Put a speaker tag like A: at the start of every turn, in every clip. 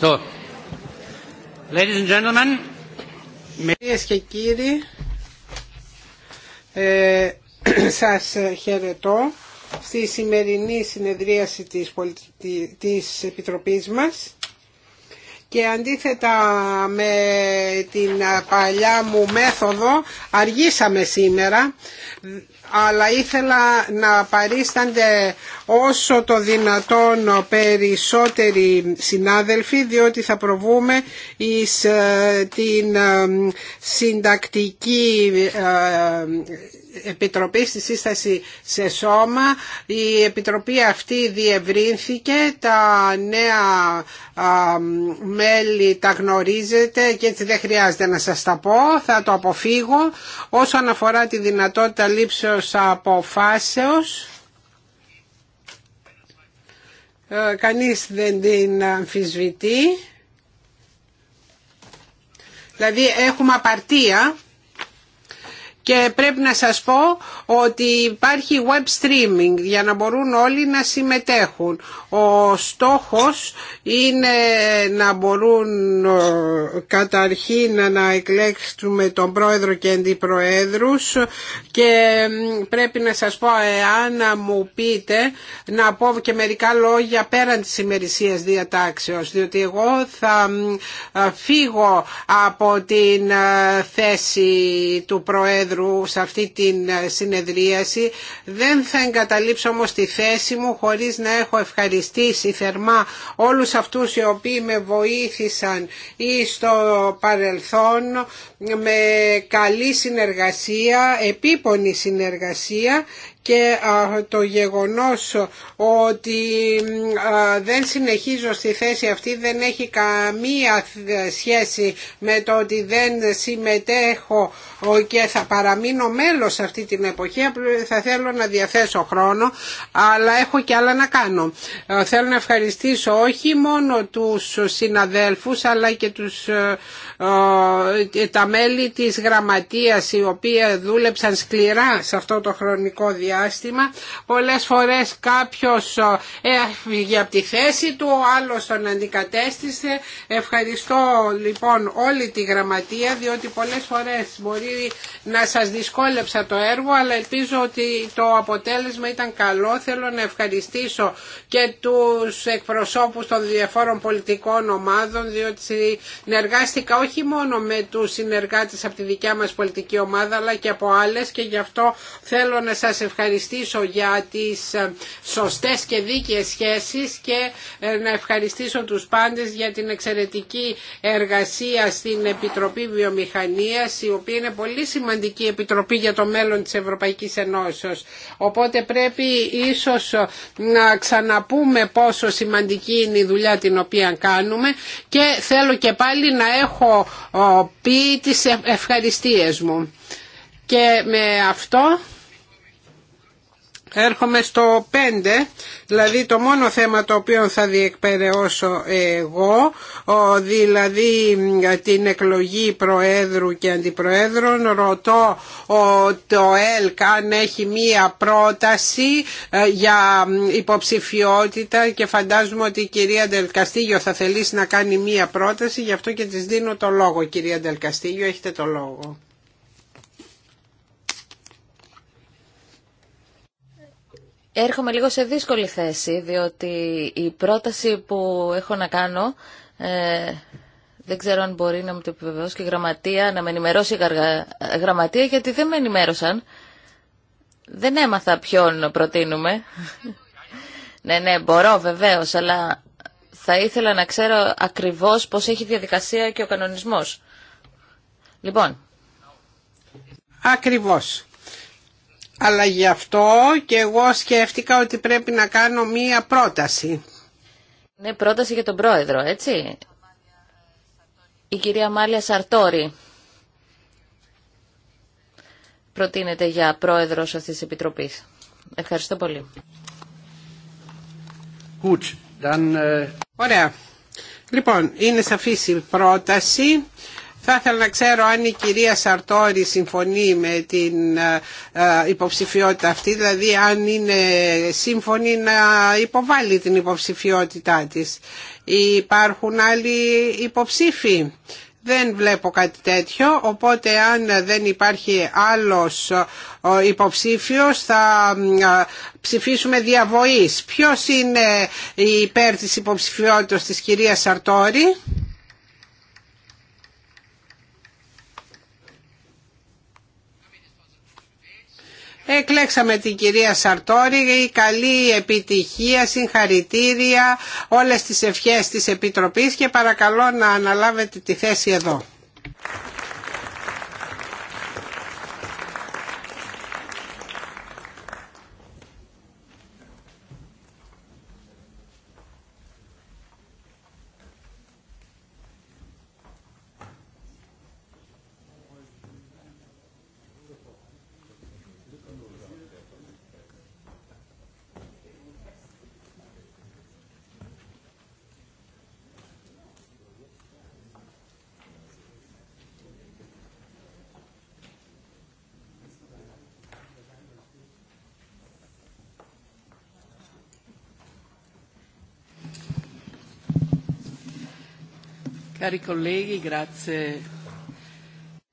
A: So. Ladies and gentlemen. και κύριοι, ε, σας χαιρετώ στη σημερινή συνεδρίαση της, της Επιτροπής μας και αντίθετα με την παλιά μου μέθοδο αργήσαμε σήμερα αλλά ήθελα να παρίστανται όσο το δυνατόν περισσότεροι συνάδελφοι διότι θα προβούμε εις ε, την ε, συντακτική ε, Επιτροπή στη σύσταση σε σώμα. Η Επιτροπή αυτή διευρύνθηκε, τα νέα μέλη τα γνωρίζετε και έτσι δεν χρειάζεται να σας τα πω, θα το αποφύγω. Όσον αφορά τη δυνατότητα λήψεως αποφάσεως, ε, κανείς δεν την αμφισβητεί. Δηλαδή έχουμε απαρτία και πρέπει να σας πω ότι υπάρχει web streaming για να μπορούν όλοι να συμμετέχουν. Ο στόχος είναι να μπορούν ε, καταρχήν να εκλέξουμε τον πρόεδρο και αντιπροέδρους και πρέπει να σας πω εάν μου πείτε να πω και μερικά λόγια πέραν της ημερησίας διατάξεως διότι εγώ θα ε, φύγω από την ε, θέση του Προέδρου σε αυτή την ε, συνεδρίαση. Δεν θα εγκαταλείψω όμως τη θέση μου χωρίς να έχω ευχαριστήσει θερμά όλους αυτούς οι οποίοι με βοήθησαν ή στο παρελθόν με καλή συνεργασία, επίπονη συνεργασία και το γεγονός ότι δεν συνεχίζω στη θέση αυτή δεν έχει καμία σχέση με το ότι δεν συμμετέχω και θα παραμείνω μέλος αυτή την εποχή θα θέλω να διαθέσω χρόνο αλλά έχω και άλλα να κάνω ε, θέλω να ευχαριστήσω όχι μόνο τους συναδέλφους αλλά και τους, ε, ε, τα μέλη της γραμματείας οι οποίοι δούλεψαν σκληρά σε αυτό το χρονικό διάστημα πολλές φορές κάποιος έφυγε από τη θέση του ο άλλος τον αντικατέστησε ευχαριστώ λοιπόν όλη τη γραμματεία διότι πολλές φορές μπορεί Δηλαδή, να σας δυσκόλεψα το έργο αλλά ελπίζω ότι το αποτέλεσμα ήταν καλό. Θέλω να ευχαριστήσω και τους εκπροσώπους των διαφόρων πολιτικών ομάδων διότι συνεργάστηκα όχι μόνο με τους συνεργάτες από τη δικιά μας πολιτική ομάδα αλλά και από άλλες και γι' αυτό θέλω να σας ευχαριστήσω για τις ε, σωστές και δίκαιες σχέσεις και ε, να ευχαριστήσω τους πάντες για την εξαιρετική εργασία στην Επιτροπή Βιομηχανίας η οποία είναι πολύ σημαντική επιτροπή για το μέλλον της Ευρωπαϊκής Ενώσεως. Οπότε πρέπει ίσως να ξαναπούμε πόσο σημαντική είναι η δουλειά την οποία κάνουμε και θέλω και πάλι να έχω πει τις ευχαριστίες μου. Και με αυτό Έρχομαι στο 5, δηλαδή το μόνο θέμα το οποίο θα διεκπαιρεώσω εγώ, δηλαδή την εκλογή Προέδρου και Αντιπροέδρων, ρωτώ το ΕΛΚ αν έχει μία πρόταση ε, για υποψηφιότητα και φαντάζομαι ότι η κυρία Ντελκαστήγιο θα θελήσει να κάνει μία πρόταση, γι' αυτό και της δίνω το λόγο. Κυρία Ντελκαστήγιο, έχετε το λόγο.
B: Έρχομαι λίγο σε δύσκολη θέση, διότι η πρόταση που έχω να κάνω, ε, δεν ξέρω αν μπορεί να μου το επιβεβαιώσει και η γραμματεία, να με ενημερώσει η γραμματεία, γιατί δεν με ενημέρωσαν. Δεν έμαθα ποιον προτείνουμε. ναι, ναι, μπορώ βεβαίως, αλλά θα ήθελα να ξέρω ακριβώς πώς έχει διαδικασία και ο κανονισμός. Λοιπόν.
A: Ακριβώς. Αλλά γι' αυτό και εγώ σκέφτηκα ότι πρέπει να κάνω μία πρόταση.
B: Ναι, πρόταση για τον πρόεδρο, έτσι. Η κυρία Μάλια Σαρτόρη προτείνεται για πρόεδρο αυτής της Επιτροπής. Ευχαριστώ πολύ.
A: Ε, Ωραία. Λοιπόν, είναι σαφής η πρόταση. Θα ήθελα να ξέρω αν η κυρία Σαρτόρη συμφωνεί με την ε, ε, υποψηφιότητα αυτή, δηλαδή αν είναι σύμφωνη να υποβάλει την υποψηφιότητά της. Υπάρχουν άλλοι υποψήφοι. Δεν βλέπω κάτι τέτοιο, οπότε αν δεν υπάρχει άλλος ε, υποψήφιος θα ψηφίσουμε διαβοής. Ποιος είναι υπέρ της υποψηφιότητας της κυρίας Σαρτόρη. Εκλέξαμε την κυρία Σαρτόρη, καλή επιτυχία, συγχαρητήρια, όλες τις ευχές της Επιτροπής και παρακαλώ να αναλάβετε τη θέση εδώ.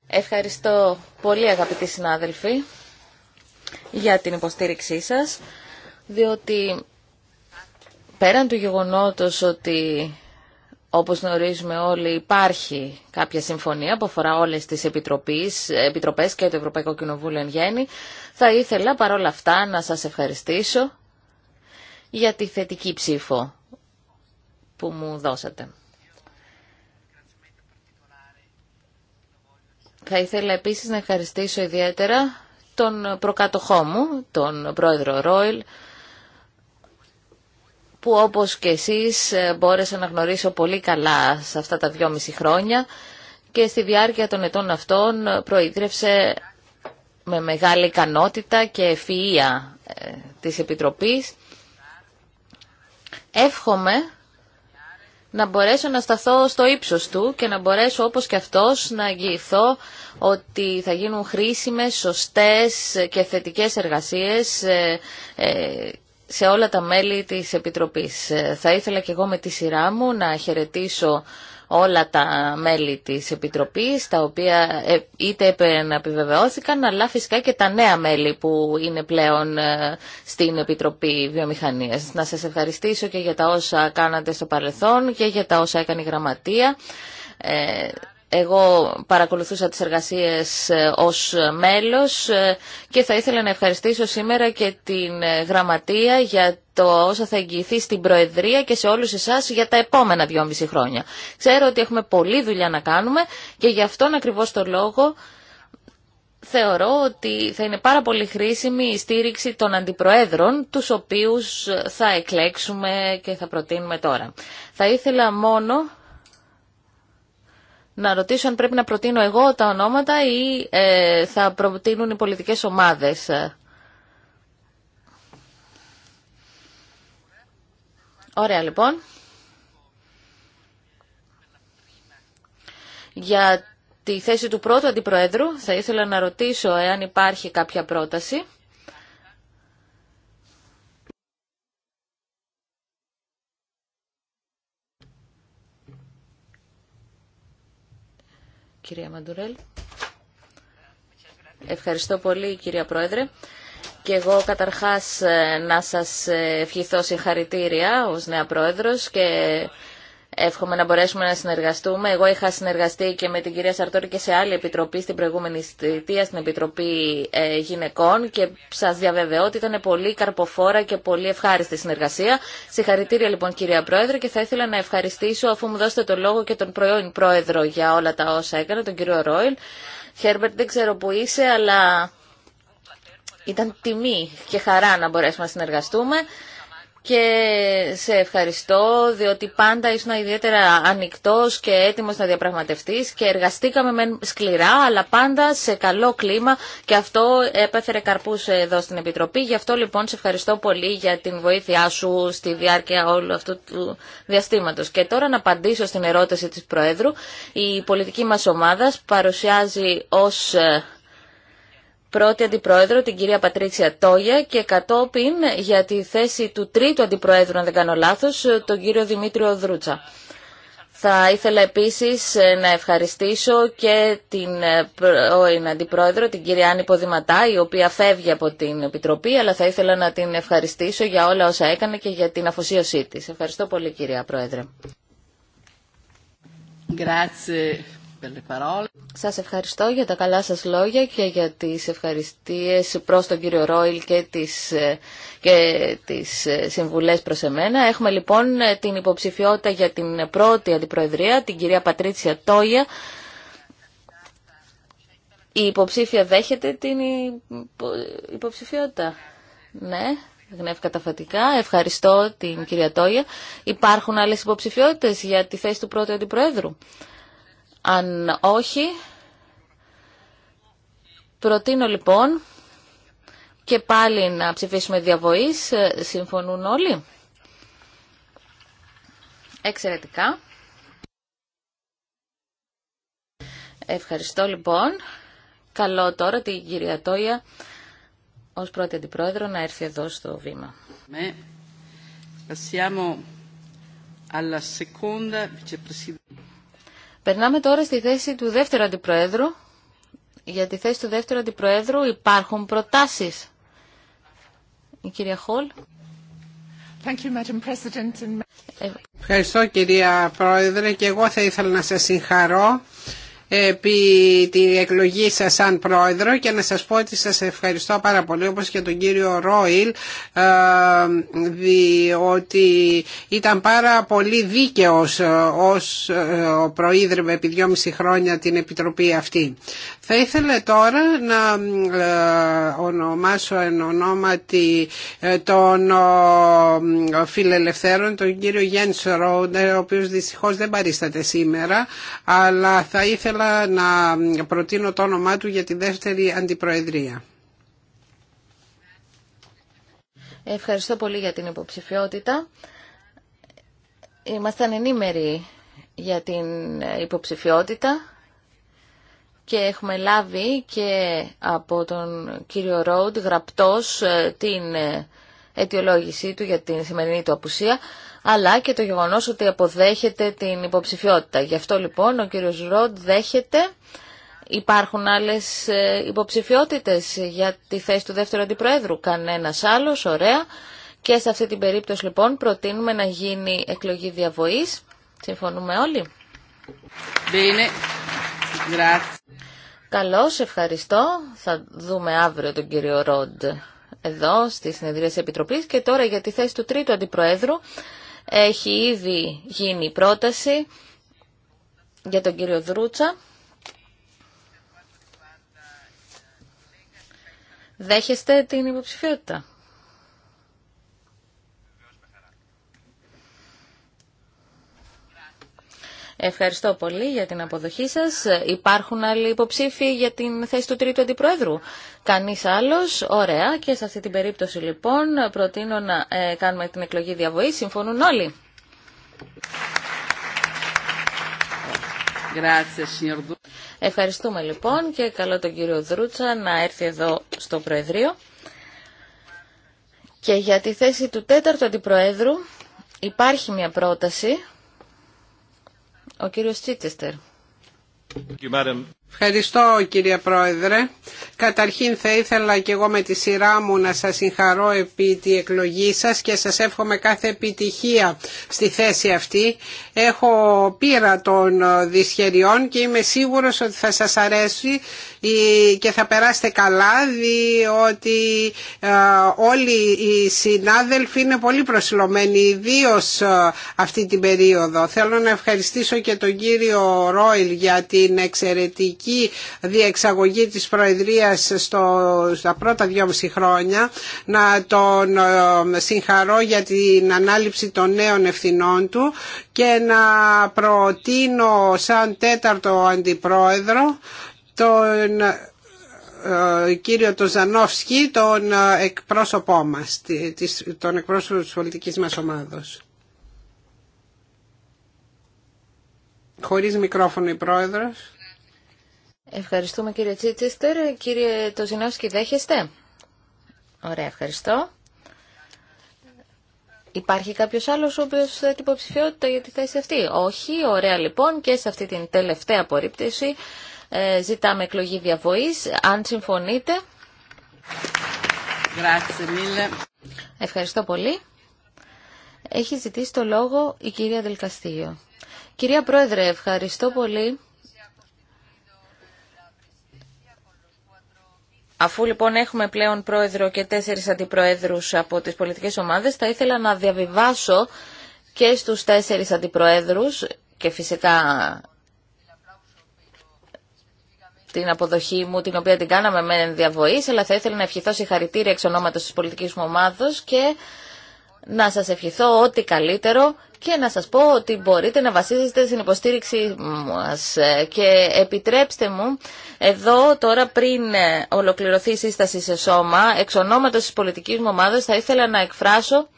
B: Ευχαριστώ πολύ αγαπητοί συνάδελφοι για την υποστήριξή σας, διότι πέραν του γεγονότος ότι όπως γνωρίζουμε όλοι υπάρχει κάποια συμφωνία που αφορά όλες τις επιτροπές, και το Ευρωπαϊκό Κοινοβούλιο εν γέννη, θα ήθελα παρόλα αυτά να σας ευχαριστήσω για τη θετική ψήφο που μου δώσατε. Θα ήθελα επίσης να ευχαριστήσω ιδιαίτερα τον προκάτοχό μου, τον πρόεδρο Ρόιλ, που όπως και εσείς ε, μπόρεσα να γνωρίσω πολύ καλά σε αυτά τα δυόμιση χρόνια και στη διάρκεια των ετών αυτών προείδρευσε με μεγάλη ικανότητα και ευφυΐα ε, της Επιτροπής. Εύχομαι να μπορέσω να σταθώ στο ύψος του και να μπορέσω όπως και αυτός να αγγιηθώ ότι θα γίνουν χρήσιμες, σωστές και θετικές εργασίες ε, ε, σε όλα τα μέλη της Επιτροπής. Ε, θα ήθελα και εγώ με τη σειρά μου να χαιρετήσω όλα τα μέλη της Επιτροπής, τα οποία ε, είτε επιβεβαιώθηκαν, αλλά φυσικά και τα νέα μέλη που είναι πλέον ε, στην Επιτροπή Βιομηχανίας. Να σας ευχαριστήσω και για τα όσα κάνατε στο παρελθόν και για τα όσα έκανε η Γραμματεία. Ε, εγώ παρακολουθούσα τις εργασίες ε, ως ε, μέλος ε, και θα ήθελα να ευχαριστήσω σήμερα και την Γραμματεία για το όσα θα εγγυηθεί στην Προεδρία και σε όλους εσάς για τα επόμενα δυόμιση χρόνια. Ξέρω ότι έχουμε πολλή δουλειά να κάνουμε και γι' αυτόν ακριβώς το λόγο θεωρώ ότι θα είναι πάρα πολύ χρήσιμη η στήριξη των αντιπροέδρων, τους οποίους θα εκλέξουμε και θα προτείνουμε τώρα. Θα ήθελα μόνο να ρωτήσω αν πρέπει να προτείνω εγώ τα ονόματα ή ε, θα προτείνουν οι πολιτικές ομάδες. Ωραία λοιπόν. Για τη θέση του πρώτου αντιπροέδρου θα ήθελα να ρωτήσω εάν υπάρχει κάποια πρόταση. κυρία Μαντουρέλ. Ευχαριστώ πολύ, κυρία Πρόεδρε. Και εγώ καταρχάς ε, να σας ε, ευχηθώ συγχαρητήρια ως νέα πρόεδρος και Εύχομαι να μπορέσουμε να συνεργαστούμε. Εγώ είχα συνεργαστεί και με την κυρία Σαρτόρη και σε άλλη επιτροπή στην προηγούμενη θητεία, στην Επιτροπή ε, Γυναικών και σα διαβεβαιώ ότι ήταν πολύ καρποφόρα και πολύ ευχάριστη συνεργασία. Συγχαρητήρια λοιπόν κυρία Πρόεδρε και θα ήθελα να ευχαριστήσω αφού μου δώσετε το λόγο και τον πρώην Πρόεδρο για όλα τα όσα έκανα, τον κύριο Ρόιλ. Χέρμπερτ δεν ξέρω που είσαι αλλά ήταν τιμή και χαρά να μπορέσουμε να συνεργαστούμε και σε ευχαριστώ διότι πάντα ήσουν ιδιαίτερα ανοιχτός και έτοιμος να διαπραγματευτείς και εργαστήκαμε με σκληρά αλλά πάντα σε καλό κλίμα και αυτό έπεφερε καρπούς εδώ στην Επιτροπή. Γι' αυτό λοιπόν σε ευχαριστώ πολύ για την βοήθειά σου στη διάρκεια όλου αυτού του διαστήματος. Και τώρα να απαντήσω στην ερώτηση της Προέδρου. Η πολιτική μας ομάδα παρουσιάζει ως ε, πρώτη αντιπρόεδρο, την κυρία Πατρίτσια Τόγια και κατόπιν για τη θέση του τρίτου αντιπροέδρου, αν δεν κάνω λάθος, τον κύριο Δημήτριο Δρούτσα. Θα ήθελα επίσης να ευχαριστήσω και την ε, πρώην Αντιπρόεδρο, την κυρία Άννη Ποδηματά, η οποία φεύγει από την Επιτροπή, αλλά θα ήθελα να την ευχαριστήσω για όλα όσα έκανε και για την αφοσίωσή της. Ευχαριστώ πολύ κυρία Πρόεδρε. Grazie. Σας ευχαριστώ για τα καλά σας λόγια και για τις ευχαριστίες προς τον κύριο Ρόιλ και τις, και τις συμβουλές προς εμένα. Έχουμε λοιπόν την υποψηφιότητα για την πρώτη αντιπροεδρία, την κυρία Πατρίτσια Τόια. Η υποψήφια δέχεται την υποψηφιότητα. Ναι. τα καταφατικά. Ευχαριστώ την κυρία Τόγια. Υπάρχουν άλλες υποψηφιότητες για τη θέση του πρώτου αντιπροέδρου. Αν όχι, προτείνω λοιπόν και πάλι να ψηφίσουμε διαβοής. Ε, συμφωνούν όλοι. Εξαιρετικά. Ευχαριστώ λοιπόν. Καλό τώρα την κυρία Τόια ως πρώτη αντιπρόεδρο να έρθει εδώ στο βήμα. Περνάμε τώρα στη θέση του δεύτερου αντιπροέδρου. Για τη θέση του δεύτερου αντιπροέδρου υπάρχουν προτάσεις. Η κυρία Χολ. Ε,
A: Ευχαριστώ κυρία Πρόεδρε και εγώ θα ήθελα να σας συγχαρώ επί τη εκλογή σας σαν πρόεδρο και να σας πω ότι σας ευχαριστώ πάρα πολύ όπως και τον κύριο Ρόιλ ε, διότι ήταν πάρα πολύ δίκαιος ε, ως ε, προείδρευε επί δυόμιση χρόνια την Επιτροπή αυτή. Θα ήθελα τώρα να ονομάσω εν ονόματι των φιλελευθέρων τον κύριο Γιάννη Ρόντερ, ο οποίος δυστυχώς δεν παρίσταται σήμερα αλλά θα ήθελα ήθελα να προτείνω το όνομά του για τη δεύτερη αντιπροεδρία.
B: Ευχαριστώ πολύ για την υποψηφιότητα. Είμασταν ενήμεροι για την υποψηφιότητα και έχουμε λάβει και από τον κύριο Ρόντ γραπτός ε, την ε, αιτιολόγησή του για την σημερινή του απουσία αλλά και το γεγονός ότι αποδέχεται την υποψηφιότητα. Γι' αυτό λοιπόν ο κύριος Ροντ δέχεται Υπάρχουν άλλες ε, υποψηφιότητες για τη θέση του δεύτερου αντιπροέδρου. Κανένας άλλος, ωραία. Και σε αυτή την περίπτωση λοιπόν προτείνουμε να γίνει εκλογή διαβοής. Συμφωνούμε όλοι. Bene. Καλώς, ευχαριστώ. Θα δούμε αύριο τον κύριο Ροντ εδώ στη συνεδρία τη Επιτροπής. Και τώρα για τη θέση του τρίτου αντιπροέδρου έχει ήδη γίνει πρόταση για τον κύριο Δρούτσα. Δέχεστε την υποψηφιότητα. Ευχαριστώ πολύ για την αποδοχή σας. Υπάρχουν άλλοι υποψήφοι για την θέση του τρίτου αντιπρόεδρου. Κανείς άλλος. Ωραία. Και σε αυτή την περίπτωση λοιπόν προτείνω να ε, κάνουμε την εκλογή διαβοή. Συμφωνούν όλοι. Ευχαριστούμε λοιπόν και καλό τον κύριο Δρούτσα να έρθει εδώ στο Προεδρείο. Και για τη θέση του τέταρτου αντιπροέδρου υπάρχει μια πρόταση ο κύριος Τσίτσεστερ. Ευχαριστώ κύριε Πρόεδρε. Καταρχήν
A: θα ήθελα και εγώ με τη σειρά μου να σας συγχαρώ επί τη εκλογή σας και σας εύχομαι κάθε επιτυχία στη θέση αυτή. Έχω πείρα των δυσχεριών και είμαι σίγουρος ότι θα σας αρέσει και θα περάσετε καλά διότι ε, όλοι οι συνάδελφοι είναι πολύ προσιλωμένοι ιδίω ε, αυτή την περίοδο. Θέλω να ευχαριστήσω και τον κύριο Ρόιλ για την εξαιρετική και διεξαγωγή της Προεδρίας στο, στα πρώτα δυόμιση χρόνια να τον ε, συγχαρώ για την ανάληψη των νέων ευθυνών του και να προτείνω σαν τέταρτο αντιπρόεδρο τον ε, κύριο Τοζανόφσκι, τον ε, εκπρόσωπό μας, τον εκπρόσωπο της πολιτικής μας ομάδος. Χωρίς μικρόφωνο η πρόεδρος.
B: Ευχαριστούμε κύριε Τσίτσιστερ. Κύριε Τοζινόσκι, δέχεστε. Ωραία, ευχαριστώ. Υπάρχει κάποιο άλλο ο οποίο θέτει υποψηφιότητα για τη θέση αυτή. Όχι, ωραία λοιπόν και σε αυτή την τελευταία απορρίπτωση ε, ζητάμε εκλογή διαβοή. Αν συμφωνείτε. Ευχαριστώ πολύ. Έχει ζητήσει το λόγο η κυρία Δελκαστήγιο. Κυρία Πρόεδρε, ευχαριστώ πολύ. Αφού λοιπόν έχουμε πλέον πρόεδρο και τέσσερις αντιπροέδρους από τις πολιτικές ομάδες, θα ήθελα να διαβιβάσω και στους τέσσερις αντιπροέδρους και φυσικά την αποδοχή μου, την οποία την κάναμε με διαβοή, αλλά θα ήθελα να ευχηθώ συγχαρητήρια εξ ονόματος της πολιτικής μου ομάδος και να σας ευχηθώ ό,τι καλύτερο και να σας πω ότι μπορείτε να βασίζεστε στην υποστήριξη μας ε, και επιτρέψτε μου εδώ τώρα πριν ε, ολοκληρωθεί η σύσταση σε σώμα εξ ονόματος της πολιτικής μου ομάδας θα ήθελα να εκφράσω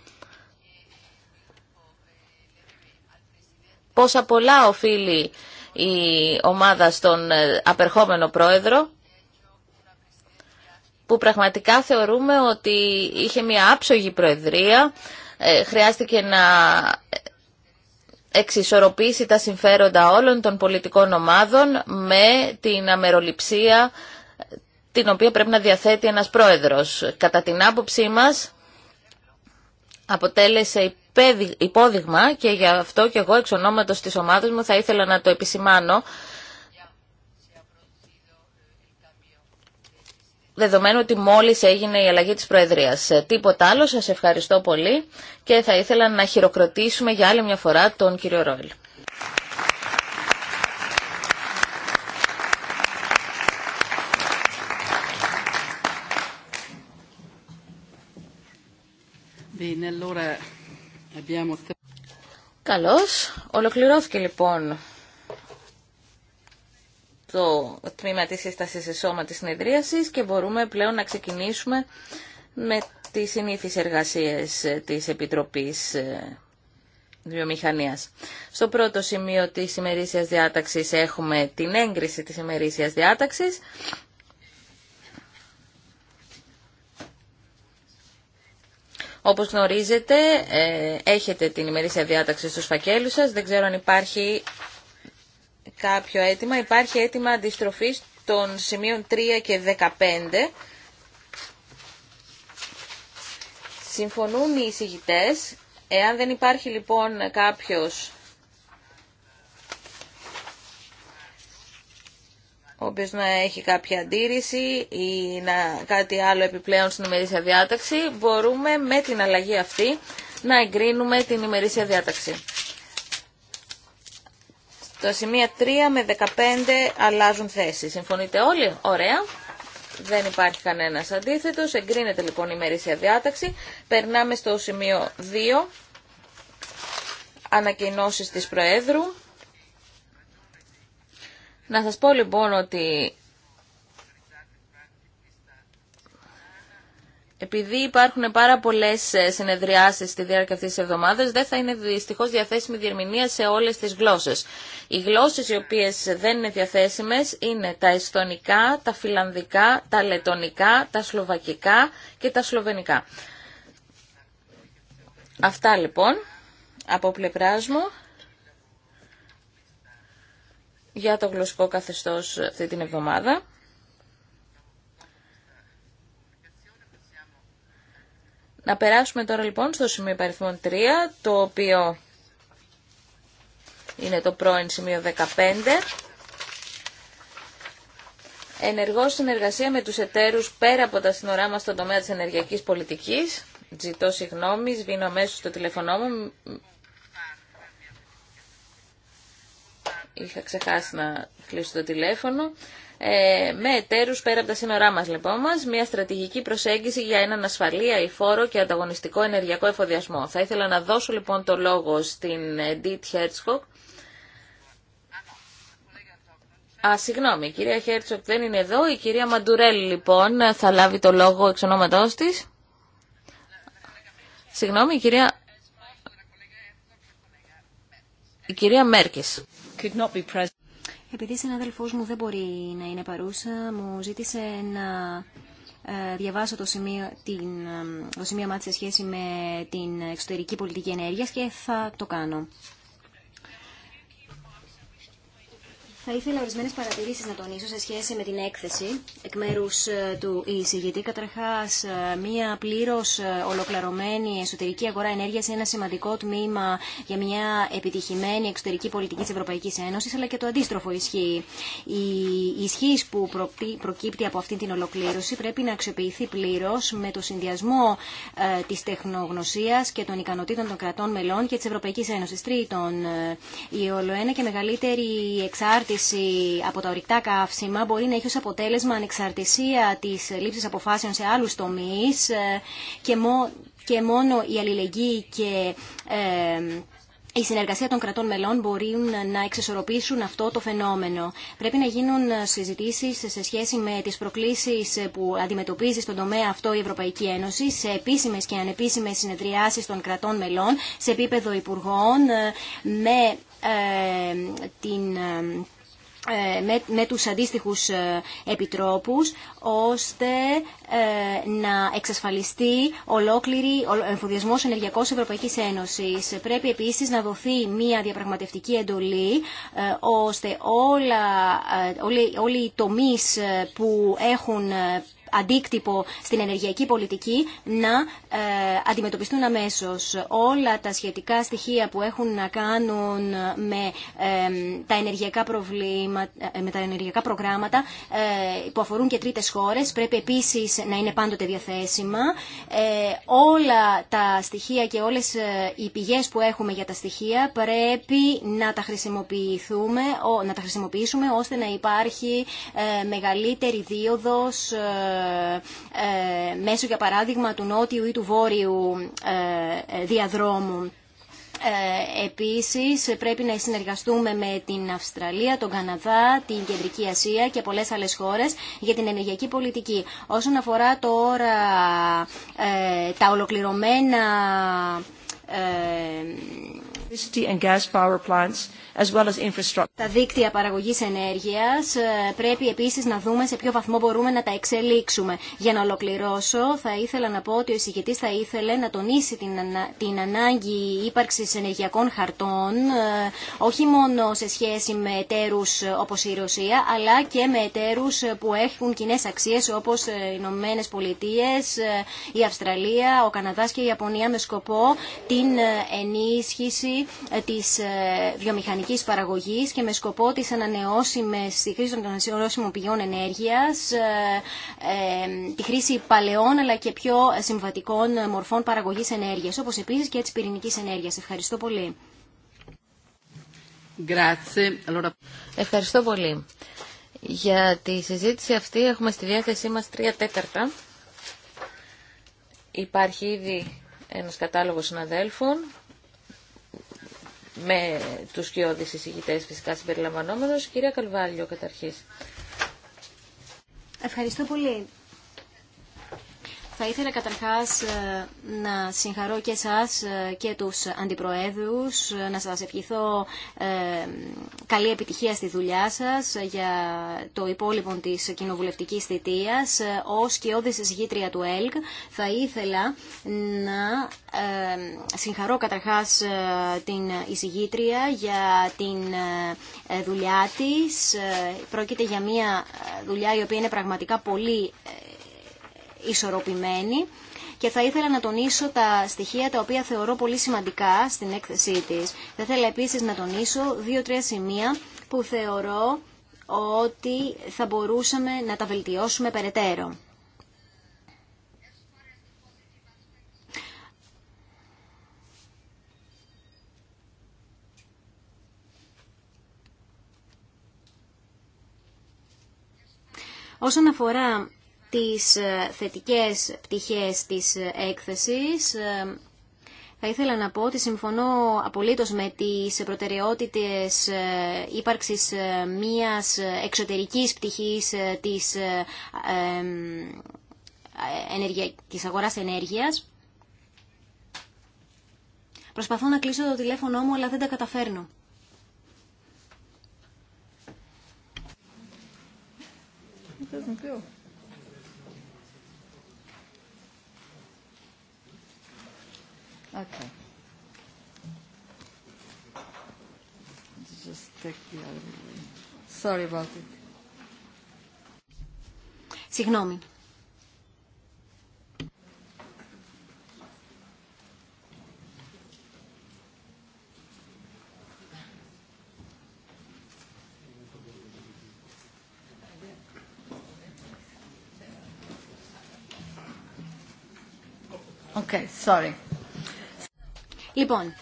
B: πόσα πολλά οφείλει η ομάδα στον ε, απερχόμενο πρόεδρο που πραγματικά θεωρούμε ότι είχε μια άψογη προεδρία, ε, χρειάστηκε να εξισορροπήσει τα συμφέροντα όλων των πολιτικών ομάδων με την αμεροληψία την οποία πρέπει να διαθέτει ένας πρόεδρος. Κατά την άποψή μας αποτέλεσε υπόδειγμα και γι' αυτό και εγώ εξ ονόματος της ομάδας μου θα ήθελα να το επισημάνω δεδομένου ότι μόλις έγινε η αλλαγή της Προεδρίας. Ε, τίποτα άλλο, σας ευχαριστώ πολύ και θα ήθελα να χειροκροτήσουμε για άλλη μια φορά τον κύριο Ρόιλ. Καλώς. Ολοκληρώθηκε λοιπόν το τμήμα της σύστασης σώμα της συνεδρίασης και μπορούμε πλέον να ξεκινήσουμε με τις συνήθεις εργασίες της Επιτροπής ε, Βιομηχανίας. Στο πρώτο σημείο της ημερήσιας διάταξης έχουμε την έγκριση της ημερήσιας διάταξης. Όπως γνωρίζετε, ε, έχετε την ημερήσια διάταξη στους φακέλους σας. Δεν ξέρω αν υπάρχει κάποιο αίτημα. Υπάρχει αίτημα αντιστροφής των σημείων 3 και 15. Συμφωνούν οι εισηγητές. Εάν δεν υπάρχει λοιπόν κάποιος ο οποίος να έχει κάποια αντίρρηση ή να κάτι άλλο επιπλέον στην ημερήσια διάταξη, μπορούμε με την αλλαγή αυτή να εγκρίνουμε την ημερήσια διάταξη. Τα σημεία 3 με 15 αλλάζουν θέση. Συμφωνείτε όλοι? Ωραία. Δεν υπάρχει κανένας αντίθετος. Εγκρίνεται λοιπόν η ημερήσια διάταξη. Περνάμε στο σημείο 2. Ανακοινώσεις της Προέδρου. Να σας πω λοιπόν ότι Επειδή υπάρχουν πάρα πολλέ ε, συνεδριάσει στη διάρκεια αυτή τη εβδομάδα, δεν θα είναι δυστυχώ διαθέσιμη διερμηνία σε όλε τι γλώσσε. Οι γλώσσε οι οποίε δεν είναι διαθέσιμε είναι τα εσθονικά, τα φιλανδικά, τα λετονικά, τα σλοβακικά και τα σλοβενικά. Αυτά λοιπόν από πλευρά μου για το γλωσσικό καθεστώς αυτή την εβδομάδα. Να περάσουμε τώρα λοιπόν στο σημείο υπαριθμών 3, το οποίο είναι το πρώην σημείο 15. Ενεργό συνεργασία με τους εταίρους πέρα από τα σύνορά μας στον τομέα της ενεργειακής πολιτικής. Ζητώ συγγνώμη, σβήνω αμέσως το τηλεφωνό μου, είχα ξεχάσει να κλείσω το τηλέφωνο. Ε, με εταίρους πέρα από τα σύνορά μας λοιπόν μας, μια στρατηγική προσέγγιση για έναν ασφαλή, αηφόρο και ανταγωνιστικό ενεργειακό εφοδιασμό. Θα ήθελα να δώσω λοιπόν το λόγο στην Ντίτ Χέρτσχοκ. Α, συγγνώμη, η κυρία Χέρτσοκ δεν είναι εδώ. Η κυρία Μαντουρέλ λοιπόν θα λάβει το λόγο εξ ονόματός της. Συγγνώμη, η κυρία... Η κυρία Μέρκης.
C: Επειδή η συνάδελφός μου δεν μπορεί να είναι παρούσα, μου ζήτησε να ε, διαβάσω το σημείο, την, ε, το σημείο σε σχέση με την εξωτερική πολιτική ενέργειας και θα το κάνω. Θα ήθελα ορισμένε παρατηρήσει να τονίσω σε σχέση με την έκθεση εκ μέρου ε, του εισηγητή. Καταρχά, ε, μία πλήρω ε, ολοκληρωμένη εσωτερική αγορά ενέργεια είναι ένα σημαντικό τμήμα για μια επιτυχημένη εξωτερική πολιτική τη Ευρωπαϊκή Ένωση, αλλά και το αντίστροφο ισχύει. Η ισχύ που προκύπτει από αυτή την ολοκλήρωση πρέπει να αξιοποιηθεί πλήρω με το συνδυασμό τη τεχνογνωσία και των ικανοτήτων των κρατών μελών και τη Ευρωπαϊκή Ένωση, Τρίτον, η ολοένα και μεγαλύτερη εξάρτηση από τα ορυκτά καύσιμα μπορεί να έχει ως αποτέλεσμα ανεξαρτησία της λήψης αποφάσεων σε άλλους τομείς ε, και, μόνο η αλληλεγγύη και ε, η συνεργασία των κρατών μελών μπορεί να εξισορροπήσουν αυτό το φαινόμενο. Πρέπει να γίνουν συζητήσει σε σχέση με τι προκλήσει που αντιμετωπίζει στον τομέα αυτό η Ευρωπαϊκή Ένωση σε επίσημε και ανεπίσημε συνεδριάσει των κρατών μελών σε επίπεδο υπουργών ε, με ε, την ε, με, με τους αντίστοιχους ε, επιτρόπους ώστε ε, να εξασφαλιστεί ολόκληρη ο εμφοδιασμός ενεργειακός Ευρωπαϊκής Ένωσης. Πρέπει επίσης να δοθεί μια διαπραγματευτική εντολή ώστε όλα, όλοι, όλοι οι τομείς που έχουν αντίκτυπο στην ενεργειακή πολιτική να ε, αντιμετωπιστούν αμέσως. Όλα τα σχετικά στοιχεία που έχουν να κάνουν με, ε, τα, ενεργειακά προβλήματα, ε, με τα ενεργειακά προγράμματα που αφορούν και τρίτες χώρες πρέπει επίσης να είναι πάντοτε διαθέσιμα. όλα τα στοιχεία και όλες οι πηγές που έχουμε για τα στοιχεία πρέπει να τα να τα χρησιμοποιήσουμε ώστε να υπάρχει μεγαλύτερη δίωδος ε, μέσω για παράδειγμα του νότιου ή του βόρειου ε, διαδρόμου. Ε, επίσης πρέπει να συνεργαστούμε με την Αυστραλία, τον Καναδά, την Κεντρική Ασία και πολλές άλλες χώρες για την ενεργειακή πολιτική. Όσον αφορά τώρα τα ολοκληρωμένα as well as infrastructure. Τα δίκτυα παραγωγής ενέργειας ε, πρέπει επίσης να δούμε σε ποιο βαθμό μπορούμε να τα εξελίξουμε. Για να ολοκληρώσω, θα ήθελα να πω ότι ο εισηγητής θα ήθελε να τονίσει την, την ανάγκη ύπαρξης ενεργειακών χαρτών, ε, όχι μόνο σε σχέση με εταίρους όπως η Ρωσία, αλλά και με εταίρους που έχουν κοινέ αξίες όπως ε, οι Ηνωμένε Πολιτείε, η Αυστραλία, ο Καναδάς και η Ιαπωνία με σκοπό την ενίσχυση της βιομηχανικής παραγωγής και με σκοπό τις ανανεώσιμες, τη χρήση των ανανεώσιμων πηγών ενέργειας, ε, ε, τη χρήση παλαιών αλλά και πιο συμβατικών μορφών παραγωγής ενέργειας, όπως επίσης και της πυρηνικής
B: ενέργειας. Ευχαριστώ πολύ. Ευχαριστώ πολύ. Για τη συζήτηση αυτή έχουμε στη διάθεσή μας τρία τέταρτα. Υπάρχει ήδη ένας κατάλογος συναδέλφων με τους κοιόδης εισηγητές φυσικά συμπεριλαμβανόμενος. Κυρία Καλβάλιο, καταρχής. Ευχαριστώ πολύ.
C: Θα ήθελα καταρχάς ε, να συγχαρώ και εσάς ε, και τους αντιπροέδρους, ε, να σας ευχηθώ καλή επιτυχία στη δουλειά σας για το υπόλοιπο της κοινοβουλευτικής θητείας. Ως και εισηγήτρια του ΕΛΚ θα ήθελα να συγχαρώ καταρχάς την εισηγήτρια για την δουλειά της. Πρόκειται για μια δουλειά η οποία είναι πραγματικά πολύ ισορροπημένη και θα ήθελα να τονίσω τα στοιχεία τα οποία θεωρώ πολύ σημαντικά στην έκθεσή της. Θα ήθελα επίσης να τονίσω δύο-τρία σημεία που θεωρώ ότι θα μπορούσαμε να τα βελτιώσουμε περαιτέρω. Όσον αφορά τις ε, θετικές πτυχές της ε, έκθεσης. Ε, θα ήθελα να πω ότι συμφωνώ απολύτως με τις προτεραιότητες ύπαρξης μιας εξωτερικής πτυχής της της αγοράς ενέργειας. Προσπαθώ να κλείσω το τηλέφωνο μου, αλλά δεν τα καταφέρνω.
B: Okay. Just take the other way.
C: Sorry about it. Συγγνώμη.
B: Okay, sorry.
C: Λοιπόν,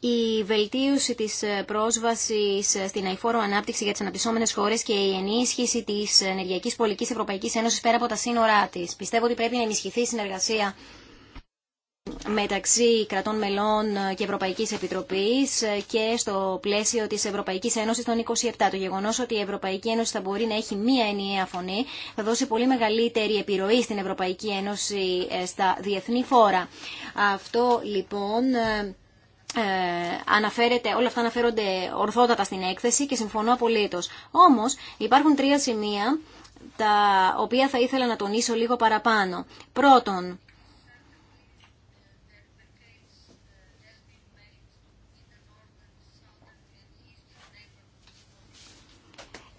C: η βελτίωση της πρόσβασης στην αηφόρο ανάπτυξη για τις αναπτυσσόμενες χώρες και η ενίσχυση της ενεργειακής πολιτικής Ευρωπαϊκής Ένωσης πέρα από τα σύνορά της. Πιστεύω ότι πρέπει να ενισχυθεί η συνεργασία μεταξύ κρατών μελών και Ευρωπαϊκής Επιτροπής και στο πλαίσιο της Ευρωπαϊκής Ένωσης των 27. Το γεγονός ότι η Ευρωπαϊκή Ένωση θα μπορεί να έχει μία ενιαία φωνή θα δώσει πολύ μεγαλύτερη επιρροή στην Ευρωπαϊκή Ένωση ε, στα διεθνή φόρα. Αυτό λοιπόν... Ε, αναφέρεται, όλα αυτά αναφέρονται ορθότατα στην έκθεση και συμφωνώ απολύτως. Όμως υπάρχουν τρία σημεία τα οποία θα ήθελα να τονίσω λίγο παραπάνω. Πρώτον,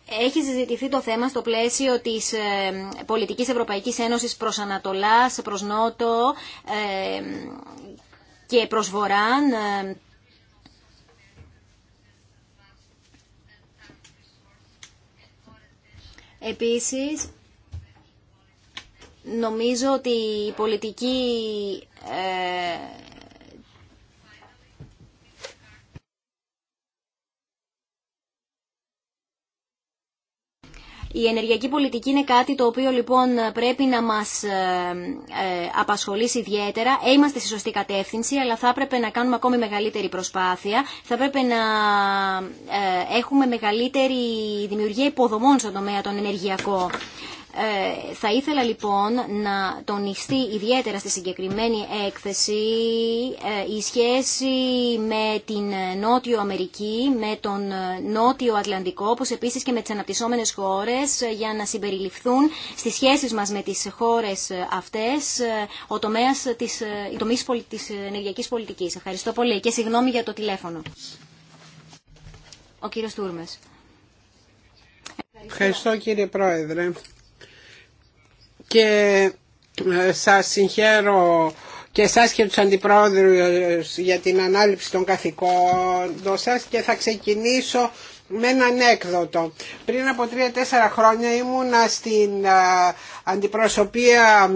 C: Έχει συζητηθεί το θέμα στο πλαίσιο της ε, πολιτικής Ευρωπαϊκής Ένωσης προς Ανατολάς, προς Νότο ε, και προς Βορράν. Ε. Επίσης, νομίζω ότι η πολιτική Η ενεργειακή πολιτική είναι κάτι το οποίο λοιπόν πρέπει να μας ε, ε, απασχολήσει ιδιαίτερα. Ε, είμαστε στη σωστή κατεύθυνση, αλλά θα έπρεπε να κάνουμε ακόμη μεγαλύτερη προσπάθεια. Θα έπρεπε να έχουμε μεγαλύτερη δημιουργία υποδομών στον τομέα των ενεργειακών. Ε, θα ήθελα λοιπόν να τονιστεί ιδιαίτερα στη συγκεκριμένη έκθεση ε, η σχέση με την Νότιο Αμερική, με τον Νότιο Ατλαντικό, όπως επίσης και με τις αναπτυσσόμενες χώρες ε, για να συμπεριληφθούν στις σχέσεις μας με τις χώρες αυτές ο τομέας της, η τομής της ενεργειακής πολιτικής. Ευχαριστώ πολύ και συγγνώμη για το τηλέφωνο. Ο κύριος Τούρμες.
A: Ευχαριστώ κύριε Πρόεδρε και ε, σας συγχαίρω και σας και τους αντιπρόεδρους για την ανάληψη των καθηκόντων σας και θα ξεκινήσω με έναν έκδοτο. Πριν από τρία-τέσσερα χρόνια ήμουνα στην ε, αντιπροσωπεία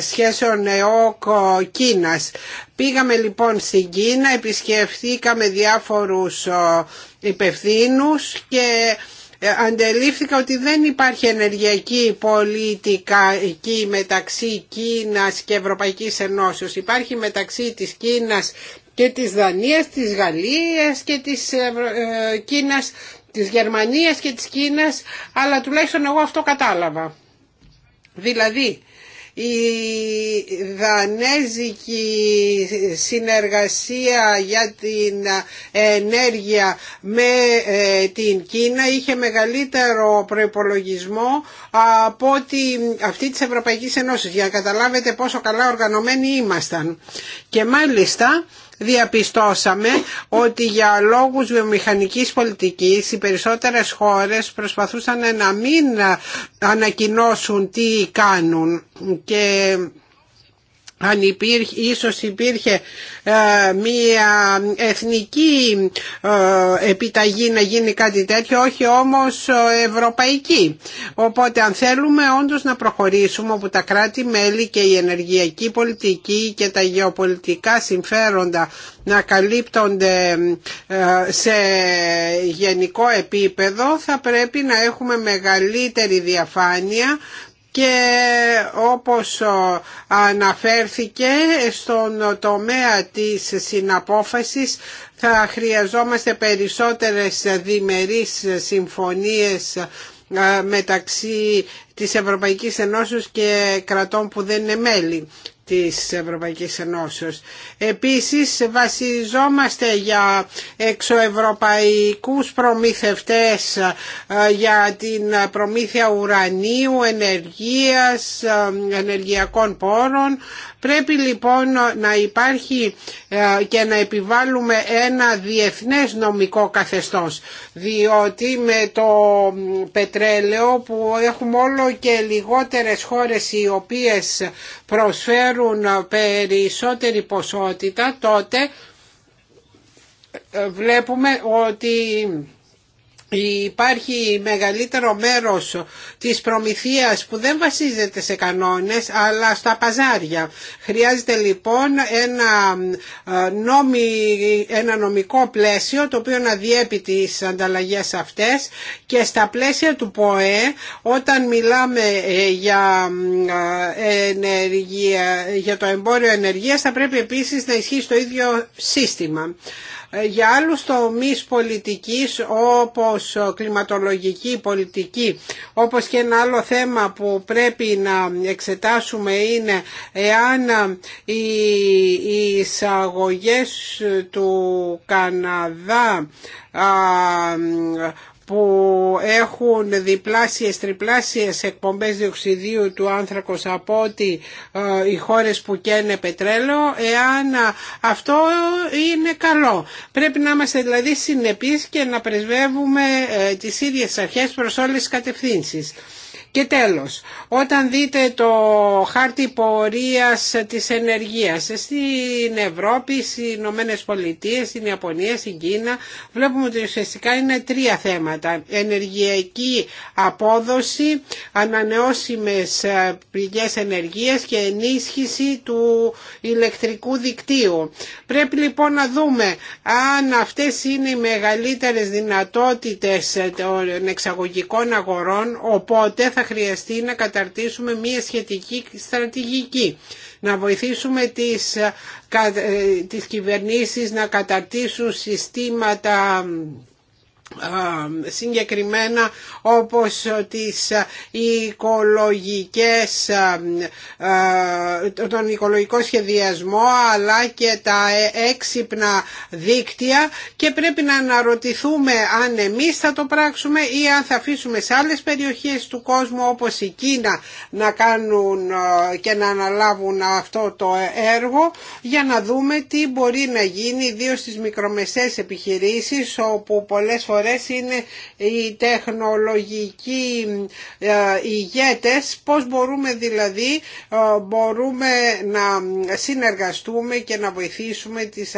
A: σχέσεων ΕΟΚ ε, Κίνας. Πήγαμε λοιπόν στην Κίνα, επισκεφθήκαμε διάφορους υπευθύνους και ε, αντελήφθηκα ότι δεν υπάρχει ενεργειακή πολιτική μεταξύ Κίνας και Ευρωπαϊκής Ενώσεως. Υπάρχει μεταξύ της Κίνας και της Δανίας, της Γαλλίας και της ε, ε, Κίνας, της Γερμανίας και της Κίνας, αλλά τουλάχιστον εγώ αυτό κατάλαβα. Δηλαδή, η δανέζικη συνεργασία για την ενέργεια με ε, την Κίνα είχε μεγαλύτερο προϋπολογισμό από ότι αυτή της Ευρωπαϊκής Ενώσης για να καταλάβετε πόσο καλά οργανωμένοι ήμασταν. Και μάλιστα διαπιστώσαμε ότι για λόγους βιομηχανικής πολιτικής οι περισσότερες χώρες προσπαθούσαν να μην ανακοινώσουν τι κάνουν και αν υπήρχε, ίσως υπήρχε ε, μία εθνική ε, επιταγή να γίνει κάτι τέτοιο, όχι όμως ε, ευρωπαϊκή. Οπότε αν θέλουμε όντως να προχωρήσουμε όπου τα κράτη-μέλη και η ενεργειακή πολιτική και τα γεωπολιτικά συμφέροντα να καλύπτονται σε γενικό επίπεδο, θα πρέπει να έχουμε μεγαλύτερη διαφάνεια και όπως αναφέρθηκε στον τομέα της συναπόφασης θα χρειαζόμαστε περισσότερες διμερείς συμφωνίες ε, μεταξύ της Ευρωπαϊκής Ενώσεως και κρατών που δεν είναι μέλη της Ευρωπαϊκής Ενώσεως. Επίσης βασιζόμαστε για εξωευρωπαϊκούς προμηθευτές ε, για την προμήθεια ουρανίου, ενεργείας, ε, ενεργειακών πόρων Πρέπει λοιπόν να υπάρχει ε, και να επιβάλλουμε ένα διεθνές νομικό καθεστώς διότι με το πετρέλαιο που έχουμε όλο και λιγότερες χώρες οι οποίες προσφέρουν περισσότερη ποσότητα τότε ε, βλέπουμε ότι Υπάρχει μεγαλύτερο μέρος της προμηθείας που δεν βασίζεται σε κανόνες αλλά στα παζάρια. Χρειάζεται λοιπόν ένα, ε, νόμι, ένα νομικό πλαίσιο το οποίο να διέπει τις ανταλλαγές αυτές και στα πλαίσια του ΠΟΕ όταν μιλάμε ε, για, ε, ενέργεια για το εμπόριο ενεργείας θα πρέπει επίσης να ισχύει το ίδιο σύστημα. Ε, για άλλους τομείς πολιτικής όπως κλιματολογική πολιτική όπως και ένα άλλο θέμα που πρέπει να εξετάσουμε είναι εάν οι εισαγωγές του Καναδά που έχουν διπλάσιες, τριπλάσιες εκπομπές διοξιδίου του άνθρακος από ότι ε, οι χώρες που καίνε πετρέλαιο, εάν ε, αυτό είναι καλό. Πρέπει να είμαστε δηλαδή συνεπείς και να πρεσβεύουμε ε, τις ίδιες αρχές προς όλες τις κατευθύνσεις. Και τέλος, όταν δείτε το χάρτη πορείας της ενεργείας στην Ευρώπη, στις Ηνωμένε Πολιτείε, στην Ιαπωνία, στην Κίνα, βλέπουμε ότι ουσιαστικά είναι τρία θέματα. Ενεργειακή απόδοση, ανανεώσιμες ε, πηγές ενεργείας και ενίσχυση του ηλεκτρικού δικτύου. Πρέπει λοιπόν να δούμε αν αυτές είναι οι μεγαλύτερες δυνατότητες των εξαγωγικών αγορών, οπότε θα χρειαστεί να καταρτήσουμε μία σχετική στρατηγική. Να βοηθήσουμε τις, ε, ε, τις κυβερνήσεις να καταρτήσουν συστήματα συγκεκριμένα όπως τις οικολογικές, τον οικολογικό σχεδιασμό αλλά και τα ε, έξυπνα δίκτυα και πρέπει να αναρωτηθούμε αν εμείς θα το πράξουμε ή αν θα αφήσουμε σε άλλες περιοχές του κόσμου όπως η Κίνα να κάνουν και να αναλάβουν αυτό το έργο για να δούμε τι μπορεί να γίνει ιδίως στις μικρομεσαίες επιχειρήσεις όπου πολλές φορές φορές είναι οι τεχνολογικοί ε, ηγέτες, πώς μπορούμε δηλαδή ε, μπορούμε να συνεργαστούμε και να βοηθήσουμε τις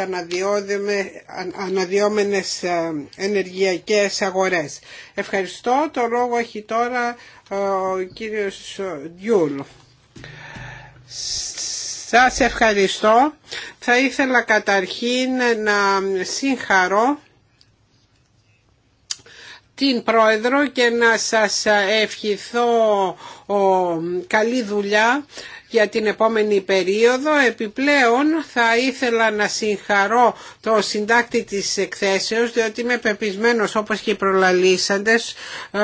A: αναδιόμενες ε, ενεργειακές αγορές. Ευχαριστώ. Το λόγο έχει τώρα ο κύριος Διούλ. Σας ευχαριστώ. Θα ήθελα καταρχήν να συγχαρώ την Πρόεδρο και να σας ευχηθώ καλή δουλειά για την επόμενη περίοδο. Επιπλέον θα ήθελα να συγχαρώ το συντάκτη της εκθέσεως διότι είμαι πεπισμένος όπως και οι προλαλήσαντες ε,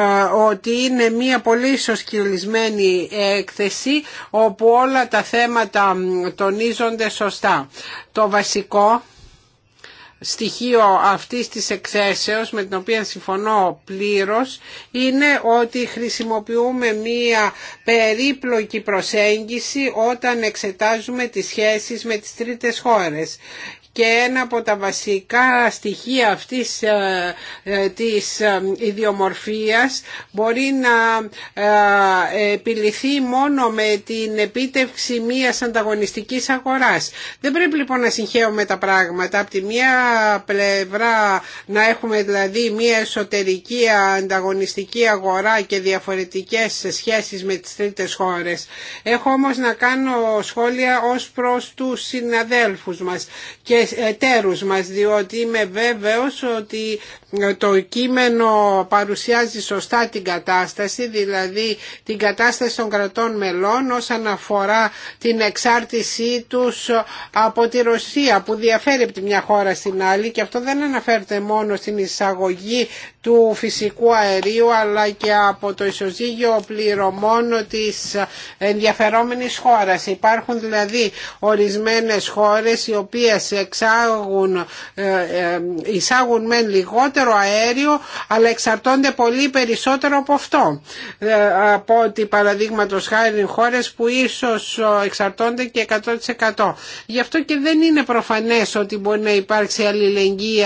A: ότι είναι μια πολύ ισοσκυλισμένη έκθεση όπου όλα τα θέματα τονίζονται σωστά. Το βασικό στοιχείο αυτής της εκθέσεως με την οποία συμφωνώ πλήρως είναι ότι χρησιμοποιούμε μία περίπλοκη προσέγγιση όταν εξετάζουμε τις σχέσεις με τις τρίτες χώρες και ένα από τα βασικά στοιχεία αυτής ε, ε, της ε, ιδιομορφίας μπορεί να επιληθεί μόνο με την επίτευξη μιας ανταγωνιστικής αγοράς. Δεν πρέπει λοιπόν να συγχαίουμε τα πράγματα. Από τη μία πλευρά να έχουμε δηλαδή μια εσωτερική ανταγωνιστική αγορά και διαφορετικές σχέσεις με τις τρίτες χώρες. Έχω όμως να κάνω σχόλια ως προς τους συναδέλφους μας και εταίρους μας διότι είμαι βέβαιος ότι το κείμενο παρουσιάζει σωστά την κατάσταση, δηλαδή την κατάσταση των κρατών μελών όσον αφορά την εξάρτησή τους από τη Ρωσία που διαφέρει από τη μια χώρα στην άλλη και αυτό δεν αναφέρεται μόνο στην εισαγωγή του φυσικού αερίου αλλά και από το ισοζύγιο πληρωμών της ενδιαφερόμενης χώρας. Υπάρχουν δηλαδή ορισμένες χώρες οι οποίες εξάγουν, ε, ε, εισάγουν μεν λιγότερο αέριο αλλά εξαρτώνται πολύ περισσότερο από αυτό ε, από ότι παραδείγματο χάρη χώρες που ίσως ε, εξαρτώνται και 100% γι' αυτό και δεν είναι προφανές ότι μπορεί να υπάρξει αλληλεγγύη,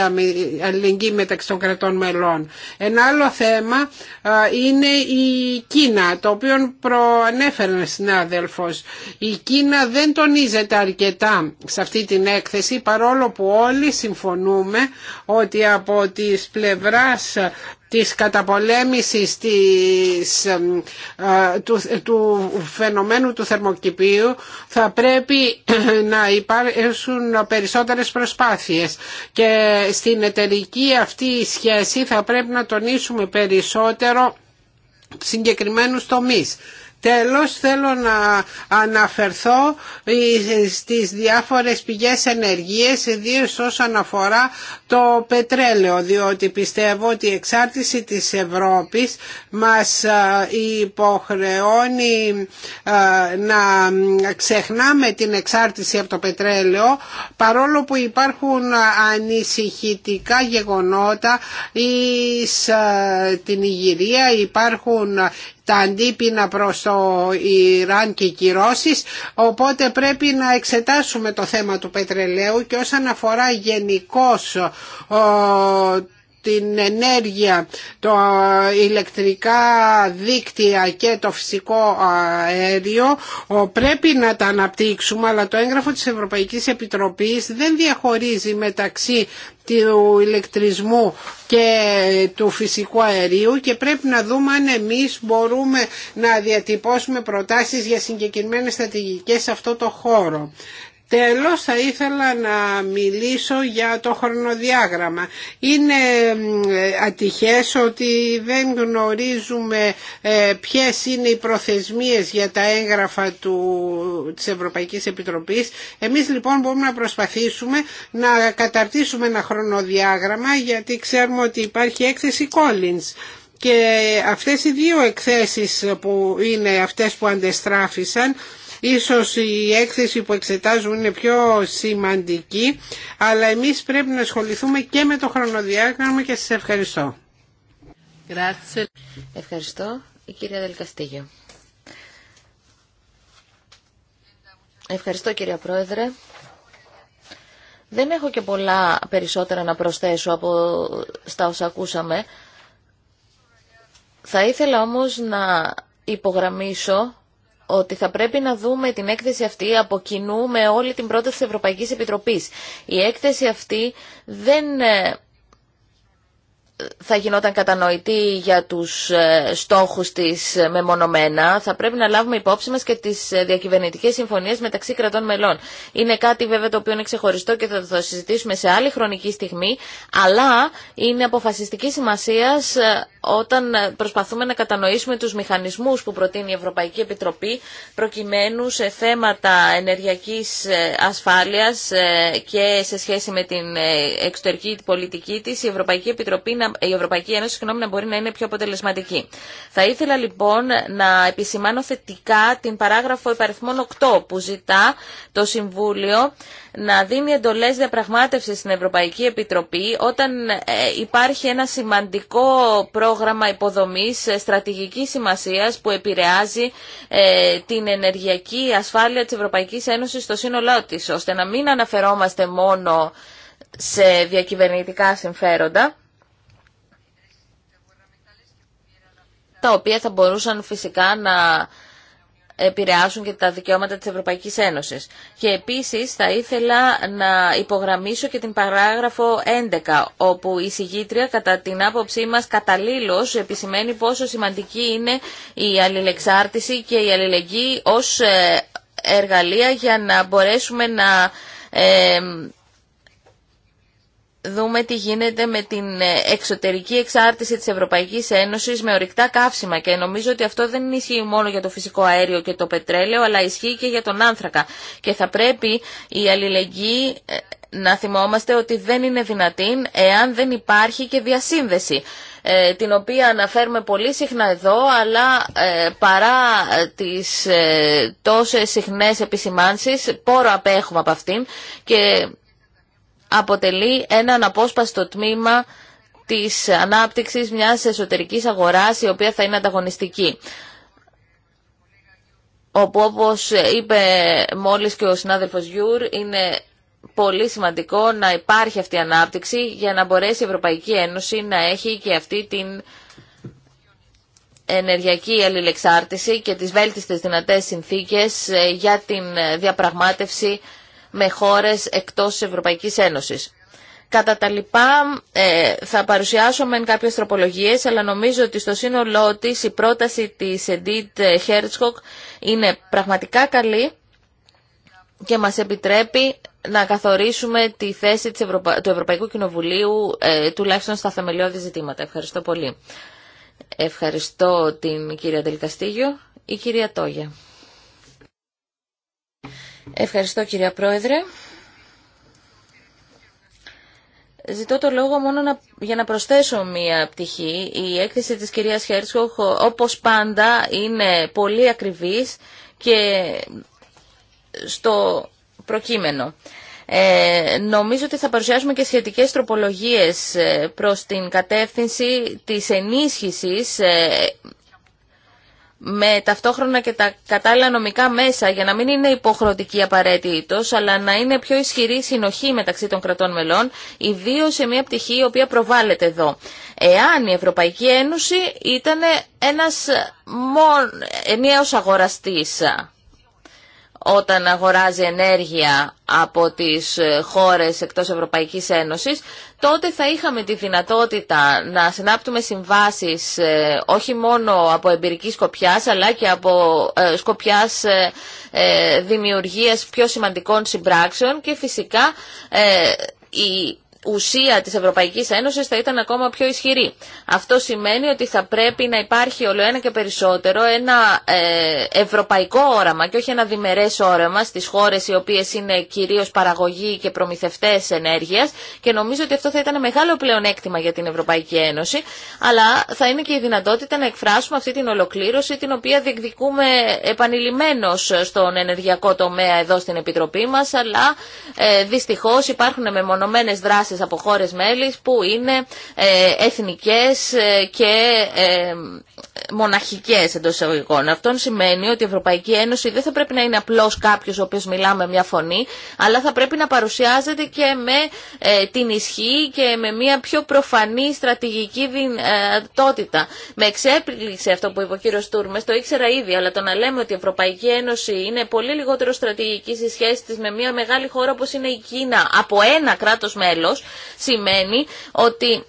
A: αλληλεγγύη μεταξύ των κρατών μελών ένα άλλο θέμα ε, είναι η Κίνα το οποίο προανέφερε ένα συνάδελφος η Κίνα δεν τονίζεται αρκετά σε αυτή την έκθεση παρόλο που όλοι συμφωνούμε ότι από τις της πλευράς της καταπολέμησης της, ε, του, του φαινομένου του θερμοκηπίου θα πρέπει να υπάρξουν περισσότερες προσπάθειες και στην εταιρική αυτή σχέση θα πρέπει να τονίσουμε περισσότερο συγκεκριμένους τομείς. Τέλος θέλω να αναφερθώ ε, στις διάφορες πηγές ενεργείας ιδίως όσον αφορά το πετρέλαιο διότι πιστεύω ότι η εξάρτηση της Ευρώπης μας ε, υποχρεώνει ε, να ξεχνάμε την εξάρτηση από το πετρέλαιο παρόλο που υπάρχουν ανησυχητικά γεγονότα στην την Ιγυρία υπάρχουν τα αντίπεινα προς το Ιράν και οι κυρώσεις οπότε πρέπει να εξετάσουμε το θέμα του πετρελαίου και όσον αφορά γενικώ την ενέργεια, το ηλεκτρικά δίκτυα και το φυσικό αέριο πρέπει να τα αναπτύξουμε αλλά το έγγραφο της Ευρωπαϊκής Επιτροπής δεν διαχωρίζει μεταξύ του ηλεκτρισμού και του φυσικού αερίου και πρέπει να δούμε αν εμείς μπορούμε να διατυπώσουμε προτάσεις για συγκεκριμένες στρατηγικές σε αυτό το χώρο. Τέλος θα ήθελα να μιλήσω για το χρονοδιάγραμμα. Είναι ατυχές ότι δεν γνωρίζουμε ε, ποιες είναι οι προθεσμίες για τα έγγραφα του, της Ευρωπαϊκής Επιτροπής. Εμείς λοιπόν μπορούμε να προσπαθήσουμε να καταρτήσουμε ένα χρονοδιάγραμμα γιατί ξέρουμε ότι υπάρχει έκθεση Collins και αυτές οι δύο εκθέσεις που είναι αυτές που αντεστράφησαν Ίσως η έκθεση που εξετάζουμε είναι πιο σημαντική, αλλά εμείς πρέπει να ασχοληθούμε και με το χρονοδιάγραμμα και σας ευχαριστώ.
B: Ευχαριστώ. Η κυρία Δελκαστήγιο. Ευχαριστώ κυρία Πρόεδρε. Δεν έχω και πολλά περισσότερα να προσθέσω από στα όσα ακούσαμε. Θα ήθελα όμως να υπογραμμίσω ότι θα πρέπει να δούμε την έκθεση αυτή από κοινού με όλη την πρόταση της Ευρωπαϊκής Επιτροπής. Η έκθεση αυτή δεν ε, θα γινόταν κατανοητή για τους ε, στόχους της ε, μεμονωμένα, θα πρέπει να λάβουμε υπόψη μας και τις ε, διακυβερνητικές συμφωνίες μεταξύ κρατών μελών. Είναι κάτι βέβαια το οποίο είναι ξεχωριστό και θα το συζητήσουμε σε άλλη χρονική στιγμή, αλλά είναι αποφασιστική σημασία όταν προσπαθούμε να κατανοήσουμε τους μηχανισμούς που προτείνει η Ευρωπαϊκή Επιτροπή προκειμένου σε θέματα ενεργειακής ασφάλειας και σε σχέση με την εξωτερική πολιτική της η Ευρωπαϊκή Επιτροπή η Ευρωπαϊκή Ένωση συγγνώμη, να μπορεί να είναι πιο αποτελεσματική. Θα ήθελα λοιπόν να επισημάνω θετικά την παράγραφο υπαριθμών 8 που ζητά το Συμβούλιο να δίνει εντολές διαπραγμάτευσης στην Ευρωπαϊκή Επιτροπή όταν ε, υπάρχει ένα σημαντικό πρόγραμμα υποδομής ε, στρατηγικής σημασίας που επηρεάζει ε, την ενεργειακή ασφάλεια της Ευρωπαϊκής Ένωσης στο σύνολό της, ώστε να μην αναφερόμαστε μόνο σε διακυβερνητικά συμφέροντα, τα οποία θα μπορούσαν φυσικά να επηρεάσουν και τα δικαιώματα της Ευρωπαϊκής Ένωσης. Και επίσης θα ήθελα να υπογραμμίσω και την παράγραφο 11, όπου η συγγήτρια κατά την άποψή μας καταλήλως επισημαίνει πόσο σημαντική είναι η αλληλεξάρτηση και η αλληλεγγύη ως ε, εργαλεία για να μπορέσουμε να ε, δούμε τι γίνεται με την ε, εξωτερική εξάρτηση της Ευρωπαϊκής Ένωσης με ορυκτά καύσιμα και νομίζω ότι αυτό δεν ισχύει μόνο για το φυσικό αέριο και το πετρέλαιο αλλά ισχύει και για τον άνθρακα και θα πρέπει η αλληλεγγύη ε, να θυμόμαστε ότι δεν είναι δυνατή εάν δεν υπάρχει και διασύνδεση ε, την οποία αναφέρουμε πολύ συχνά εδώ, αλλά παρά τις ε, τόσες συχνές επισημάνσεις, πόρο απέχουμε από αυτήν και αποτελεί ένα απόσπαστο τμήμα της ανάπτυξης μιας εσωτερικής αγοράς η οποία θα είναι ανταγωνιστική όπου όπως είπε μόλις και ο συνάδελφος Γιούρ είναι πολύ σημαντικό να υπάρχει αυτή η ανάπτυξη για να μπορέσει η Ευρωπαϊκή Ένωση να έχει και αυτή την ενεργειακή αλληλεξάρτηση και τις βέλτιστες δυνατές συνθήκες ε, για την διαπραγμάτευση με χώρες εκτός Ευρωπαϊκής Ένωσης. Κατά τα λοιπά ε, θα παρουσιάσω μεν κάποιες τροπολογίες, αλλά νομίζω ότι στο σύνολό της η πρόταση της Εντίτ Herzog είναι πραγματικά καλή και μας επιτρέπει να καθορίσουμε τη θέση του Ευρωπαϊκού Κοινοβουλίου ε, τουλάχιστον στα θεμελιώδη ζητήματα. Ευχαριστώ πολύ. Ευχαριστώ την κυρία Τελικαστήγιο. Η κυρία Τόγια. Ευχαριστώ κυρία Πρόεδρε. Ζητώ το λόγο μόνο να, για να προσθέσω μία πτυχή. Η έκθεση της κυρίας Χέρσκο όπως πάντα, είναι πολύ ακριβής και στο προκείμενο. Ε, νομίζω ότι θα παρουσιάσουμε και σχετικές τροπολογίες ε, προς την κατεύθυνση της ενίσχυσης ε, με ταυτόχρονα και τα κατάλληλα νομικά μέσα για να μην είναι υποχρεωτική απαραίτητο, αλλά να είναι πιο ισχυρή συνοχή μεταξύ των κρατών μελών, ιδίω σε μια πτυχή η οποία προβάλλεται εδώ. Εάν η Ευρωπαϊκή Ένωση ήταν ένας μόνο ενιαίος αγοραστής όταν αγοράζει ενέργεια από τις ε, χώρες εκτός Ευρωπαϊκής Ένωσης, τότε θα είχαμε τη δυνατότητα να συνάπτουμε συμβάσεις ε, όχι μόνο από εμπειρική σκοπιάς, αλλά και από ε, σκοπιάς δημιουργίας πιο σημαντικών συμπράξεων και φυσικά η ουσία της Ευρωπαϊκής Ένωσης θα ήταν ακόμα πιο ισχυρή. Αυτό σημαίνει ότι θα πρέπει να υπάρχει όλο ένα και περισσότερο ένα ε, ευρωπαϊκό όραμα και όχι ένα διμερές όραμα στις χώρες οι οποίες είναι κυρίως παραγωγή και προμηθευτές ενέργειας και νομίζω ότι αυτό θα ήταν μεγάλο πλεονέκτημα για την Ευρωπαϊκή Ένωση αλλά θα είναι και η δυνατότητα να εκφράσουμε αυτή την ολοκλήρωση την οποία διεκδικούμε επανειλημμένω στον ενεργειακό τομέα εδώ στην Επιτροπή μας αλλά ε, δυστυχώς υπάρχουν μεμονωμένες δράσεις από χώρες μέλης που είναι ε, εθνικές ε, και ε, μοναχικές εντός εισαγωγικών. Αυτό σημαίνει ότι η Ευρωπαϊκή Ένωση δεν θα πρέπει να είναι απλώς κάποιος ο οποίος μιλά με μια φωνή, αλλά θα πρέπει να παρουσιάζεται και με την ισχύ και με μια πιο προφανή στρατηγική δυνατότητα. Με εξέπληξε αυτό που είπε ο κύριος Τούρμες, το ήξερα ήδη, αλλά το να λέμε ότι η Ευρωπαϊκή Ένωση είναι πολύ λιγότερο στρατηγική στη σχέση της με μια μεγάλη χώρα όπως είναι η Κίνα από ένα κράτος μέλος, σημαίνει ότι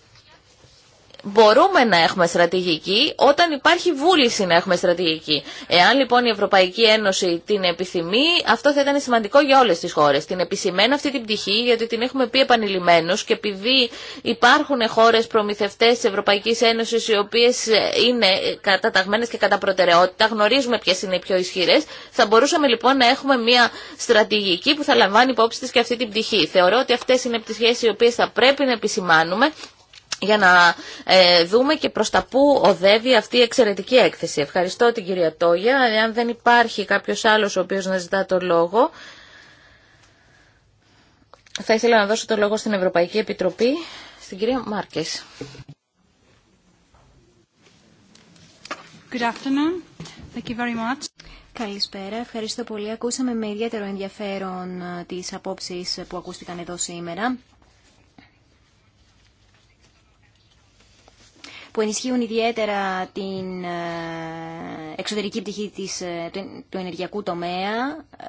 B: μπορούμε να έχουμε στρατηγική όταν υπάρχει βούληση να έχουμε στρατηγική. Εάν λοιπόν η Ευρωπαϊκή Ένωση την επιθυμεί, αυτό θα ήταν σημαντικό για όλε τι χώρε. Την επισημαίνω αυτή την πτυχή γιατί την έχουμε πει επανειλημμένω και επειδή υπάρχουν χώρε προμηθευτέ τη Ευρωπαϊκή Ένωση, οι οποίε ε, είναι καταταγμένε και κατά προτεραιότητα, γνωρίζουμε ποιε είναι οι πιο ισχυρέ, θα μπορούσαμε λοιπόν να έχουμε μια στρατηγική που θα λαμβάνει υπόψη τη και αυτή την πτυχή. Θεωρώ ότι αυτέ είναι πτυχές οι οποίε θα πρέπει να επισημάνουμε για να ε, δούμε και προς τα πού οδεύει αυτή η εξαιρετική έκθεση. Ευχαριστώ την κυρία Τόγια. Αν δεν υπάρχει κάποιος άλλος ο οποίος να ζητά το λόγο, θα ήθελα να δώσω το λόγο στην Ευρωπαϊκή Επιτροπή, στην κυρία Μάρκες.
C: Good afternoon. Thank you very much. Καλησπέρα. Ευχαριστώ πολύ. Ακούσαμε με ιδιαίτερο ενδιαφέρον ε, τις απόψεις που ακούστηκαν εδώ σήμερα. που ενισχύουν ιδιαίτερα την ε, εξωτερική πτυχή της, ε, του ενεργειακού τομέα ε,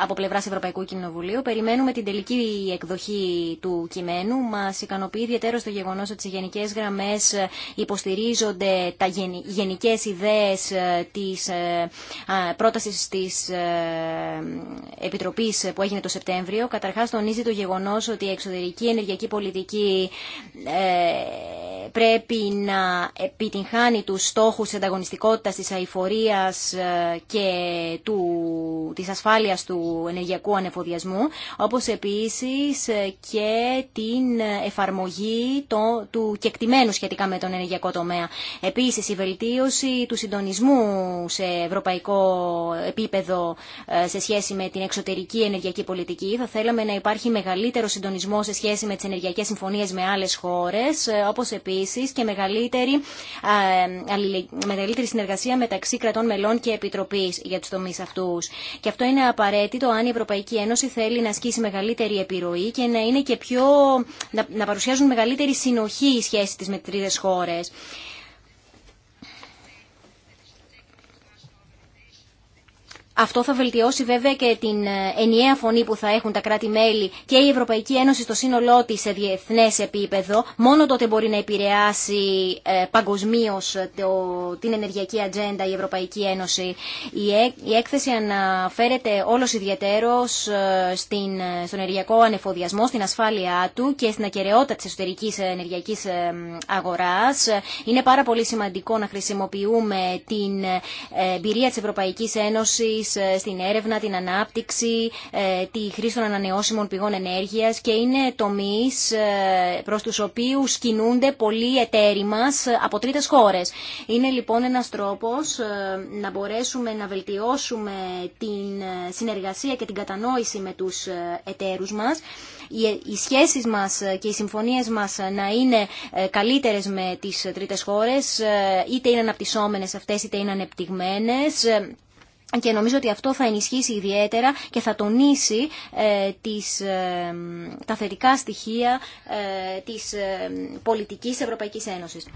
C: από πλευρά Ευρωπαϊκού Κοινοβουλίου. Περιμένουμε την τελική εκδοχή του κειμένου. Μας ικανοποιεί ιδιαίτερο το γεγονός ότι σε γενικές γραμμές υποστηρίζονται τα γενικές ιδέες ε, της ε, πρότασης της ε, Επιτροπής που έγινε το Σεπτέμβριο. Καταρχάς τονίζει το γεγονός ότι η εξωτερική ενεργειακή πολιτική πρέπει να επιτυγχάνει του στόχου της ανταγωνιστικότητας, της αηφορίας και του, της ασφάλειας του ενεργειακού ανεφοδιασμού, όπως επίσης και την εφαρμογή το, του κεκτημένου σχετικά με τον ενεργειακό τομέα. Επίσης, η βελτίωση του συντονισμού σε ευρωπαϊκό επίπεδο ε, σε σχέση με την εξωτερική ενεργειακή πολιτική. Θα θέλαμε να υπάρχει μεγαλύτερο συντονισμό σε σχέση με τις ενεργειακές συμφωνίες με άλλες χώρες, ε, όπως επίσης και μεγαλύτερη, ε, μεγαλύτερη συνεργασία μεταξύ κρατών μελών και επιτροπής για τους τομείς αυτούς. Και αυτό είναι απαραίτητο το αν η Ευρωπαϊκή Ένωση θέλει να ασκήσει μεγαλύτερη επιρροή και να, είναι και πιο, να, παρουσιάζουν μεγαλύτερη συνοχή οι σχέση της με τρίτες χώρες. Αυτό θα βελτιώσει βέβαια και την ε, ενιαία φωνή που θα έχουν τα κράτη-μέλη και η Ευρωπαϊκή Ένωση στο σύνολό τη σε διεθνέ επίπεδο. Μόνο τότε μπορεί να επηρεάσει ε, παγκοσμίω την ενεργειακή ατζέντα η Ευρωπαϊκή Ένωση. Η ε, έκθεση αναφέρεται όλο ιδιαίτερο στον ενεργειακό ανεφοδιασμό, στην ασφάλειά του και στην ακαιρεότητα τη εσωτερική ενεργειακή αγορά. Είναι πάρα πολύ σημαντικό να χρησιμοποιούμε την εμπειρία τη Ευρωπαϊκή Ένωση ε, στην έρευνα, την ανάπτυξη, ε, τη χρήση των ανανεώσιμων πηγών ενέργειας και είναι τομείς ε, προς τους οποίους κινούνται πολλοί εταίροι μας από τρίτες χώρες. Είναι λοιπόν ένας τρόπος να μπορέσουμε να βελτιώσουμε την συνεργασία και την κατανόηση με τους εταίρους μας οι σχέσεις μας και οι συμφωνίες μας να είναι καλύτερες με τις τρίτες χώρες, είτε είναι αναπτυσσόμενες αυτές είτε είναι ανεπτυγμένες και νομίζω ότι αυτό θα ενισχύσει ιδιαίτερα και θα τονίσει ε, τις, ε, τα θετικά στοιχεία ε, της ε, πολιτικής Ευρωπαϊκής Ένωσης.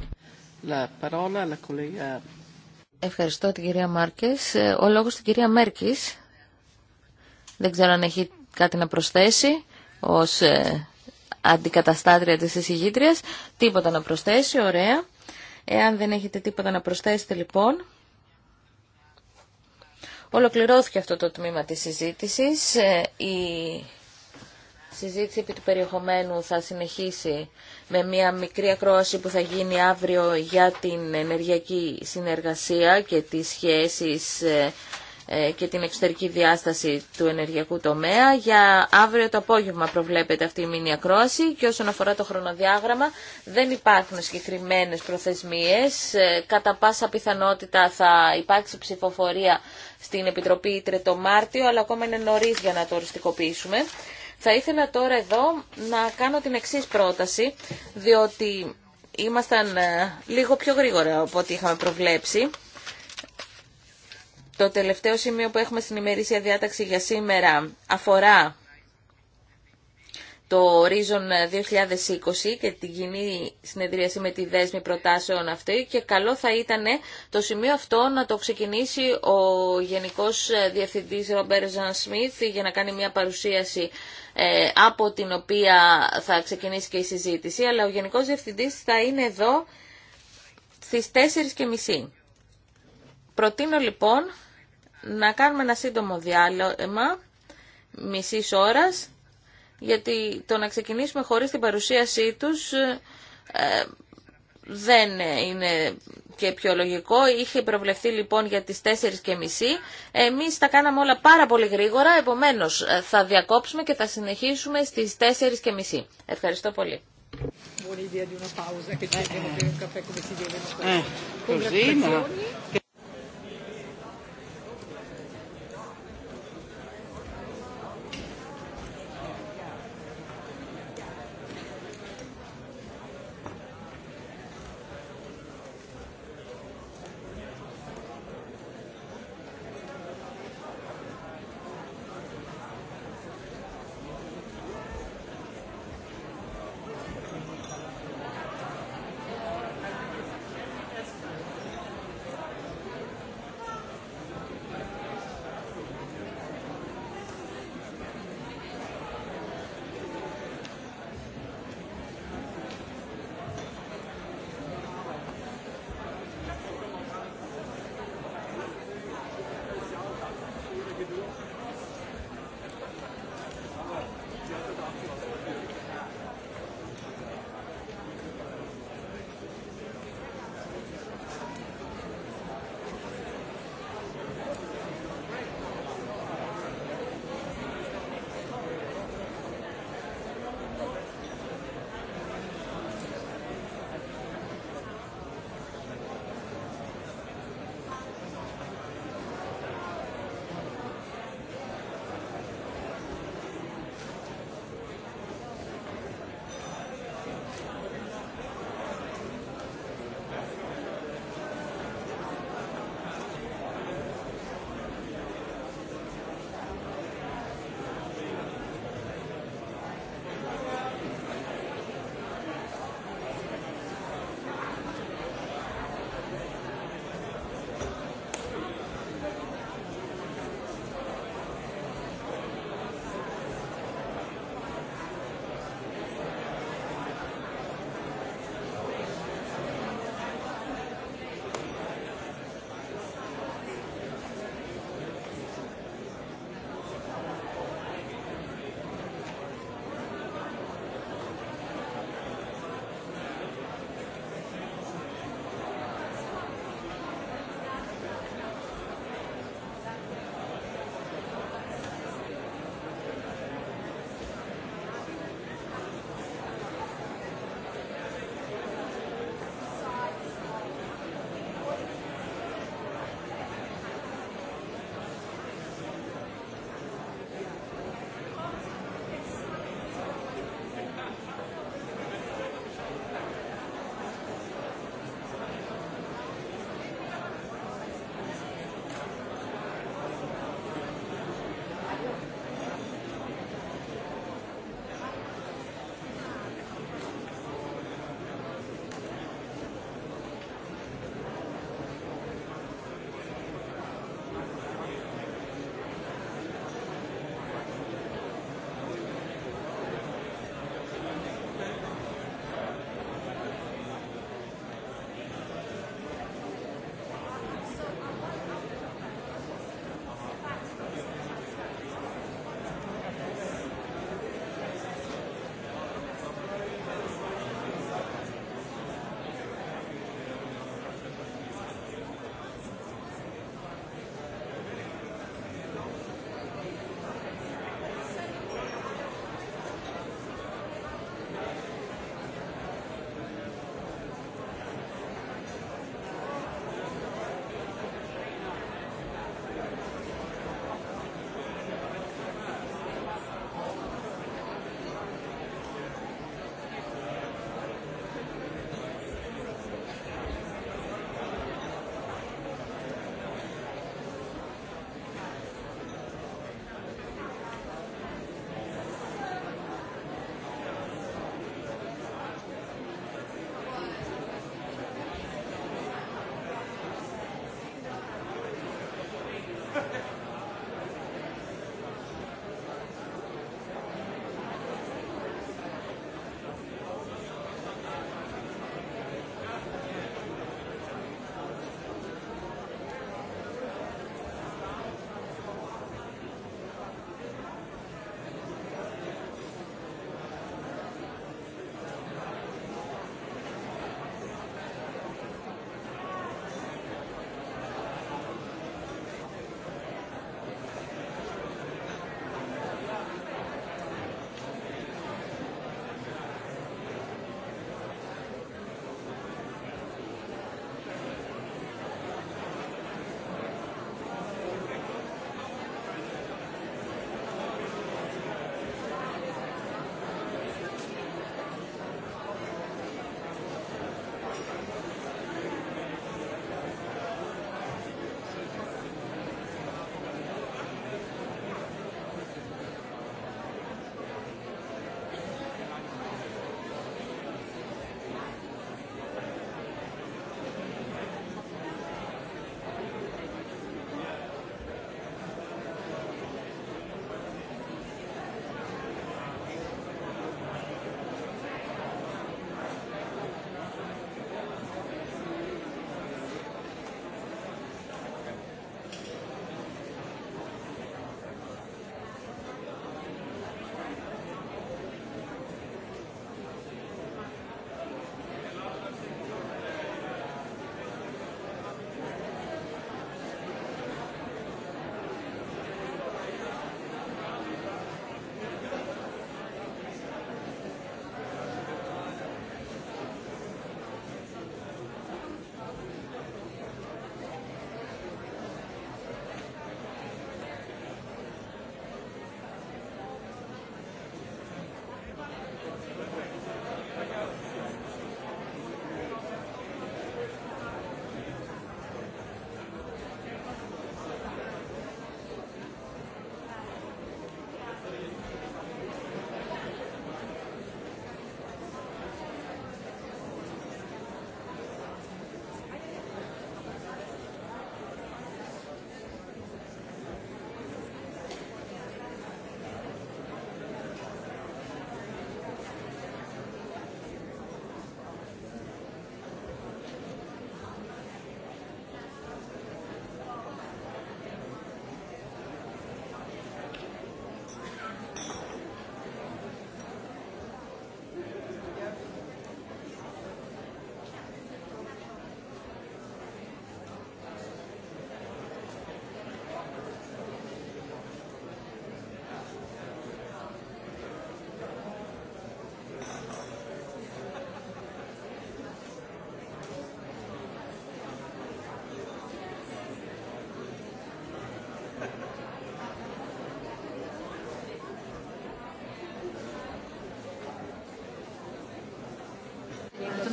B: La parola, la collega... Ευχαριστώ την κυρία Μάρκες. Ε, ο λόγος στην κυρία Μέρκης. Δεν ξέρω αν έχει κάτι να προσθέσει ως αντικαταστάτρια της εισηγήτριας. Τίποτα να προσθέσει, ωραία. Εάν δεν έχετε τίποτα να προσθέσετε λοιπόν... Ολοκληρώθηκε αυτό το τμήμα της συζήτησης. Ε, η συζήτηση επί του περιεχομένου θα συνεχίσει με μια μικρή ακρόαση που θα γίνει αύριο για την ενεργειακή συνεργασία και τις σχέσεις ε, ε, και την εξωτερική διάσταση του ενεργειακού τομέα. Για αύριο το απόγευμα προβλέπεται αυτή η μήνυα κρόση και όσον αφορά το χρονοδιάγραμμα δεν υπάρχουν συγκεκριμένε προθεσμίες. Ε, κατά πάσα πιθανότητα θα υπάρξει ψηφοφορία στην Επιτροπή Ήτρε το Μάρτιο, αλλά ακόμα είναι νωρί για να το οριστικοποιήσουμε. Θα ήθελα τώρα εδώ να κάνω την εξή πρόταση, διότι ήμασταν ε, λίγο πιο γρήγορα από ό,τι είχαμε προβλέψει. Το τελευταίο σημείο που έχουμε στην ημερήσια διάταξη για σήμερα αφορά το ορίζον 2020 και την κοινή συνεδρίαση με τη δέσμη προτάσεων αυτή και καλό θα ήταν το σημείο αυτό να το ξεκινήσει ο Γενικός Διευθυντής Ρομπέρ Ζαν Σμιθ για να κάνει μια παρουσίαση ε, από την οποία θα ξεκινήσει και η συζήτηση αλλά ο Γενικός Διευθυντής θα είναι εδώ στις 4.30. Προτείνω λοιπόν να κάνουμε ένα σύντομο διάλειμμα μισή ώρας, γιατί το να ξεκινήσουμε χωρίς την παρουσίασή τους ε, δεν είναι και πιο λογικό. Είχε προβλεφθεί λοιπόν για τις 4 και μισή. Εμείς τα κάναμε όλα πάρα πολύ γρήγορα, επομένως ε, θα διακόψουμε και θα συνεχίσουμε στις 4 και μισή. Ευχαριστώ πολύ. Ε,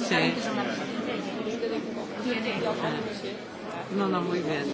A: Sí. No, no, muy bien.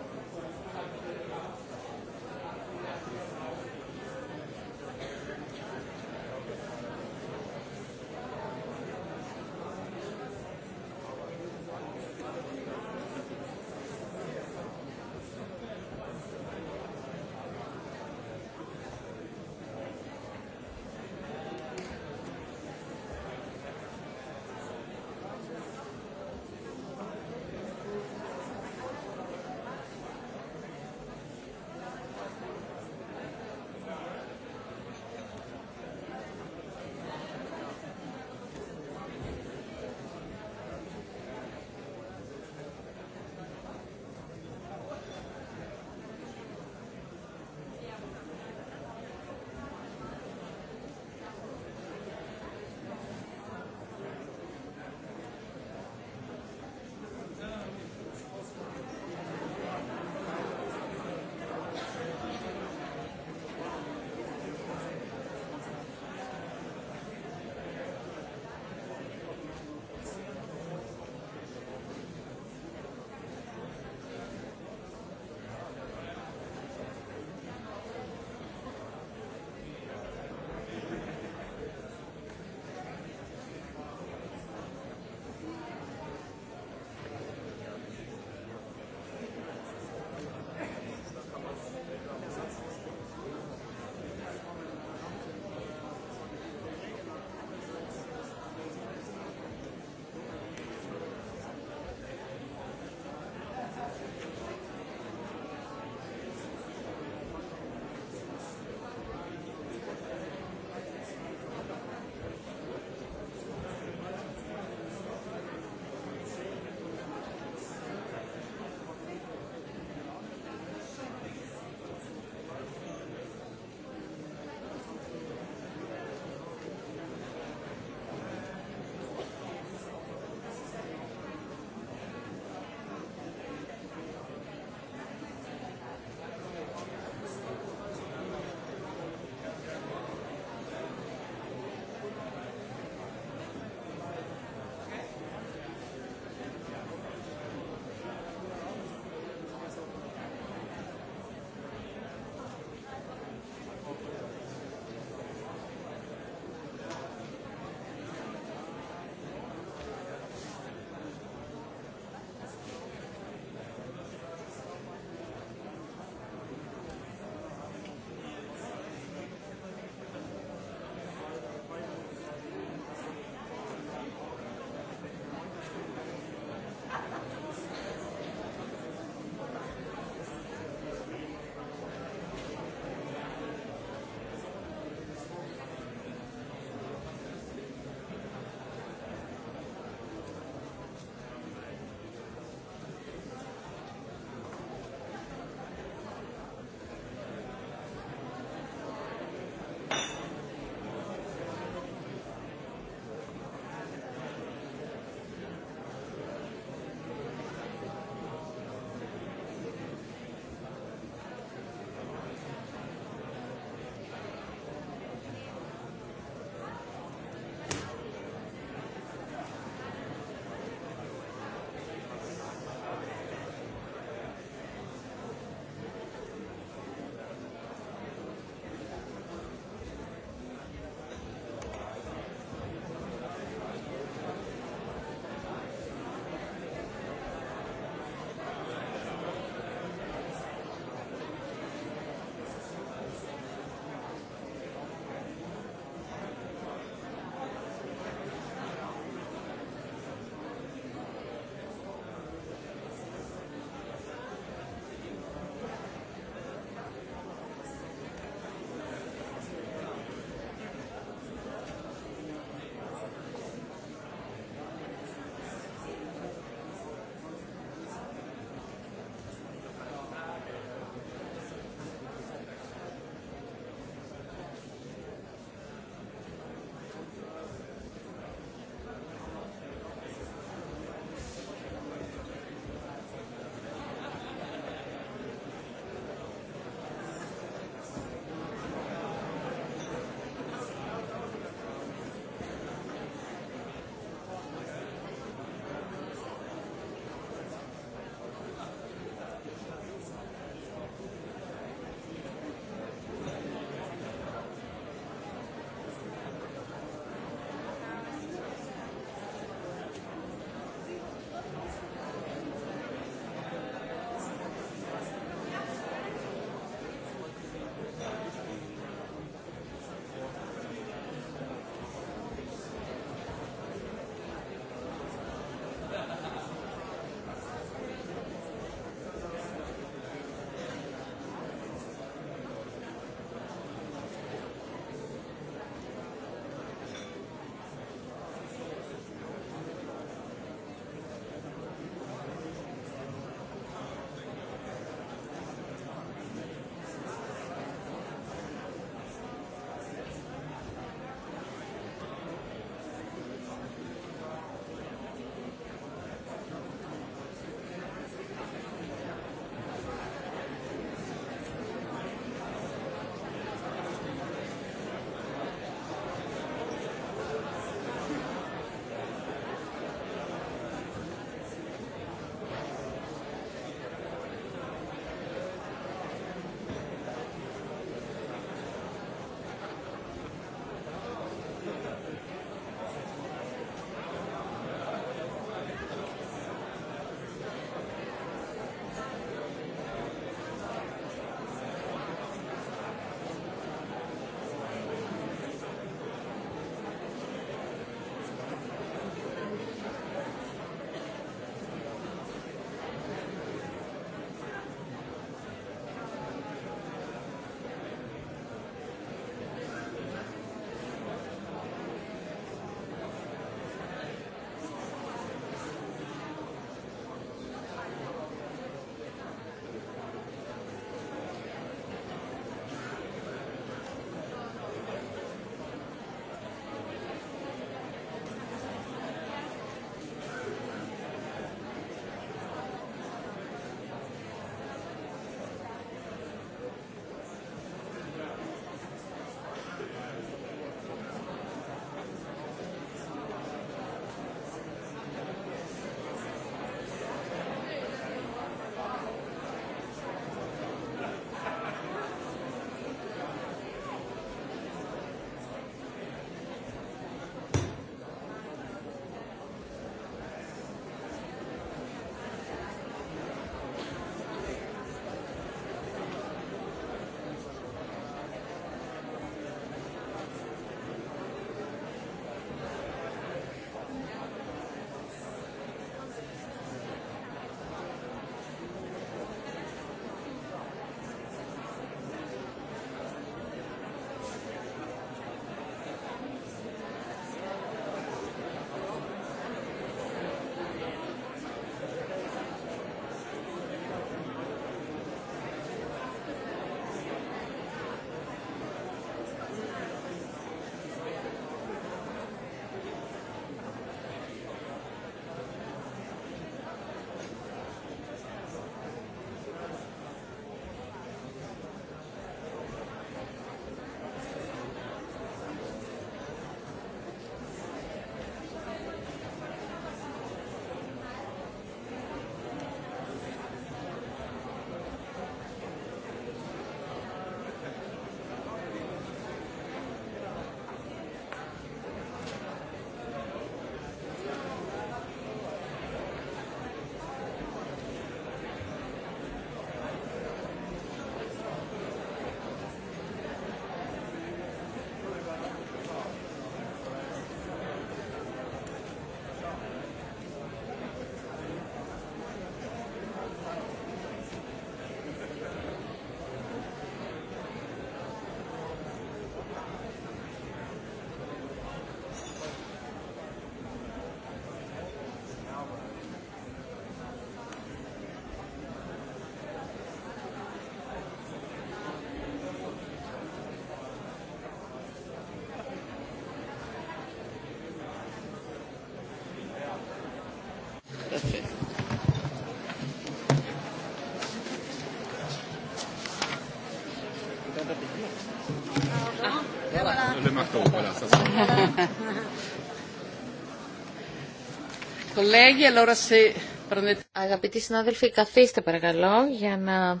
B: Αγαπητοί συνάδελφοι, καθίστε παρακαλώ για να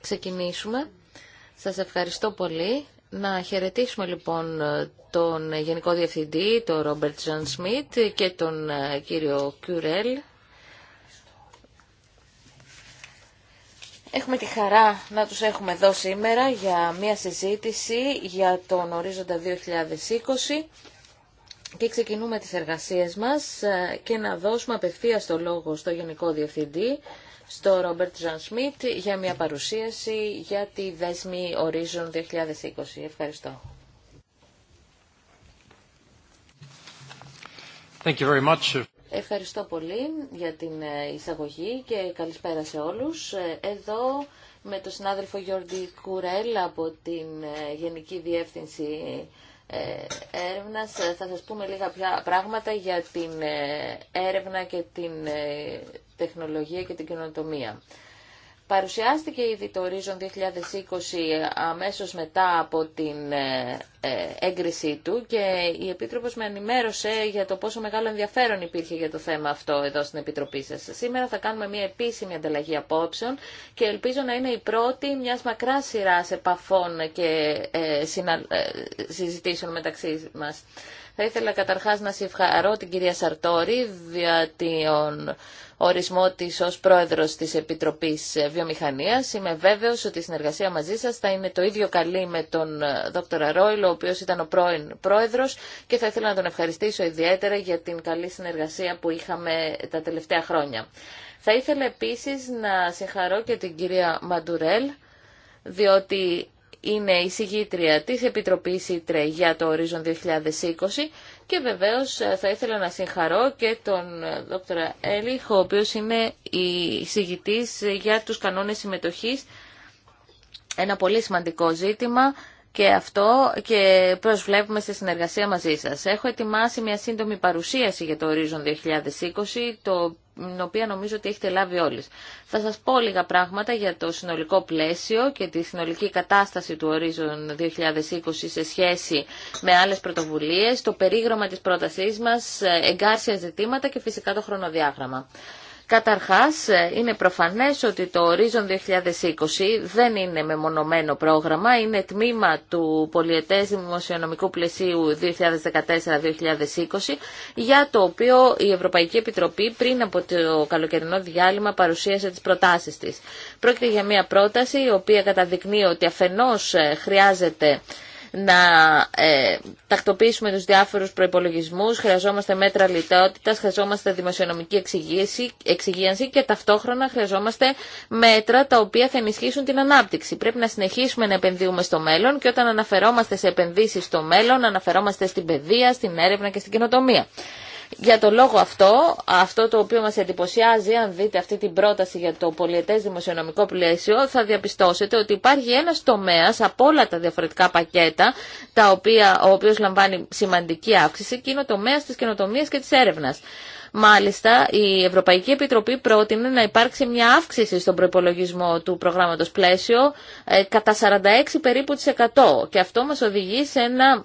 B: ξεκινήσουμε. Σας ευχαριστώ πολύ. Να χαιρετήσουμε λοιπόν τον Γενικό Διευθυντή, τον Ρόμπερτ Ζαν Σμιτ και τον ε, κύριο Κιουρέλ Έχουμε τη χαρά να τους έχουμε εδώ σήμερα για μια συζήτηση για τον ορίζοντα 2020 και ξεκινούμε τις εργασίες μας ε, και να δώσουμε απευθεία το λόγο στο Γενικό Διευθυντή, στο Ρόμπερτ Ζαν Σμιτ, για μια παρουσίαση για τη δέσμη ορίζον 2020. Ευχαριστώ.
A: Thank you very much.
B: Ευχαριστώ πολύ για την ε, εισαγωγή και καλησπέρα σε όλους. Ε, εδώ με τον συνάδελφο Γιώργη Κουρέλ από την ε, Γενική Διεύθυνση Έρευνας θα σας πούμε λίγα πράγματα για την έρευνα και την τεχνολογία και την κοινοτομία. Παρουσιάστηκε ήδη το Horizon 2020 αμέσως μετά από την ε, έγκρισή του και η Επίτροπος με ενημέρωσε για το πόσο μεγάλο ενδιαφέρον υπήρχε για το θέμα αυτό εδώ στην Επιτροπή σας. Σήμερα θα κάνουμε μια επίσημη ανταλλαγή απόψεων και ελπίζω να είναι η πρώτη μιας μακράς σειράς επαφών και ε, ε, συζητήσεων μεταξύ μας. Θα ήθελα καταρχάς να συγχαρώ την κυρία Σαρτόρη για τον ορισμό της ως πρόεδρος της Επιτροπής Βιομηχανίας. Είμαι βέβαιος ότι η συνεργασία μαζί σας θα είναι το ίδιο καλή με τον δόκτωρα Ρόιλο, οποίος ήταν ο πρώην πρόεδρος και θα ήθελα να τον ευχαριστήσω ιδιαίτερα για την καλή συνεργασία που είχαμε τα τελευταία χρόνια. Θα ήθελα επίσης να συγχαρώ και την κυρία Μαντουρέλ, διότι είναι η συγγήτρια της Επιτροπής ΙΤΡΕ για το Horizon 2020 και βεβαίως θα ήθελα να συγχαρώ και τον δόκτωρα Έλιχ, ο οποίος είναι η συγγητής για τους κανόνες συμμετοχής. Ένα πολύ σημαντικό ζήτημα και αυτό και προσβλέπουμε στη συνεργασία μαζί σας. Έχω ετοιμάσει μια σύντομη παρουσίαση για το Horizon 2020, το την οποία νομίζω ότι έχετε λάβει όλες. Θα σας πω λίγα πράγματα για το συνολικό πλαίσιο και τη συνολική κατάσταση του Horizon 2020 σε σχέση με άλλες πρωτοβουλίες, το περίγραμμα της πρότασής μας, εγκάρσια ζητήματα και φυσικά το χρονοδιάγραμμα. Καταρχάς, ε, είναι προφανές ότι το Horizon 2020 δεν είναι μεμονωμένο πρόγραμμα, είναι τμήμα του πολιετές δημοσιονομικού πλαισίου 2014-2020, για το οποίο η Ευρωπαϊκή Επιτροπή πριν από το καλοκαιρινό διάλειμμα παρουσίασε τις προτάσεις της. Πρόκειται για μια πρόταση η οποία καταδεικνύει ότι αφενός ε, χρειάζεται να ε, τακτοποιήσουμε τους διάφορους προϋπολογισμούς, χρειαζόμαστε μέτρα λιτότητας, χρειαζόμαστε δημοσιονομική εξυγίαση, εξυγίανση και ταυτόχρονα χρειαζόμαστε μέτρα τα οποία θα ενισχύσουν την ανάπτυξη. Πρέπει να συνεχίσουμε να επενδύουμε στο μέλλον και όταν αναφερόμαστε σε επενδύσεις στο μέλλον αναφερόμαστε στην παιδεία, στην έρευνα και στην καινοτομία. Για τον λόγο αυτό, αυτό το οποίο μας εντυπωσιάζει, αν δείτε αυτή την πρόταση για το πολιετές δημοσιονομικό πλαίσιο, θα διαπιστώσετε ότι υπάρχει ένας τομέας από όλα τα διαφορετικά πακέτα, τα οποία, ο οποίος λαμβάνει σημαντική αύξηση και είναι ο τομέας της καινοτομίας και της έρευνας. Μάλιστα, η Ευρωπαϊκή Επιτροπή πρότεινε να υπάρξει μια αύξηση στον προπολογισμό του προγράμματος πλαίσιο ε, κατά 46 περίπου της 100 και αυτό μας οδηγεί σε ένα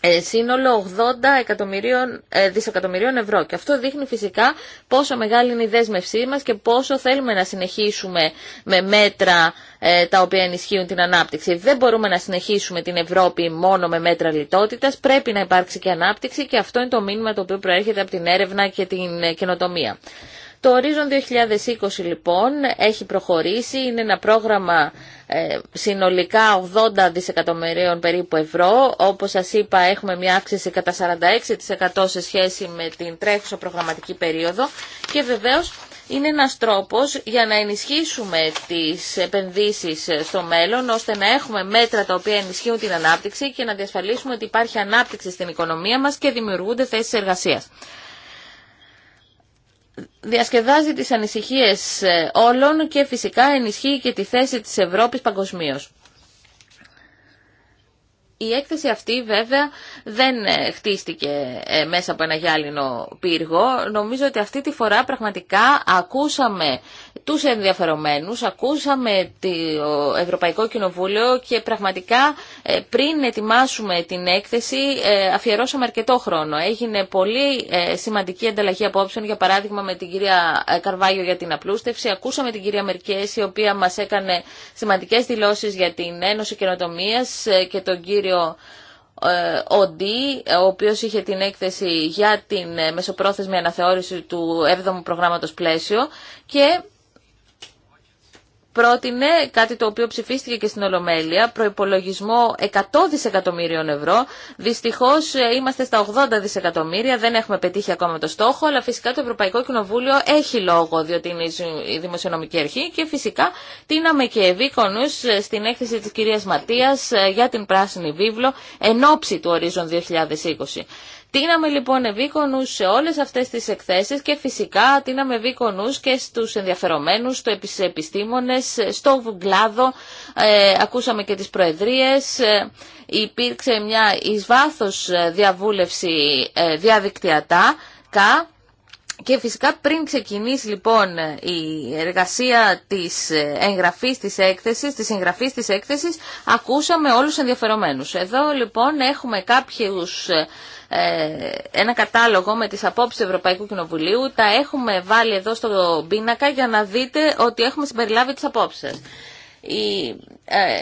B: ε, σύνολο 80 εκατομμυρίων, ε, δισεκατομμυρίων ευρώ. Και αυτό δείχνει φυσικά πόσο μεγάλη είναι η δέσμευσή μας και πόσο θέλουμε να συνεχίσουμε με μέτρα ε, τα οποία ενισχύουν την ανάπτυξη. Δεν μπορούμε να συνεχίσουμε την Ευρώπη μόνο με μέτρα λιτότητας, πρέπει να υπάρξει και ανάπτυξη και αυτό είναι το μήνυμα το οποίο προέρχεται από την έρευνα και την καινοτομία. Το Horizon 2020 λοιπόν έχει προχωρήσει, είναι ένα πρόγραμμα ε, συνολικά 80 δισεκατομμυρίων περίπου ευρώ. Όπως σας είπα έχουμε μια αύξηση κατά 46% σε σχέση με την τρέχουσα προγραμματική περίοδο και βεβαίως είναι ένας τρόπος για να ενισχύσουμε τις επενδύσεις στο μέλλον, ώστε να έχουμε μέτρα τα οποία ενισχύουν την ανάπτυξη και να διασφαλίσουμε ότι υπάρχει ανάπτυξη στην οικονομία μας και δημιουργούνται θέσεις εργασίας διασκεδάζει τις ανησυχίες ε, όλων και φυσικά ενισχύει και τη θέση της Ευρώπης παγκοσμίως. Η έκθεση αυτή βέβαια δεν ε, χτίστηκε ε, μέσα από ένα γυάλινο πύργο. Νομίζω ότι αυτή τη φορά πραγματικά ακούσαμε τους ενδιαφερομένους, ακούσαμε το Ευρωπαϊκό Κοινοβούλιο και πραγματικά ε, πριν ετοιμάσουμε την έκθεση αφιερώσαμε αρκετό χρόνο. Έγινε πολύ σημαντική ανταλλαγή απόψεων, για παράδειγμα με την κυρία Καρβάγιο για την απλούστευση, ακούσαμε την κυρία Μερκέση η οποία μας έκανε σημαντικές δηλώσεις για την Ένωση Καινοτομίας και τον κύριο ο ε, Οντί, ο οποίος είχε την έκθεση για την ε, μεσοπρόθεσμη αναθεώρηση του 7ου προγράμματος πλαίσιο και πρότεινε κάτι το οποίο ψηφίστηκε και στην Ολομέλεια, προϋπολογισμό 100 δισεκατομμύριων ευρώ. Δυστυχώ, ε, είμαστε στα 80 δισεκατομμύρια, δεν έχουμε πετύχει ακόμα το στόχο, αλλά φυσικά το Ευρωπαϊκό Κοινοβούλιο έχει λόγο, διότι είναι η Δημοσιονομική Αρχή και φυσικά τίναμε και ευήκονου ε, στην έκθεση της κυρία Ματίας ε, για την Πράσινη Βίβλο εν του ορίζον 2020. Τίναμε λοιπόν ευήκονου σε όλες αυτές τις εκθέσεις και φυσικά τίναμε ευήκονου και στους ενδιαφερομένους, το επιστήμονε, στο κλάδο, ε, ακούσαμε και τι προεδρίες, ε, υπήρξε μια ει βάθο ε, διαβούλευση διαδικτυατά, κα, και φυσικά πριν ξεκινήσει λοιπόν η εργασία της εγγραφής της έκθεσης, της εγγραφής της έκθεσης, ακούσαμε όλους ενδιαφερομένους. Εδώ λοιπόν έχουμε κάποιους ε, ένα κατάλογο με τις απόψεις Ευρωπαϊκού Κοινοβουλίου. Τα έχουμε βάλει εδώ στο πίνακα για να δείτε ότι έχουμε συμπεριλάβει τις απόψεις Η, ε,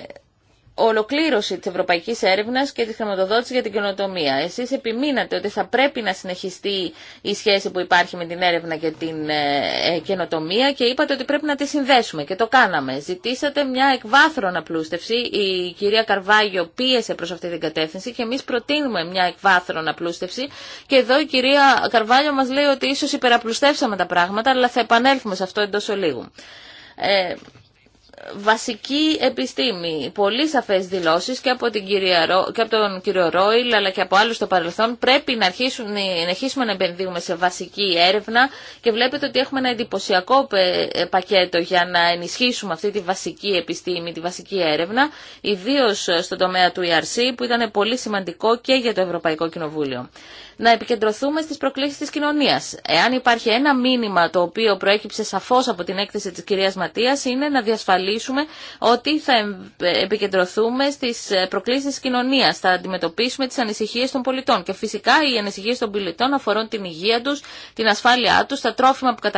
B: ολοκλήρωση της ευρωπαϊκής έρευνας και της χρηματοδότησης για την καινοτομία. Εσείς επιμείνατε ότι θα πρέπει να συνεχιστεί η σχέση που υπάρχει με την έρευνα και την ε, ε, καινοτομία και είπατε ότι πρέπει να τη συνδέσουμε και το κάναμε. Ζητήσατε μια εκβάθρον απλούστευση. Η κυρία Καρβάγιο πίεσε προς αυτή την κατεύθυνση και εμείς προτείνουμε μια εκβάθρον απλούστευση και εδώ η κυρία Καρβάγιο μας λέει ότι ίσως υπεραπλουστεύσαμε τα πράγματα αλλά θα επανέλθουμε σε αυτό εντός ολίγου. Ε, βασική επιστήμη. Πολύ σαφές δηλώσεις και από, και από τον κύριο Ρόιλ αλλά και από άλλους στο παρελθόν πρέπει να, αρχίσουν, να αρχίσουμε να επενδύουμε σε βασική έρευνα και βλέπετε ότι έχουμε ένα εντυπωσιακό ε, πακέτο για να ενισχύσουμε αυτή τη βασική επιστήμη, τη βασική έρευνα ιδίως στον τομέα του ERC που ήταν πολύ σημαντικό και για το Ευρωπαϊκό Κοινοβούλιο να επικεντρωθούμε στις προκλήσεις της κοινωνίας. Εάν υπάρχει ένα μήνυμα το οποίο προέκυψε σαφώς από την έκθεση της κυρίας Ματίας είναι να διασφαλίσουμε ότι θα ε, επικεντρωθούμε στις ε, προκλήσεις της κοινωνίας, θα αντιμετωπίσουμε τις ανησυχίες των πολιτών και φυσικά οι ανησυχίες των πολιτών αφορούν την υγεία τους, την ασφάλειά τους, τα τρόφιμα που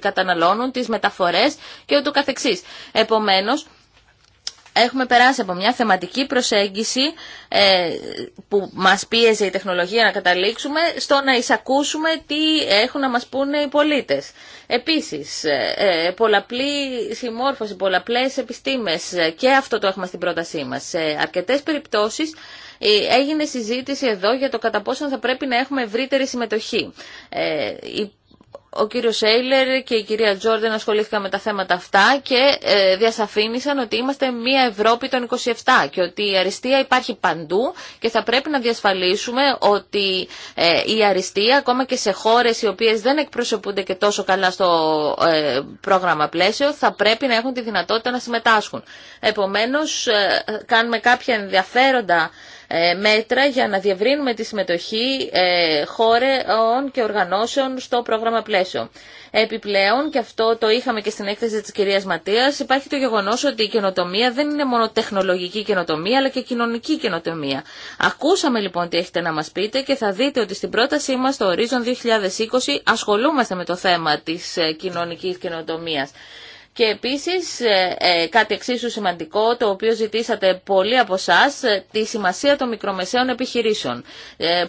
B: καταναλώνουν, τις μεταφορές και ούτω καθεξής. Επομένως, Έχουμε περάσει από μια θεματική προσέγγιση ε, που μας πίεζε η τεχνολογία να καταλήξουμε στο να εισακούσουμε τι έχουν να μας πούνε οι πολίτες. Επίσης, ε, ε, πολλαπλή συμμόρφωση, πολλαπλές επιστήμες και αυτό το έχουμε στην πρότασή μας. Σε αρκετές περιπτώσεις έγινε συζήτηση εδώ για το κατά πόσο θα πρέπει να έχουμε ευρύτερη συμμετοχή ο κύριος Έιλερ και η κυρία Τζόρντεν ασχολήθηκαν με τα θέματα αυτά και ε, διασαφήνισαν ότι είμαστε μια Ευρώπη των 27 και ότι η αριστεία υπάρχει παντού και θα πρέπει να διασφαλίσουμε ότι ε, η αριστεία ακόμα και σε χώρες οι οποίες δεν εκπροσωπούνται και τόσο καλά στο ε, πρόγραμμα πλαίσιο θα πρέπει να έχουν τη δυνατότητα να συμμετάσχουν. Επομένως ε, κάνουμε κάποια ενδιαφέροντα ε, μέτρα για να διευρύνουμε τη συμμετοχή ε, χώρεων και οργανώσεων στο πρόγραμμα πλαίσιο. Επιπλέον, και αυτό το είχαμε και στην έκθεση της κυρίας Ματίας, υπάρχει το γεγονός ότι η καινοτομία δεν είναι μόνο τεχνολογική καινοτομία, αλλά και κοινωνική καινοτομία. Ακούσαμε λοιπόν τι έχετε να μας πείτε και θα δείτε ότι στην πρότασή μας στο Horizon 2020 ασχολούμαστε με το θέμα της ε, κοινωνικής καινοτομίας. Και επίσης ε, ε, κάτι εξίσου σημαντικό, το οποίο ζητήσατε πολλοί από εσά, ε, τη σημασία των μικρομεσαίων επιχειρήσεων,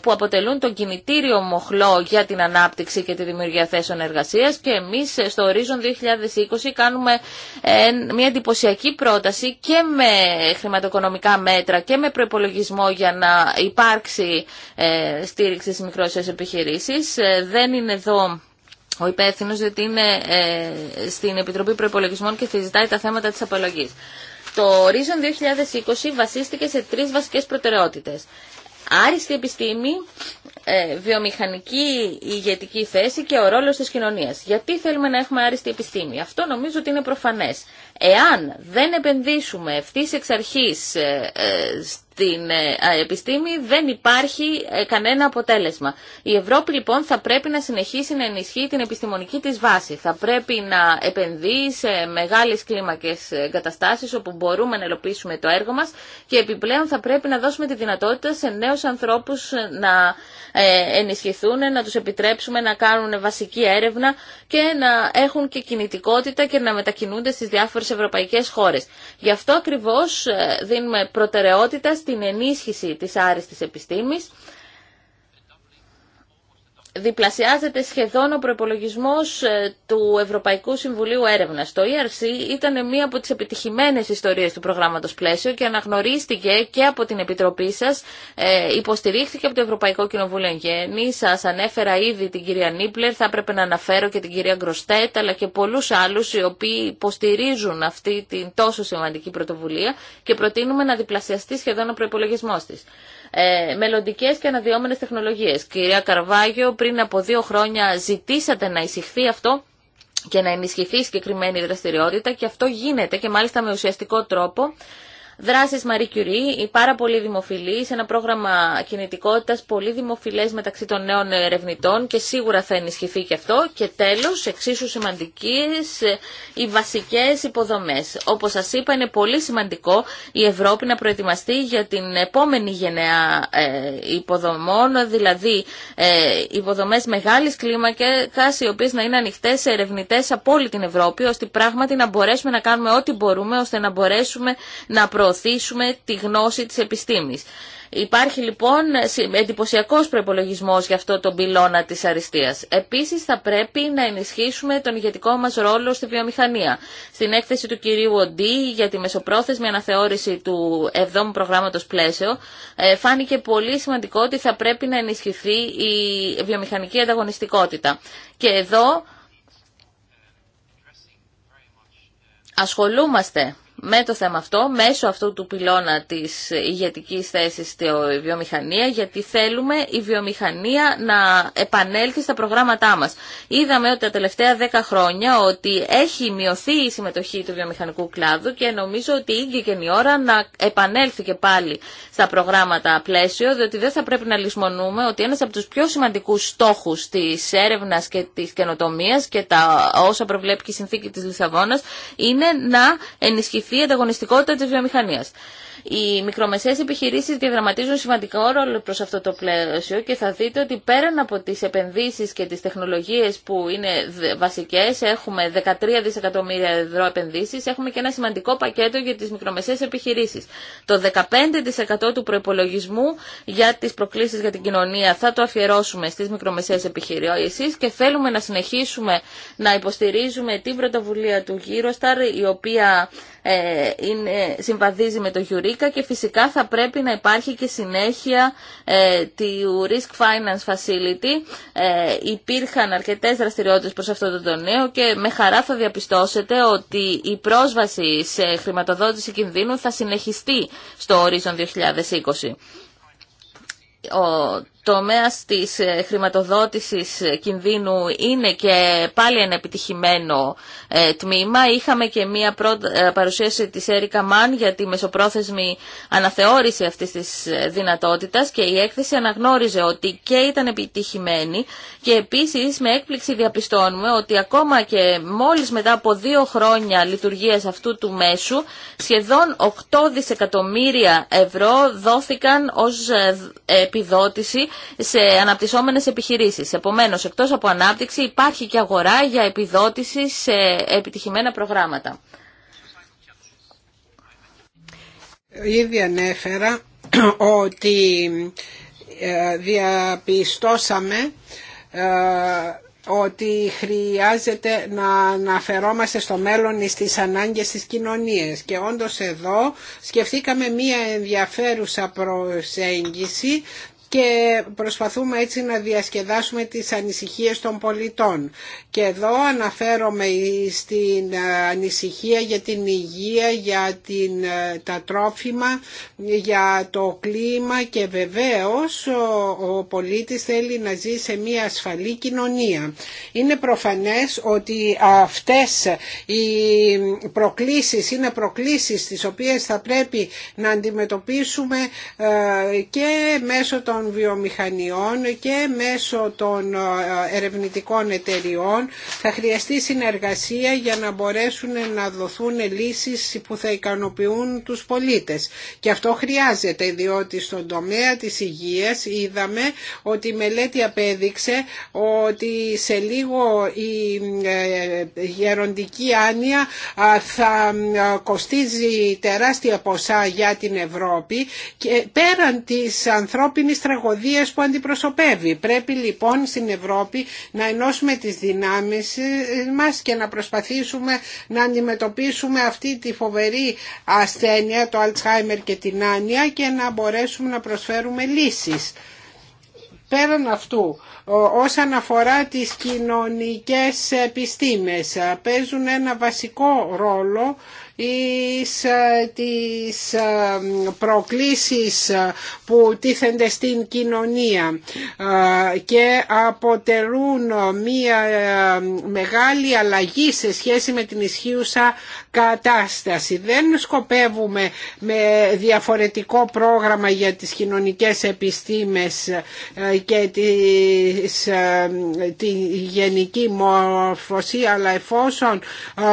B: που αποτελούν τον κινητήριο μοχλό για την ανάπτυξη και τη δημιουργία θέσεων εργασίας και εμείς στο ορίζον 2020 κάνουμε μια εντυπωσιακή πρόταση και με χρηματοοικονομικά μέτρα και με προπολογισμό για να υπάρξει στήριξη στις επιχειρήσει. επιχειρήσεις. Δεν είναι εδώ ο υπεύθυνο, διότι είναι ε, στην Επιτροπή Προπολογισμών και συζητάει τα θέματα τη απαλλαγή. Το Horizon 2020 βασίστηκε σε τρεις βασικές προτεραιότητες. Άριστη επιστήμη, ε, βιομηχανική ηγετική θέση και ο ρόλος της κοινωνίας. Γιατί θέλουμε να έχουμε άριστη επιστήμη. Αυτό νομίζω ότι είναι προφανές. Εάν δεν επενδύσουμε ευθύ εξ αρχής ε, ε, στην ε, επιστήμη δεν υπάρχει κανένα αποτέλεσμα. Η Ευρώπη λοιπόν θα πρέπει να συνεχίσει να ενισχύει την επιστημονική της βάση. Θα πρέπει να επενδύει σε μεγάλες κλίμακες εγκαταστάσεις όπου μπορούμε να ελοπίσουμε το έργο μας και επιπλέον θα πρέπει να δώσουμε τη δυνατότητα σε νέους ανθρώπους να ενισχυθούν, να τους επιτρέψουμε να κάνουν βασική έρευνα και να έχουν και κινητικότητα και να μετακινούνται στις διάφορες ευρωπαϊκές χώρες. Γι' αυτό ακριβώς ε, δίνουμε προτεραιότητα στην ενίσχυση της άριστης επιστήμης διπλασιάζεται σχεδόν ο προπολογισμό ε, του Ευρωπαϊκού Συμβουλίου Έρευνα. Το ERC ήταν μία από τι επιτυχημένε ιστορίε του προγράμματο πλαίσιο και αναγνωρίστηκε και από την Επιτροπή σα, ε, υποστηρίχθηκε από το Ευρωπαϊκό Κοινοβούλιο Εγγέννη. Σα ανέφερα ήδη την κυρία Νίπλερ, θα έπρεπε να αναφέρω και την κυρία Γκροστέτ, αλλά και πολλού άλλου οι οποίοι υποστηρίζουν αυτή την τόσο σημαντική πρωτοβουλία και προτείνουμε να διπλασιαστεί σχεδόν ο προπολογισμό τη ε, μελλοντικέ και αναδυόμενε τεχνολογίες. Κυρία Καρβάγιο, πριν από δύο χρόνια ζητήσατε να εισηχθεί αυτό και να ενισχυθεί η συγκεκριμένη δραστηριότητα και αυτό γίνεται και μάλιστα με ουσιαστικό τρόπο Δράσεις Marie Curie, πάρα πολύ σε ένα πρόγραμμα κινητικότητα, πολύ δημοφιλέ μεταξύ των νέων ερευνητών και σίγουρα θα ενισχυθεί και αυτό. Και τέλο, εξίσου σημαντικέ, ε, οι βασικέ υποδομές. Όπω σα είπα, είναι πολύ σημαντικό η Ευρώπη να προετοιμαστεί για την επόμενη γενεά ε, υποδομών, δηλαδή ε, υποδομέ μεγάλη κλίμακα, οι οποίε να είναι ανοιχτέ σε ερευνητέ από όλη την Ευρώπη, ώστε πράγματι να μπορέσουμε να κάνουμε ό,τι μπορούμε, ώστε να μπορέσουμε να προωθήσουμε προωθήσουμε τη γνώση της επιστήμης. Υπάρχει λοιπόν εντυπωσιακό προπολογισμό για αυτό τον πυλώνα τη αριστεία. Επίση, θα πρέπει να ενισχύσουμε τον ηγετικό μα ρόλο στη βιομηχανία. Στην έκθεση του κυρίου Οντί για τη μεσοπρόθεσμη αναθεώρηση του 7ου προγράμματο πλαίσιο, ε, φάνηκε πολύ σημαντικό ότι θα πρέπει να ενισχυθεί η βιομηχανική ανταγωνιστικότητα. Και εδώ ασχολούμαστε με το θέμα αυτό, μέσω αυτού του πυλώνα της ηγετικής θέσης στη βιομηχανία, γιατί θέλουμε η βιομηχανία να επανέλθει στα προγράμματά μας. Είδαμε ότι τα τελευταία δέκα χρόνια ότι έχει μειωθεί η συμμετοχή του βιομηχανικού κλάδου και νομίζω ότι ήγηκε η ώρα να επανέλθει και πάλι στα προγράμματα πλαίσιο, διότι δεν θα πρέπει να λησμονούμε ότι ένας από τους πιο σημαντικούς στόχους της έρευνας και της καινοτομίας και τα όσα προβλέπει και η συνθήκη της Λισαβόνας είναι να ενισχυθεί η ανταγωνιστικότητα της βιομηχανίας. Οι μικρομεσαίες επιχειρήσεις διαδραματίζουν σημαντικό ρόλο προς αυτό το πλαίσιο και θα δείτε ότι πέραν από τις επενδύσεις και τις τεχνολογίες που είναι βασικές, έχουμε 13 δισεκατομμύρια ευρώ επενδύσεις, έχουμε και ένα σημαντικό πακέτο για τις μικρομεσαίες επιχειρήσεις. Το 15% του προπολογισμού για τις προκλήσεις για την κοινωνία θα το αφιερώσουμε στις μικρομεσαίες επιχειρήσεις και θέλουμε να συνεχίσουμε να υποστηρίζουμε την πρωτοβουλία του Eurostar, η οποία ε, συμβαδίζει με το Eureka και φυσικά θα πρέπει να υπάρχει και συνέχεια ε, του Risk Finance Facility. Ε, υπήρχαν αρκετές δραστηριότητες προς αυτό το τονέο και με χαρά θα διαπιστώσετε ότι η πρόσβαση σε χρηματοδότηση κινδύνου θα συνεχιστεί στο Horizon 2020. Ο τομέας της ε, χρηματοδότησης ε, κινδύνου είναι και πάλι ένα επιτυχημένο ε, τμήμα. Είχαμε και μία παρουσίαση της Έρικα Μαν για τη μεσοπρόθεσμη αναθεώρηση αυτής της δυνατότητας και η έκθεση αναγνώριζε ότι και ήταν επιτυχημένη και επίσης με έκπληξη διαπιστώνουμε ότι ακόμα και μόλις μετά από δύο χρόνια λειτουργία αυτού του μέσου σχεδόν 8 δισεκατομμύρια ευρώ δόθηκαν ω επιδότηση σε αναπτυσσόμενες επιχειρήσεις. Επομένως, εκτός από ανάπτυξη υπάρχει και αγορά για επιδότηση σε επιτυχημένα προγράμματα.
A: Ήδη ανέφερα ότι ε, διαπιστώσαμε ε, ότι χρειάζεται να αναφερόμαστε στο μέλλον στις ανάγκες της κοινωνίας και όντως εδώ σκεφτήκαμε μία ενδιαφέρουσα προσέγγιση και προσπαθούμε έτσι να διασκεδάσουμε τις ανησυχίες των πολιτών. Και εδώ αναφέρομαι στην ε, ανησυχία για την υγεία, για την, ε, τα τρόφιμα, για το κλίμα και βεβαίως ο, ο πολίτης θέλει να ζει σε μια ασφαλή κοινωνία. Είναι προφανές ότι αυτές οι προκλήσεις είναι προκλήσεις τις οποίες θα πρέπει να αντιμετωπίσουμε ε, και μέσω των των βιομηχανιών και μέσω των ε, ερευνητικών εταιριών θα χρειαστεί συνεργασία για να μπορέσουν να δοθούν λύσεις που θα ικανοποιούν τους πολίτες. Και αυτό χρειάζεται διότι στον τομέα της υγείας είδαμε ότι η μελέτη απέδειξε ότι σε λίγο η ε, γεροντική άνοια θα ε, κοστίζει τεράστια ποσά για την Ευρώπη και πέραν της ανθρώπινης τραγωδίας που αντιπροσωπεύει. Πρέπει λοιπόν στην Ευρώπη να ενώσουμε τις δυνάμεις ε, μας και να προσπαθήσουμε να αντιμετωπίσουμε αυτή τη φοβερή ασθένεια, το Αλτσχάιμερ και την Άνια και να μπορέσουμε να προσφέρουμε λύσεις. Πέραν αυτού, όσον αφορά τις κοινωνικές επιστήμες, ε, παίζουν ένα βασικό ρόλο ε, τις τις ε, προκλήσεις ε, που τίθενται στην κοινωνία και αποτελούν μια μεγάλη αλλαγή σε σχέση με την ισχύουσα κατάσταση. Δεν σκοπεύουμε με διαφορετικό πρόγραμμα για τις κοινωνικές επιστήμες ε, και ε, τη γενική μόρφωση, αλλά εφόσον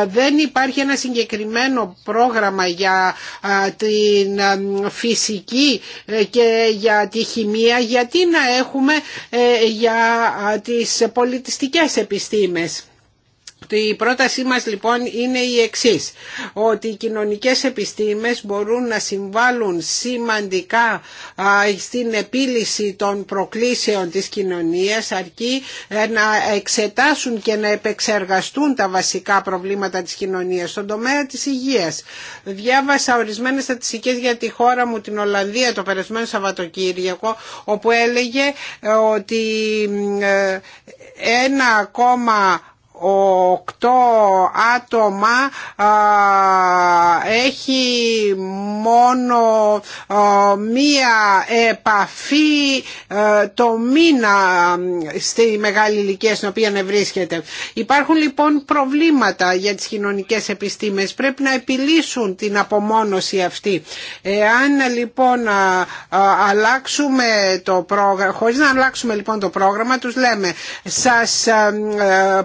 A: ε, δεν υπάρχει ένα συγκεκριμένο πρόγραμμα για την φυσική και για τη χημεία, γιατί να έχουμε για τις πολιτιστικές επιστήμες. Η πρότασή μας λοιπόν είναι η εξής, ότι οι κοινωνικές επιστήμες μπορούν να συμβάλλουν σημαντικά στην επίλυση των προκλήσεων της κοινωνίας αρκεί ε, να εξετάσουν και να επεξεργαστούν τα βασικά προβλήματα της κοινωνίας στον τομέα της υγείας. Διάβασα ορισμένες στατιστικές για τη χώρα μου την Ολλανδία το περασμένο Σαββατοκύριακο όπου έλεγε ε, ότι ε, ένα ακόμα οκτώ άτομα έχει μόνο μία επαφή το μήνα στη μεγάλη ηλικία στην οποία βρίσκεται. Υπάρχουν λοιπόν προβλήματα για τις κοινωνικές επιστήμες. Πρέπει να επιλύσουν την απομόνωση αυτή. Εάν λοιπόν αλλάξουμε το πρόγραμμα, χωρίς να αλλάξουμε λοιπόν το πρόγραμμα, τους λέμε σας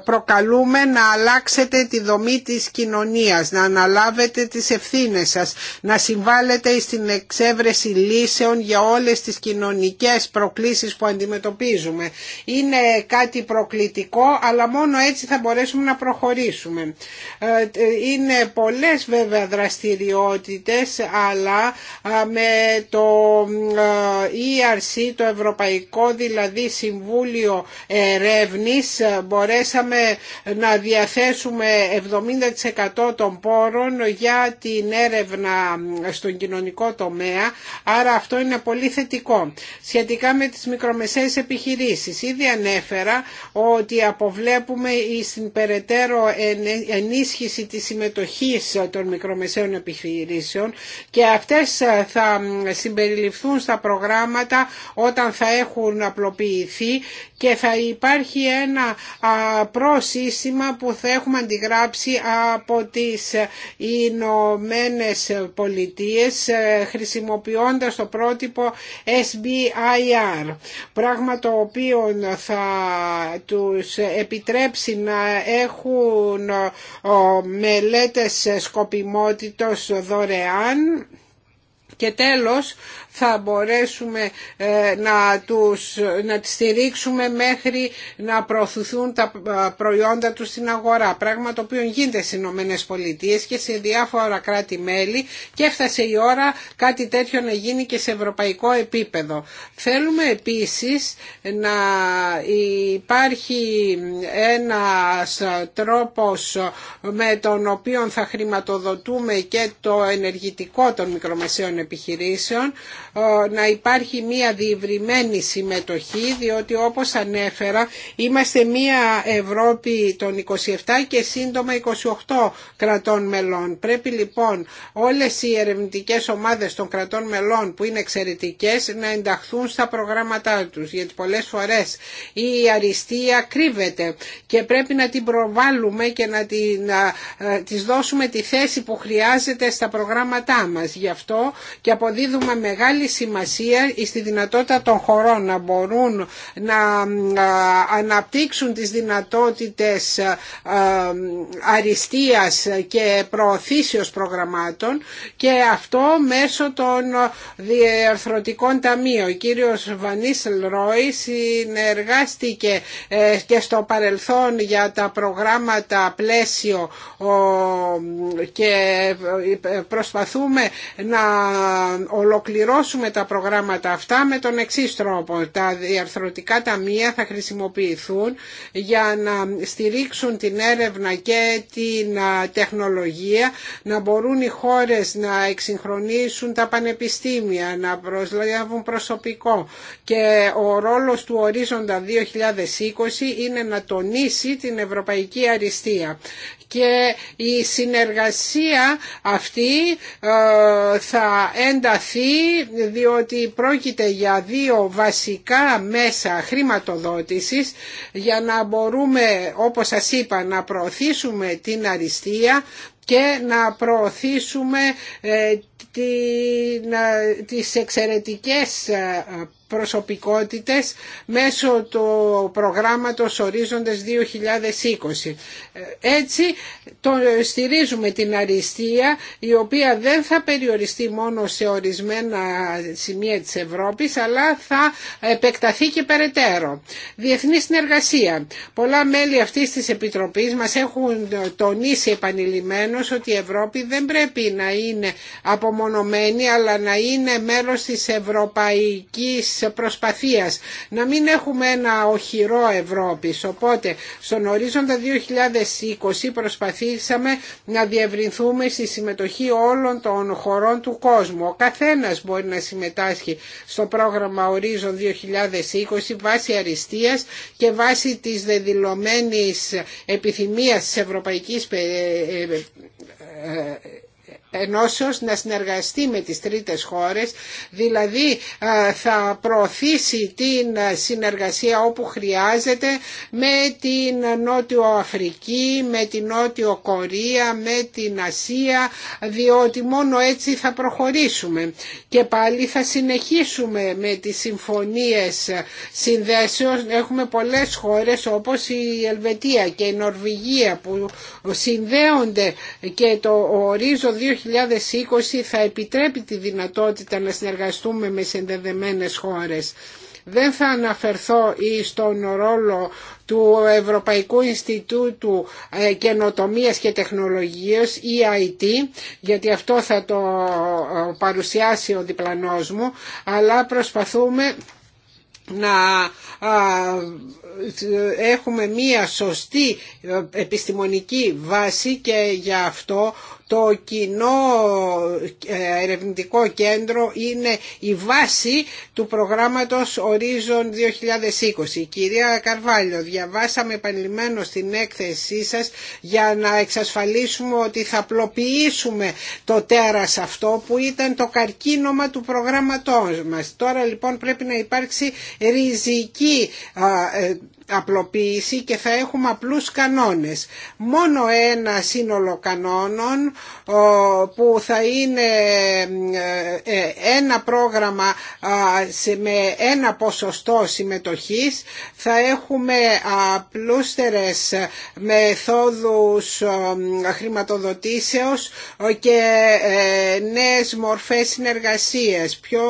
A: προκαλούμε καλούμε να αλλάξετε τη δομή της κοινωνίας, να αναλάβετε τις ευθύνες σας, να συμβάλλετε στην εξέβρεση λύσεων για όλες τις κοινωνικές προκλήσεις που αντιμετωπίζουμε. Είναι κάτι προκλητικό, αλλά μόνο έτσι θα μπορέσουμε να προχωρήσουμε. Ε, ε, είναι πολλές βέβαια δραστηριότητες, αλλά με το ε, ERC, το Ευρωπαϊκό δηλαδή Συμβούλιο Ερεύνης, μπορέσαμε να διαθέσουμε 70% των πόρων για την έρευνα στον κοινωνικό τομέα, άρα αυτό είναι πολύ θετικό. Σχετικά με τις μικρομεσαίες επιχειρήσεις, ήδη ανέφερα ότι αποβλέπουμε στην περαιτέρω ενίσχυση της συμμετοχής των μικρομεσαίων επιχειρήσεων και αυτές θα συμπεριληφθούν στα προγράμματα όταν θα έχουν απλοποιηθεί και θα υπάρχει ένα πρόσύστημα που θα έχουμε αντιγράψει από τις Ηνωμένε Πολιτείες ε, χρησιμοποιώντας το πρότυπο SBIR πράγμα το οποίο θα τους επιτρέψει να έχουν μελέτες σκοπιμότητος δωρεάν και τέλος θα μπορέσουμε ε, να, τους, να τις στηρίξουμε μέχρι να προωθηθούν τα ε, προϊόντα τους στην αγορά. Πράγμα το οποίο γίνεται στι Ηνωμένε Πολιτείε και σε διάφορα κράτη-μέλη και έφτασε η ώρα κάτι τέτοιο να γίνει και σε ευρωπαϊκό επίπεδο. Θέλουμε επίσης να υπάρχει ένας τρόπος με τον οποίο θα χρηματοδοτούμε και το ενεργητικό των μικρομεσαίων επιχειρήσεων ε, να υπάρχει μια διευρυμένη συμμετοχή διότι όπως ανέφερα είμαστε μια Ευρώπη των 27 και σύντομα 28 κρατών μελών. Πρέπει λοιπόν όλες οι ερευνητικές ομάδες των κρατών μελών που είναι εξαιρετικές να ενταχθούν στα προγράμματά τους γιατί πολλές φορές η αριστεία κρύβεται και πρέπει να την προβάλλουμε και να, την, να ε, της δώσουμε τη θέση που χρειάζεται στα προγράμματά μας. Γι' αυτό και αποδίδουμε μεγάλη μεγάλη σημασία στη δυνατότητα των χωρών να μπορούν να αναπτύξουν τις δυνατότητες αριστείας και προωθήσεως προγραμμάτων και αυτό μέσω των διαρθρωτικών ταμείων. Ο κύριος Βανίσελ Ρόι συνεργάστηκε ε, και στο παρελθόν για τα προγράμματα πλαίσιο και ε, προσπαθούμε να ολοκληρώσουμε εφαρμόσουμε τα προγράμματα αυτά με τον εξή τρόπο. Τα διαρθρωτικά ταμεία θα χρησιμοποιηθούν για να στηρίξουν την έρευνα και την τεχνολογία, να μπορούν οι χώρες να εξυγχρονίσουν τα πανεπιστήμια, να προσλάβουν προσωπικό και ο ρόλος του ορίζοντα 2020 είναι να τονίσει την ευρωπαϊκή αριστεία και η συνεργασία αυτή θα ενταθεί διότι πρόκειται για δύο βασικά μέσα χρηματοδότησης για να μπορούμε όπως σας είπα να προωθήσουμε την αριστεία και να προωθήσουμε ε, ε, τις εξαιρετικές ε, προσωπικότητες μέσω του προγράμματος Ορίζοντες 2020. Έτσι το, στηρίζουμε την αριστεία η οποία δεν θα περιοριστεί μόνο σε ορισμένα σημεία της Ευρώπης αλλά θα επεκταθεί και περαιτέρω. Διεθνή συνεργασία. Πολλά μέλη αυτής της Επιτροπής μας έχουν τονίσει επανειλημμένως ότι η Ευρώπη δεν πρέπει να είναι απομονωμένη αλλά να είναι μέλος της Ευρωπαϊκής σε προσπαθίας να μην έχουμε ένα οχυρό Ευρώπης. Οπότε στον ορίζοντα 2020 προσπαθήσαμε να διευρυνθούμε στη συμμετοχή όλων των χωρών του κόσμου. Ο καθένας μπορεί να συμμετάσχει στο πρόγραμμα ορίζον 2020 βάσει αριστείας και βάσει της δεδηλωμένης επιθυμίας της Ευρωπαϊκής ε, ε, ε, ενώσεως να συνεργαστεί με τις τρίτες χώρες, δηλαδή ε, θα προωθήσει την συνεργασία όπου χρειάζεται με την Νότιο Αφρική, με την Νότιο Κορία, με την Ασία, διότι μόνο έτσι θα προχωρήσουμε. Και πάλι θα συνεχίσουμε με τις συμφωνίες συνδέσεων. Έχουμε πολλές χώρες όπως η Ελβετία και η Νορβηγία που συνδέονται και το ορίζο 2000 2020 θα επιτρέπει τη δυνατότητα να συνεργαστούμε με συνδεδεμένες χώρες. Δεν θα αναφερθώ ή στον ρόλο του Ευρωπαϊκού Ινστιτούτου ε, Καινοτομίας και Τεχνολογίας, EIT, γιατί αυτό θα το ε, παρουσιάσει ο διπλανός μου, αλλά προσπαθούμε να έχουμε μία σωστή ε, επιστημονική βάση και για αυτό το κοινό ε, ερευνητικό κέντρο είναι η βάση του προγράμματος Horizon 2020. Κυρία Καρβάλιο, διαβάσαμε επανειλημμένο στην έκθεσή σας για να εξασφαλίσουμε ότι θα απλοποιήσουμε το τέρας αυτό που ήταν το καρκίνωμα του προγράμματός μας. Τώρα λοιπόν πρέπει να υπάρξει ριζική ε, απλοποίηση και θα έχουμε απλούς κανόνες. Μόνο ένα σύνολο κανόνων που θα είναι ε, ένα πρόγραμμα με ένα ποσοστό συμμετοχής θα έχουμε απλούστερες μεθόδους χρηματοδοτήσεως και ε, νέες μορφές συνεργασίες, πιο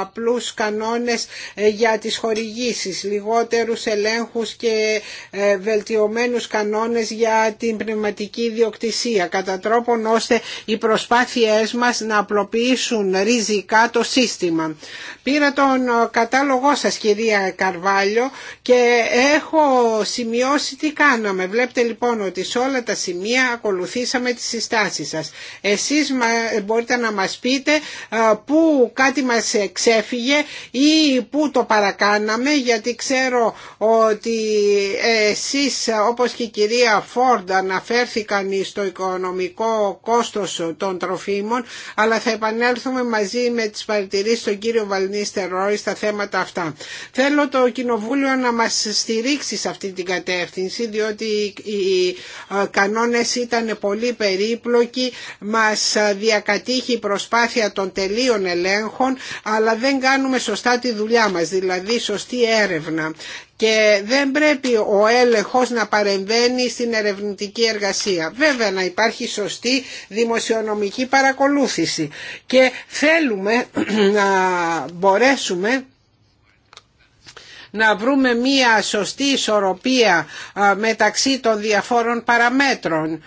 A: απλούς κανόνες ε, για τις χορηγήσεις, λιγότερους ελέγχους ελέγχους και ε, βελτιωμένους κανόνες για την πνευματική ιδιοκτησία κατά τρόπον ώστε οι προσπάθειές μας να απλοποιήσουν ριζικά το σύστημα. Πήρα τον ε, κατάλογό σας κυρία Καρβάλιο και έχω σημειώσει τι κάναμε. Βλέπετε λοιπόν ότι σε όλα τα σημεία ακολουθήσαμε τις συστάσεις σας. Εσείς μπορείτε να μας πείτε ε, που κάτι μας ξέφυγε ή που το παρακάναμε γιατί ξέρω ότι εσείς όπως και η κυρία Φόρντ αναφέρθηκαν στο οικονομικό κόστος των τροφίμων αλλά θα επανέλθουμε μαζί με τις παρατηρήσεις του κύριο Βαλνίστερ Ρόι στα θέματα αυτά. Θέλω το Κοινοβούλιο να μας στηρίξει σε αυτή την κατεύθυνση διότι οι ε, κανόνες ήταν πολύ περίπλοκοι, μας διακατήχει η προσπάθεια των τελείων ελέγχων αλλά δεν κάνουμε σωστά τη δουλειά μας, δηλαδή σωστή έρευνα και δεν πρέπει ο έλεγχος να παρεμβαίνει στην ερευνητική εργασία. Βέβαια να υπάρχει σωστή δημοσιονομική παρακολούθηση και θέλουμε να μπορέσουμε να βρούμε μία σωστή ισορροπία μεταξύ των διαφόρων παραμέτρων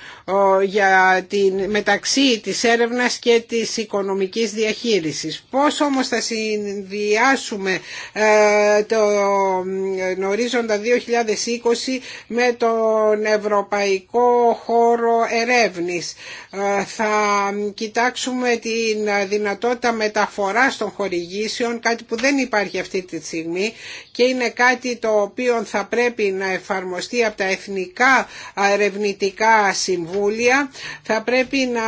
A: για την, μεταξύ της έρευνας και της οικονομικής διαχείρισης. Πώς όμως θα συνδυάσουμε ε, το ε, ορίζοντα 2020 με τον Ευρωπαϊκό Χώρο Ερεύνης. Ε, θα κοιτάξουμε την δυνατότητα μεταφοράς των χορηγήσεων, κάτι που δεν υπάρχει αυτή τη στιγμή και είναι κάτι το οποίο θα πρέπει να εφαρμοστεί από τα εθνικά ερευνητικά συμβούλια. Θα πρέπει να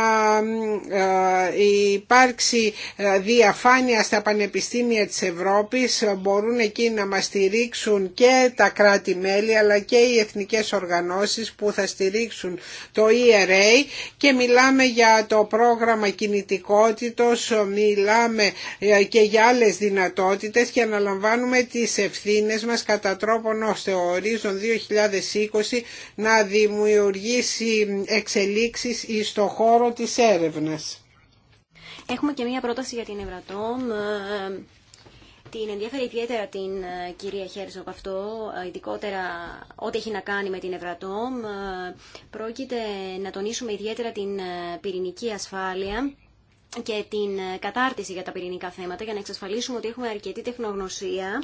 A: ε, υπάρξει ε, διαφάνεια στα πανεπιστήμια της Ευρώπης. Μπορούν εκεί να μας στηρίξουν και τα κράτη-μέλη αλλά και οι εθνικές οργανώσεις που θα στηρίξουν το ERA και μιλάμε για το πρόγραμμα κινητικότητος, μιλάμε ε, και για άλλες δυνατότητες και αναλαμβάνουμε τις ευθύνες Έλληνες μας κατά τρόπον ώστε ο ορίζον 2020 να δημιουργήσει εξελίξεις στο χώρο της έρευνας.
C: Έχουμε και μία πρόταση για την Ευρατόμ. Ε, την ενδιαφέρει ιδιαίτερα την ε, κυρία Χέρσο από αυτό, ε, ειδικότερα ό,τι έχει να κάνει με την Ευρατόμ. Πρόκειται να τονίσουμε ιδιαίτερα την πυρηνική ασφάλεια και την κατάρτιση για τα πυρηνικά θέματα για να εξασφαλίσουμε ότι έχουμε αρκετή τεχνογνωσία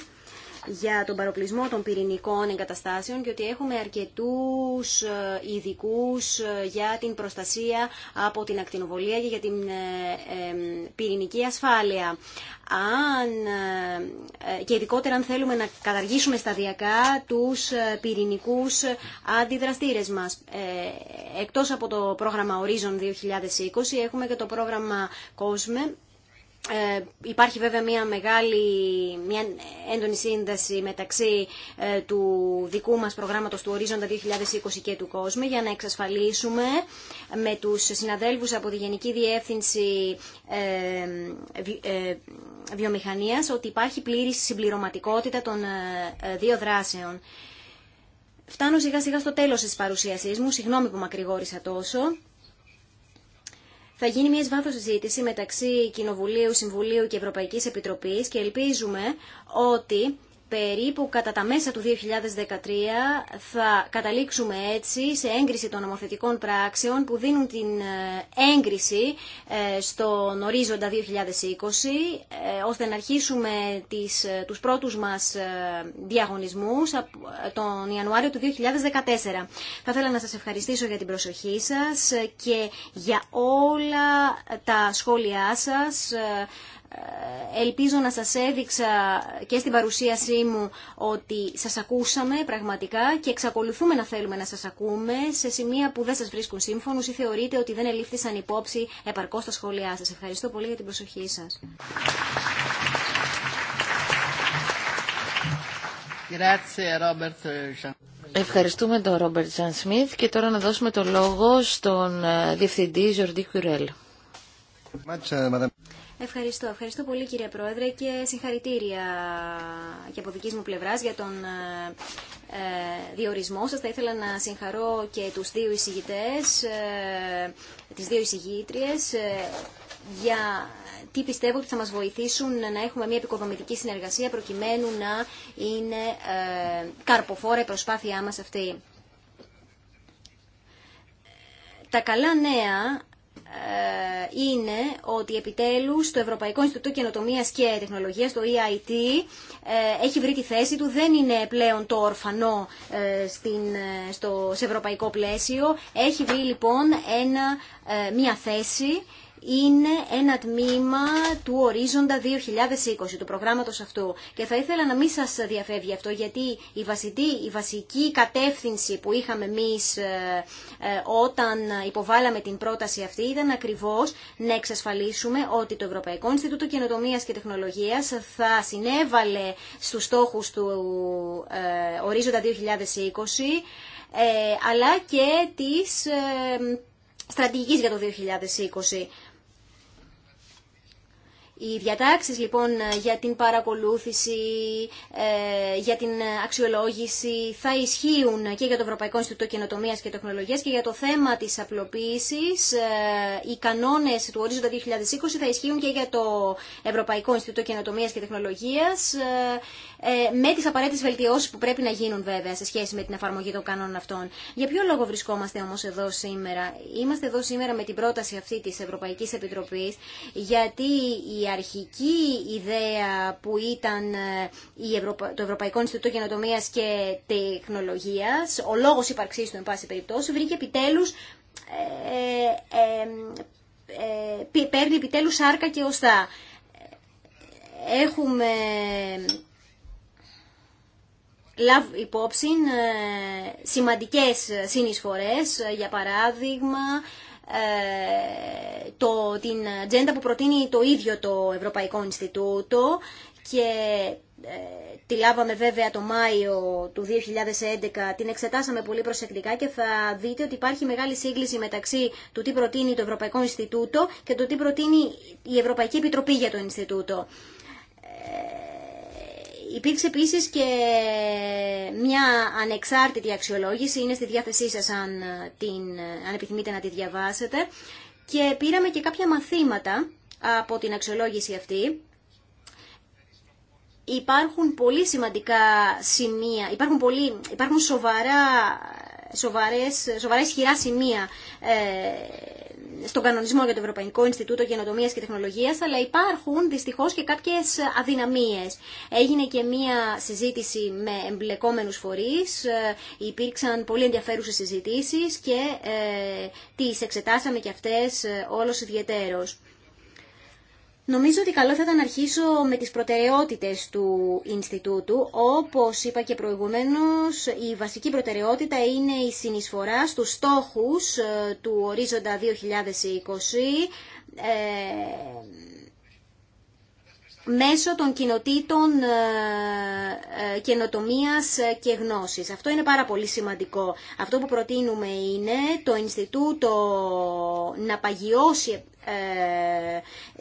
C: για τον παροπλισμό των πυρηνικών εγκαταστάσεων και ότι έχουμε αρκετούς ε, ειδικού ε, για την προστασία από την ακτινοβολία και για την ε, πυρηνική ασφάλεια. Αν, και ειδικότερα αν θέλουμε να καταργήσουμε σταδιακά τους πυρηνικούς αντιδραστήρες μας. Εκτός από το πρόγραμμα Horizon 2020 έχουμε και το πρόγραμμα COSME ε, υπάρχει βέβαια μια μεγάλη, μια έντονη σύνδεση μεταξύ ε, του δικού μας προγράμματος του Ορίζοντα 2020 και του κόσμου για να εξασφαλίσουμε με τους συναδέλφους από τη Γενική Διεύθυνση ε, ε Βιομηχανίας ότι υπάρχει πλήρη συμπληρωματικότητα των ε, δύο δράσεων. Φτάνω σιγά σιγά στο τέλος της παρουσίασής μου, συγγνώμη που μακρηγόρησα τόσο. Θα γίνει μια βάθο συζήτηση μεταξύ Κοινοβουλίου, Συμβουλίου και Ευρωπαϊκής Επιτροπής και ελπίζουμε ότι περίπου κατά τα μέσα του 2013 θα καταλήξουμε έτσι σε έγκριση των νομοθετικών πράξεων που δίνουν την ε, έγκριση ε, στον ορίζοντα 2020 ε, ώστε να αρχίσουμε τις, τους πρώτους μας διαγωνισμούς τον Ιανουάριο του 2014. Θα ήθελα να σας ευχαριστήσω για την προσοχή σας και για όλα τα σχόλιά σας ε, ελπίζω να σας έδειξα και στην παρουσίασή μου ότι σας ακούσαμε πραγματικά και εξακολουθούμε να θέλουμε να σας ακούμε σε σημεία που δεν σας βρίσκουν σύμφωνους ή θεωρείτε ότι δεν ελήφθησαν υπόψη επαρκώς τα σχόλιά σας. Ευχαριστώ πολύ για την προσοχή σας.
B: Ευχαριστούμε τον Ρόμπερτ Τζαν Σμιθ και τώρα να δώσουμε το λόγο στον ε, Διευθυντή Ζορντί Κουρέλ.
C: Ευχαριστώ. Ευχαριστώ πολύ κύριε Πρόεδρε και συγχαρητήρια και από δική μου πλευράς για τον ε, ε, διορισμό σας. Θα ήθελα να συγχαρώ και τους δύο εισηγητές, ε, τις δύο εισηγήτριες για τι πιστεύω ότι θα μας βοηθήσουν να έχουμε μια επικοδομητική συνεργασία προκειμένου να είναι καρποφόρα η προσπάθειά μας αυτή. Τα καλά νέα ε, είναι ότι επιτέλους το Ευρωπαϊκό Ινστιτούτο Καινοτομίας και Τεχνολογίας, το EIT, ε, έχει βρει τη θέση του, δεν είναι πλέον το ορφανό ε, στην, στο, σε ευρωπαϊκό πλαίσιο. Έχει βρει λοιπόν μια θέση είναι ένα τμήμα του ορίζοντα 2020, του προγράμματος αυτού. Και θα ήθελα να μην σας διαφεύγει αυτό, γιατί η, βασική, η βασική κατεύθυνση που είχαμε εμείς ε, ε, όταν υποβάλαμε την πρόταση αυτή ήταν ακριβώς να εξασφαλίσουμε ότι το Ευρωπαϊκό Ινστιτούτο Καινοτομίας και Τεχνολογίας θα συνέβαλε στους στόχους του ε, ορίζοντα 2020 αλλά και της στρατηγικής για το 2020. Οι διατάξεις λοιπόν για την παρακολούθηση, ε, για την αξιολόγηση θα ισχύουν και για το Ευρωπαϊκό Ινστιτούτο Καινοτομίας και Τεχνολογίας και για το θέμα της απλοποίησης. Ε, οι κανόνες του ορίζοντα 2020 θα ισχύουν και για το Ευρωπαϊκό Ινστιτούτο Καινοτομίας και Τεχνολογίας ε, με τις απαραίτητες βελτιώσεις που πρέπει να γίνουν βέβαια σε σχέση με την εφαρμογή των κανόνων αυτών. Για ποιο λόγο βρισκόμαστε όμως εδώ σήμερα. Είμαστε εδώ σήμερα με την πρόταση αυτή της Ευρωπαϊκής Επιτροπής γιατί η αρχική ιδέα που ήταν ε, το Ευρωπαϊκό Ινστιτούτο Καινοτομία και Τεχνολογία, ο λόγο ύπαρξή του, εν πάση περιπτώσει, βρήκε επιτέλου. Ε, ε, παίρνει επιτέλου σάρκα και οστά. Έχουμε λάβει υπόψη σημαντικές συνεισφορές, για παράδειγμα, ε, το, την agenda που προτείνει το ίδιο το Ευρωπαϊκό Ινστιτούτο και ε, τη λάβαμε βέβαια το Μάιο του 2011, την εξετάσαμε πολύ προσεκτικά και θα δείτε ότι υπάρχει μεγάλη σύγκληση μεταξύ του τι προτείνει το Ευρωπαϊκό Ινστιτούτο και το τι προτείνει η Ευρωπαϊκή Επιτροπή για το Ινστιτούτο. Ε, Υπήρξε επίση και μια ανεξάρτητη αξιολόγηση, είναι στη διάθεσή σας αν, ε, την, ε, αν επιθυμείτε να τη διαβάσετε. Και πήραμε και κάποια μαθήματα από την αξιολόγηση αυτή. Υπάρχουν πολύ σημαντικά σημεία, υπάρχουν, πολύ, υπάρχουν σοβαρά, ε, σοβαρές, σοβαρά ισχυρά σημεία ε, στον κανονισμό για το Ευρωπαϊκό Ινστιτούτο Γενοτομίας και Τεχνολογίας, αλλά υπάρχουν δυστυχώς και κάποιες αδυναμίες. Έγινε και μία συζήτηση με εμπλεκόμενους φορείς, ε, υπήρξαν πολύ ενδιαφέρουσες συζητήσεις και ε, τις εξετάσαμε και αυτές ε, όλος ιδιαιτέρως. Νομίζω ότι καλό θα ήταν να αρχίσω με τις προτεραιότητες του Ινστιτούτου. Όπως είπα και προηγουμένως, η βασική προτεραιότητα είναι η συνεισφορά στους στόχους ε, του ορίζοντα 2020 μέσω των κοινοτήτων ε, ε, καινοτομίας και γνώσης. Αυτό είναι πάρα πολύ σημαντικό. Αυτό που προτείνουμε είναι το Ινστιτούτο να παγιώσει ε,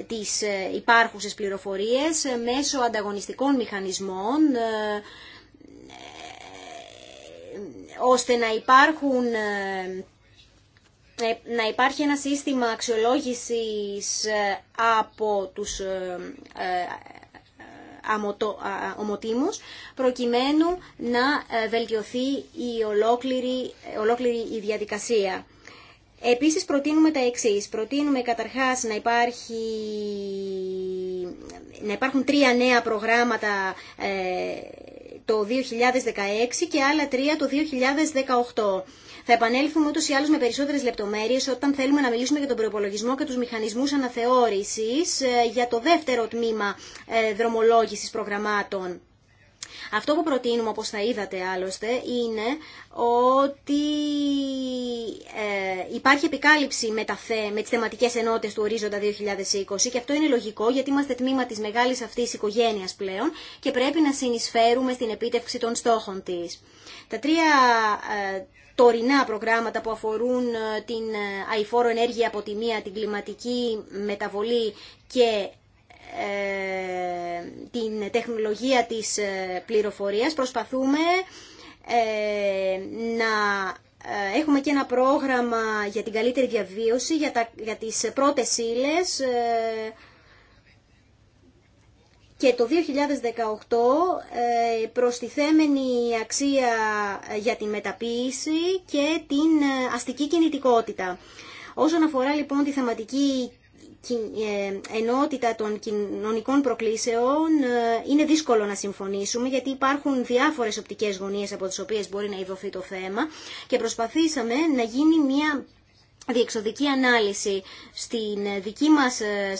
C: τις υπάρχουσες πληροφορίες μέσω ανταγωνιστικών μηχανισμών ώστε να υπάρχουν ε, να υπάρχει ένα σύστημα αξιολόγησης ε, από τους ε, ομοτήμους προκειμένου να βελτιωθεί η ολόκληρη, η διαδικασία. Επίσης προτείνουμε τα εξής. Προτείνουμε καταρχάς να, υπάρχει, να υπάρχουν τρία νέα προγράμματα το 2016 και άλλα τρία το 2018. Θα επανέλθουμε ούτω ή άλλω με περισσότερε λεπτομέρειε όταν θέλουμε να μιλήσουμε για τον προπολογισμό και του μηχανισμού αναθεώρηση ε, για το δεύτερο τμήμα ε, δρομολόγηση προγραμμάτων. Αυτό που προτείνουμε, όπως θα είδατε άλλωστε, είναι ότι ε, υπάρχει επικάλυψη με, τα με τις θεματικές ενότητες του ορίζοντα 2020 και αυτό είναι λογικό γιατί είμαστε τμήμα της μεγάλης αυτής οικογένειας πλέον και πρέπει να συνεισφέρουμε στην επίτευξη των στόχων της. Τα τρία ε, τωρινά προγράμματα που αφορούν ε, την αηφόρο ενέργεια από τη μία, την κλιματική μεταβολή και ε, την τεχνολογία της ε, πληροφορίας. Προσπαθούμε ε, να έχουμε και ένα πρόγραμμα για την καλύτερη διαβίωση, για, τα, για τις πρώτες ύλες και το 2018 προστιθέμενη αξία για την μεταποίηση και την αστική κινητικότητα. Όσον αφορά λοιπόν τη θεματική ε, ενότητα των κοινωνικών προκλήσεων ε, είναι δύσκολο να συμφωνήσουμε γιατί υπάρχουν διάφορες οπτικές γωνίες από τις οποίες μπορεί να ειδωθεί το θέμα και προσπαθήσαμε να γίνει μια διεξοδική ανάλυση στην δική μας ε,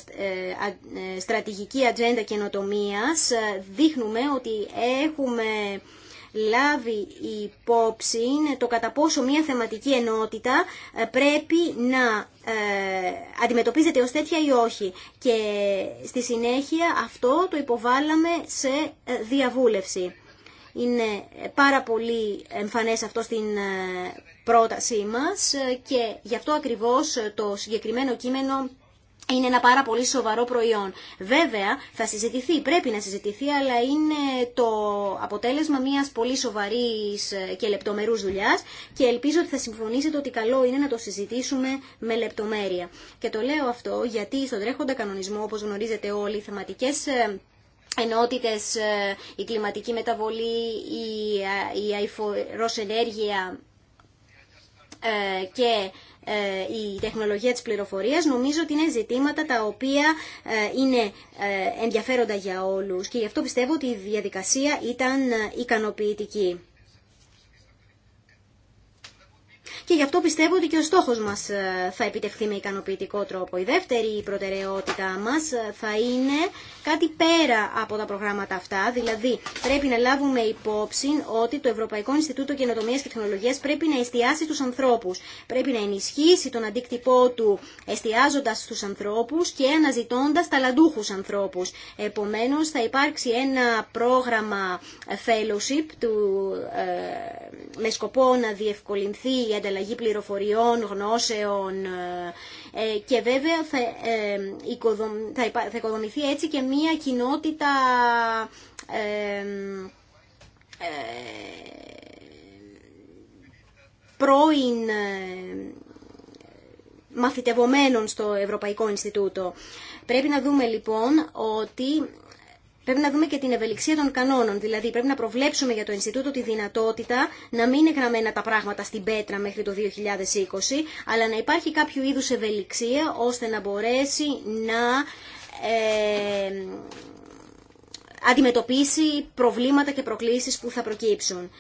C: στρατηγική ατζέντα καινοτομίας δείχνουμε ότι έχουμε λάβει υπόψη το κατά πόσο μια θεματική ενότητα ε, πρέπει να ε, αντιμετωπίζεται ως τέτοια ή όχι. Και στη συνέχεια αυτό το υποβάλαμε σε ε, διαβούλευση. Είναι πάρα πολύ εμφανές αυτό στην πρότασή μας και γι' αυτό ακριβώς το συγκεκριμένο κείμενο είναι ένα πάρα πολύ σοβαρό προϊόν. Βέβαια, θα συζητηθεί, πρέπει να συζητηθεί, αλλά είναι το αποτέλεσμα μιας πολύ σοβαρής ε, και λεπτομερούς δουλειάς και ελπίζω ότι θα συμφωνήσετε ότι καλό είναι να το συζητήσουμε με λεπτομέρεια. Και το λέω αυτό γιατί στον τρέχοντα κανονισμό, όπως γνωρίζετε όλοι, οι θεματικές ε, ενότητε, ε, η κλιματική μεταβολή, η αιφορό ενέργεια και ε, η τεχνολογία της πληροφορίας, νομίζω ότι είναι ζητήματα τα οποία ε, είναι ε, ενδιαφέροντα για όλους και γι' αυτό πιστεύω ότι η διαδικασία ήταν ικανοποιητική. και γι' αυτό πιστεύω ότι και ο στόχος μας ε, θα επιτευχθεί με ικανοποιητικό τρόπο. Η δεύτερη προτεραιότητά μας ε, θα είναι κάτι πέρα από τα προγράμματα αυτά, δηλαδή πρέπει να λάβουμε υπόψη ότι το Ευρωπαϊκό Ινστιτούτο Καινοτομίας και Τεχνολογίας πρέπει να εστιάσει τους ανθρώπους, πρέπει να ενισχύσει τον αντίκτυπό του εστιάζοντας στους ανθρώπους και αναζητώντας ταλαντούχους ανθρώπους. Επομένως θα υπάρξει ένα πρόγραμμα fellowship του, ε, με σκοπό να διευκολυνθεί η ανταλλαγή ανταλλαγή πληροφοριών, γνώσεων ε, ε, και βέβαια θα, ε, θα οικοδομηθεί έτσι και μία κοινότητα πρώην μαθητευομένων στο Ευρωπαϊκό Ινστιτούτο. Πρέπει να δούμε λοιπόν ότι Πρέπει να δούμε και την ευελιξία των κανόνων. Δηλαδή, πρέπει να προβλέψουμε για το Ινστιτούτο τη δυνατότητα να μην είναι γραμμένα τα πράγματα στην πέτρα μέχρι το 2020, αλλά να υπάρχει κάποιο είδου ευελιξία ώστε να μπορέσει να ε, αντιμετωπίσει προβλήματα και προκλήσεις που θα προκύψουν.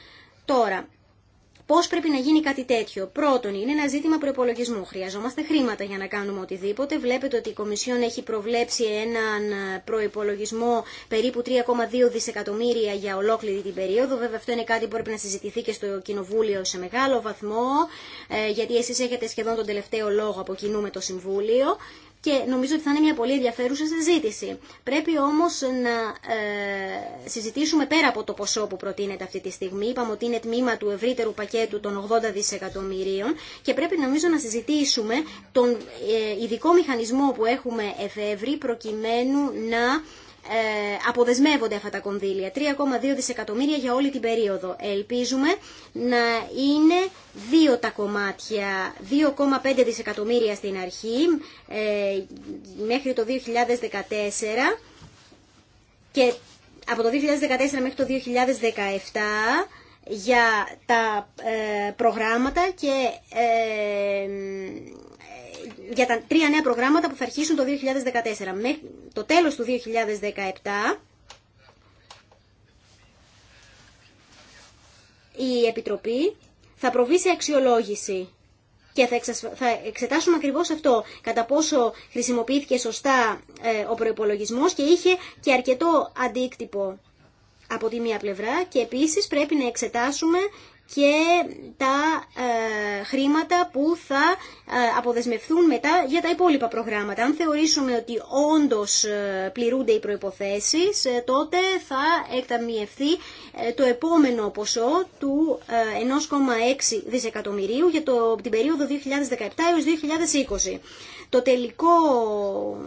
C: Τώρα, Πώ πρέπει να γίνει κάτι τέτοιο. Πρώτον, είναι ένα ζήτημα προπολογισμού. Χρειαζόμαστε χρήματα για να κάνουμε οτιδήποτε. Βλέπετε ότι η Κομισιόν έχει προβλέψει έναν προπολογισμό περίπου 3,2 δισεκατομμύρια για ολόκληρη την περίοδο. Βέβαια, αυτό είναι κάτι που πρέπει να συζητηθεί και στο Κοινοβούλιο σε μεγάλο βαθμό, ε, γιατί εσεί έχετε σχεδόν τον τελευταίο λόγο από κοινού με το Συμβούλιο και νομίζω ότι θα είναι μια πολύ ενδιαφέρουσα συζήτηση. Πρέπει όμως να ε, συζητήσουμε πέρα από το ποσό που προτείνεται αυτή τη στιγμή. Είπαμε ότι είναι τμήμα του ευρύτερου πακέτου των 80 δισεκατομμυρίων και πρέπει νομίζω να συζητήσουμε τον ε, ειδικό μηχανισμό που έχουμε εφεύρει προκειμένου να ε, αποδεσμεύονται αυτά τα κονδύλια. 3,2 δισεκατομμύρια για όλη την περίοδο. Ελπίζουμε να είναι δύο τα κομμάτια, 2,5 δισεκατομμύρια στην αρχή ε, μέχρι το 2014 και από το 2014 μέχρι το 2017 για τα ε, προγράμματα και για τα τρία νέα προγράμματα που θα αρχίσουν το 2014. Με το τέλος του 2017 η Επιτροπή θα προβεί σε αξιολόγηση και θα, θα εξετάσουμε ακριβώς αυτό, κατά πόσο χρησιμοποιήθηκε σωστά ε, ο προϋπολογισμός και είχε και αρκετό αντίκτυπο από τη μία πλευρά και επίσης πρέπει να εξετάσουμε και τα ε, χρήματα που θα ε, αποδεσμευθούν μετά για τα υπόλοιπα προγράμματα. Αν θεωρήσουμε ότι όντως ε, πληρούνται οι προϋποθέσεις, ε, τότε θα εκταμιευθεί το επόμενο ποσό του 1,6 δισεκατομμυρίου για το, την περίοδο 2017 έως 2020. Το τελικό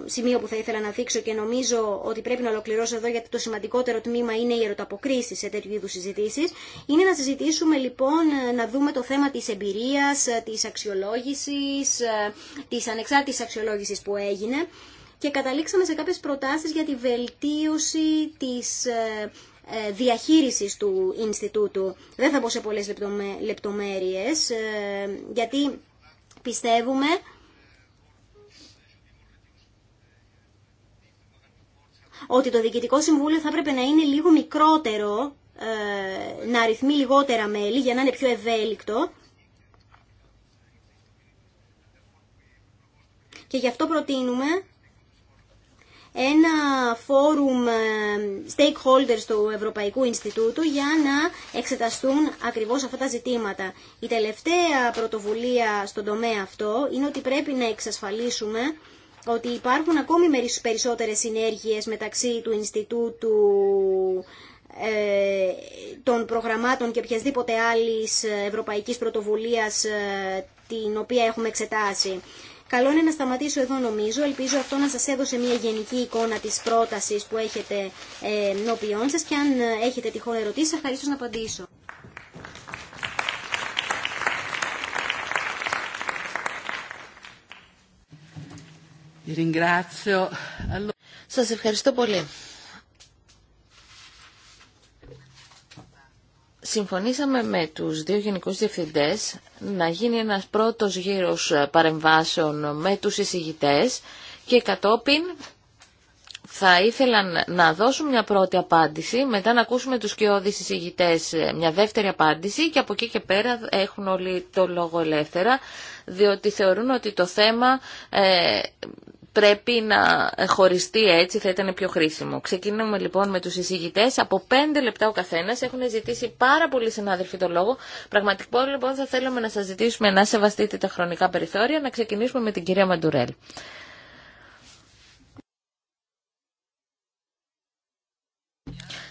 C: σημείο που θα ήθελα να δείξω και νομίζω ότι πρέπει να ολοκληρώσω εδώ γιατί το σημαντικότερο τμήμα είναι η ερωταποκρίση σε τέτοιου είδους συζητήσεις, είναι να συζητήσουμε λοιπόν λοιπόν ε, να δούμε το θέμα της εμπειρίας, ε, της αξιολόγησης, ε, της ανεξάρτητης αξιολόγησης που έγινε και καταλήξαμε σε κάποιες προτάσεις για τη βελτίωση της διαχείρισης του Ινστιτούτου. Δεν θα πω σε πολλές λεπτομέρειες, γιατί πιστεύουμε ότι το Διοικητικό Συμβούλιο θα έπρεπε να είναι λίγο μικρότερο ε, να αριθμεί λιγότερα μέλη για να είναι πιο ευέλικτο. Και γι' αυτό προτείνουμε ένα φόρουμ ε, stakeholders του Ευρωπαϊκού Ινστιτούτου για να εξεταστούν ακριβώς αυτά τα ζητήματα. Η τελευταία πρωτοβουλία στον τομέα αυτό είναι ότι πρέπει να εξασφαλίσουμε ότι υπάρχουν ακόμη περισσότερες συνέργειες μεταξύ του Ινστιτούτου ε, των προγραμμάτων και οποιασδήποτε άλλης ευρωπαϊκής πρωτοβουλίας ε, την οποία έχουμε εξετάσει. Καλό είναι να σταματήσω εδώ νομίζω. Ελπίζω αυτό να σας έδωσε μια γενική εικόνα της πρότασης που έχετε ε, νοποιών σας και αν έχετε τυχόν ερωτήσεις ευχαριστώ να απαντήσω.
B: Σας ευχαριστώ πολύ. συμφωνήσαμε με τους δύο γενικούς διευθυντές να γίνει ένας πρώτος γύρος ε, παρεμβάσεων με τους εισηγητές και κατόπιν θα ήθελαν να δώσουν μια πρώτη απάντηση, μετά να ακούσουμε τους κοιόδης εισηγητές ε, μια δεύτερη απάντηση και από εκεί και πέρα έχουν όλοι το λόγο ελεύθερα, διότι θεωρούν ότι το θέμα ε, πρέπει να χωριστεί έτσι, θα ήταν πιο χρήσιμο. Ξεκινούμε λοιπόν με του συζητητέ. Από πέντε λεπτά ο καθένα. έχουν ζητήσει πάρα πολλοί συνάδελφοι το λόγο. Πραγματικό λοιπόν θα θέλαμε να σα ζητήσουμε να σεβαστείτε τα χρονικά περιθώρια. Να ξεκινήσουμε με την κυρία Μαντουρέλ.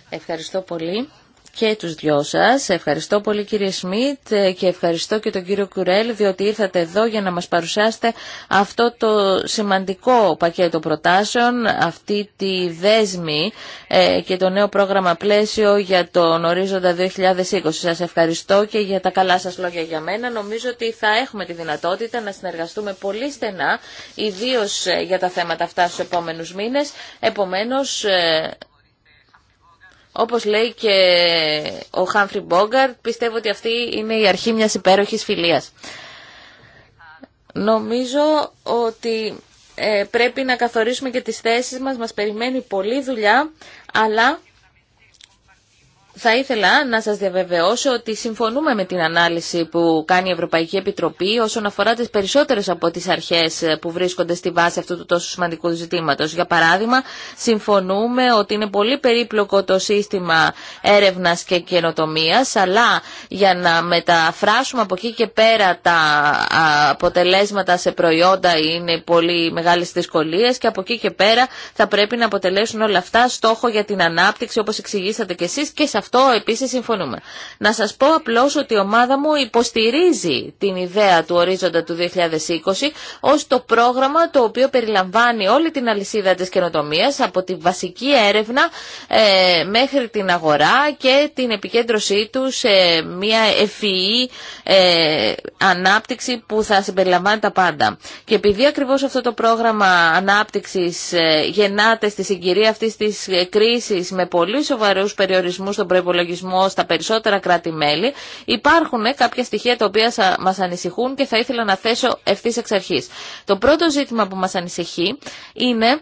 B: Ευχαριστώ πολύ και τους δυο σας. Ευχαριστώ πολύ κύριε Σμιτ και ευχαριστώ και τον κύριο Κουρέλ διότι ήρθατε εδώ για να μας παρουσιάσετε αυτό το σημαντικό πακέτο προτάσεων, αυτή τη δέσμη ε, και το νέο πρόγραμμα πλαίσιο για τον ορίζοντα 2020. Σας ευχαριστώ και για τα καλά σας λόγια για μένα. Νομίζω ότι θα έχουμε τη δυνατότητα να συνεργαστούμε πολύ στενά, ιδίως ε, για τα θέματα αυτά στους επόμενους μήνες. Επομένως, ε, όπως λέει και ο Χάμφρι Μπόγκαρτ, πιστεύω ότι αυτή είναι η αρχή μιας υπέροχης φιλίας. Νομίζω ότι ε, πρέπει να καθορίσουμε και τις θέσεις μας, μας περιμένει πολλή δουλειά, αλλά θα ήθελα να σας διαβεβαιώσω ότι συμφωνούμε με την ανάλυση που κάνει η Ευρωπαϊκή Επιτροπή όσον αφορά τις περισσότερες από τις αρχές ε, που βρίσκονται στη βάση αυτού του τόσο σημαντικού ζητήματος. Για παράδειγμα, συμφωνούμε ότι είναι πολύ περίπλοκο το σύστημα έρευνας και καινοτομία, αλλά για να μεταφράσουμε από εκεί και πέρα τα αποτελέσματα σε προϊόντα είναι πολύ μεγάλες δυσκολίες και από εκεί και πέρα θα πρέπει να αποτελέσουν όλα αυτά στόχο για την ανάπτυξη όπως εξηγήσατε και εσείς και αυτό επίσης συμφωνούμε. Να σας πω απλώς ότι η ομάδα μου υποστηρίζει την ιδέα του ορίζοντα του 2020 ως το πρόγραμμα το οποίο περιλαμβάνει όλη την αλυσίδα της καινοτομίας από τη βασική έρευνα ε, μέχρι την αγορά και την επικέντρωσή του σε μια e e, ευφυή ανάπτυξη που θα συμπεριλαμβάνει τα πάντα. Και επειδή ακριβώς αυτό το πρόγραμμα ανάπτυξης ε, γεννάται στη συγκυρία αυτής της ε, κρίσης με πολύ σοβαρούς περιορισμούς των προπολογισμό στα περισσότερα κράτη-μέλη, υπάρχουν ε, κάποια στοιχεία τα οποία μα ανησυχούν και θα ήθελα να θέσω ευθύ εξ αρχή. Το πρώτο ζήτημα που μα ανησυχεί είναι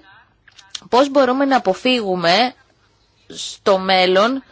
B: πώ μπορούμε να αποφύγουμε στο μέλλον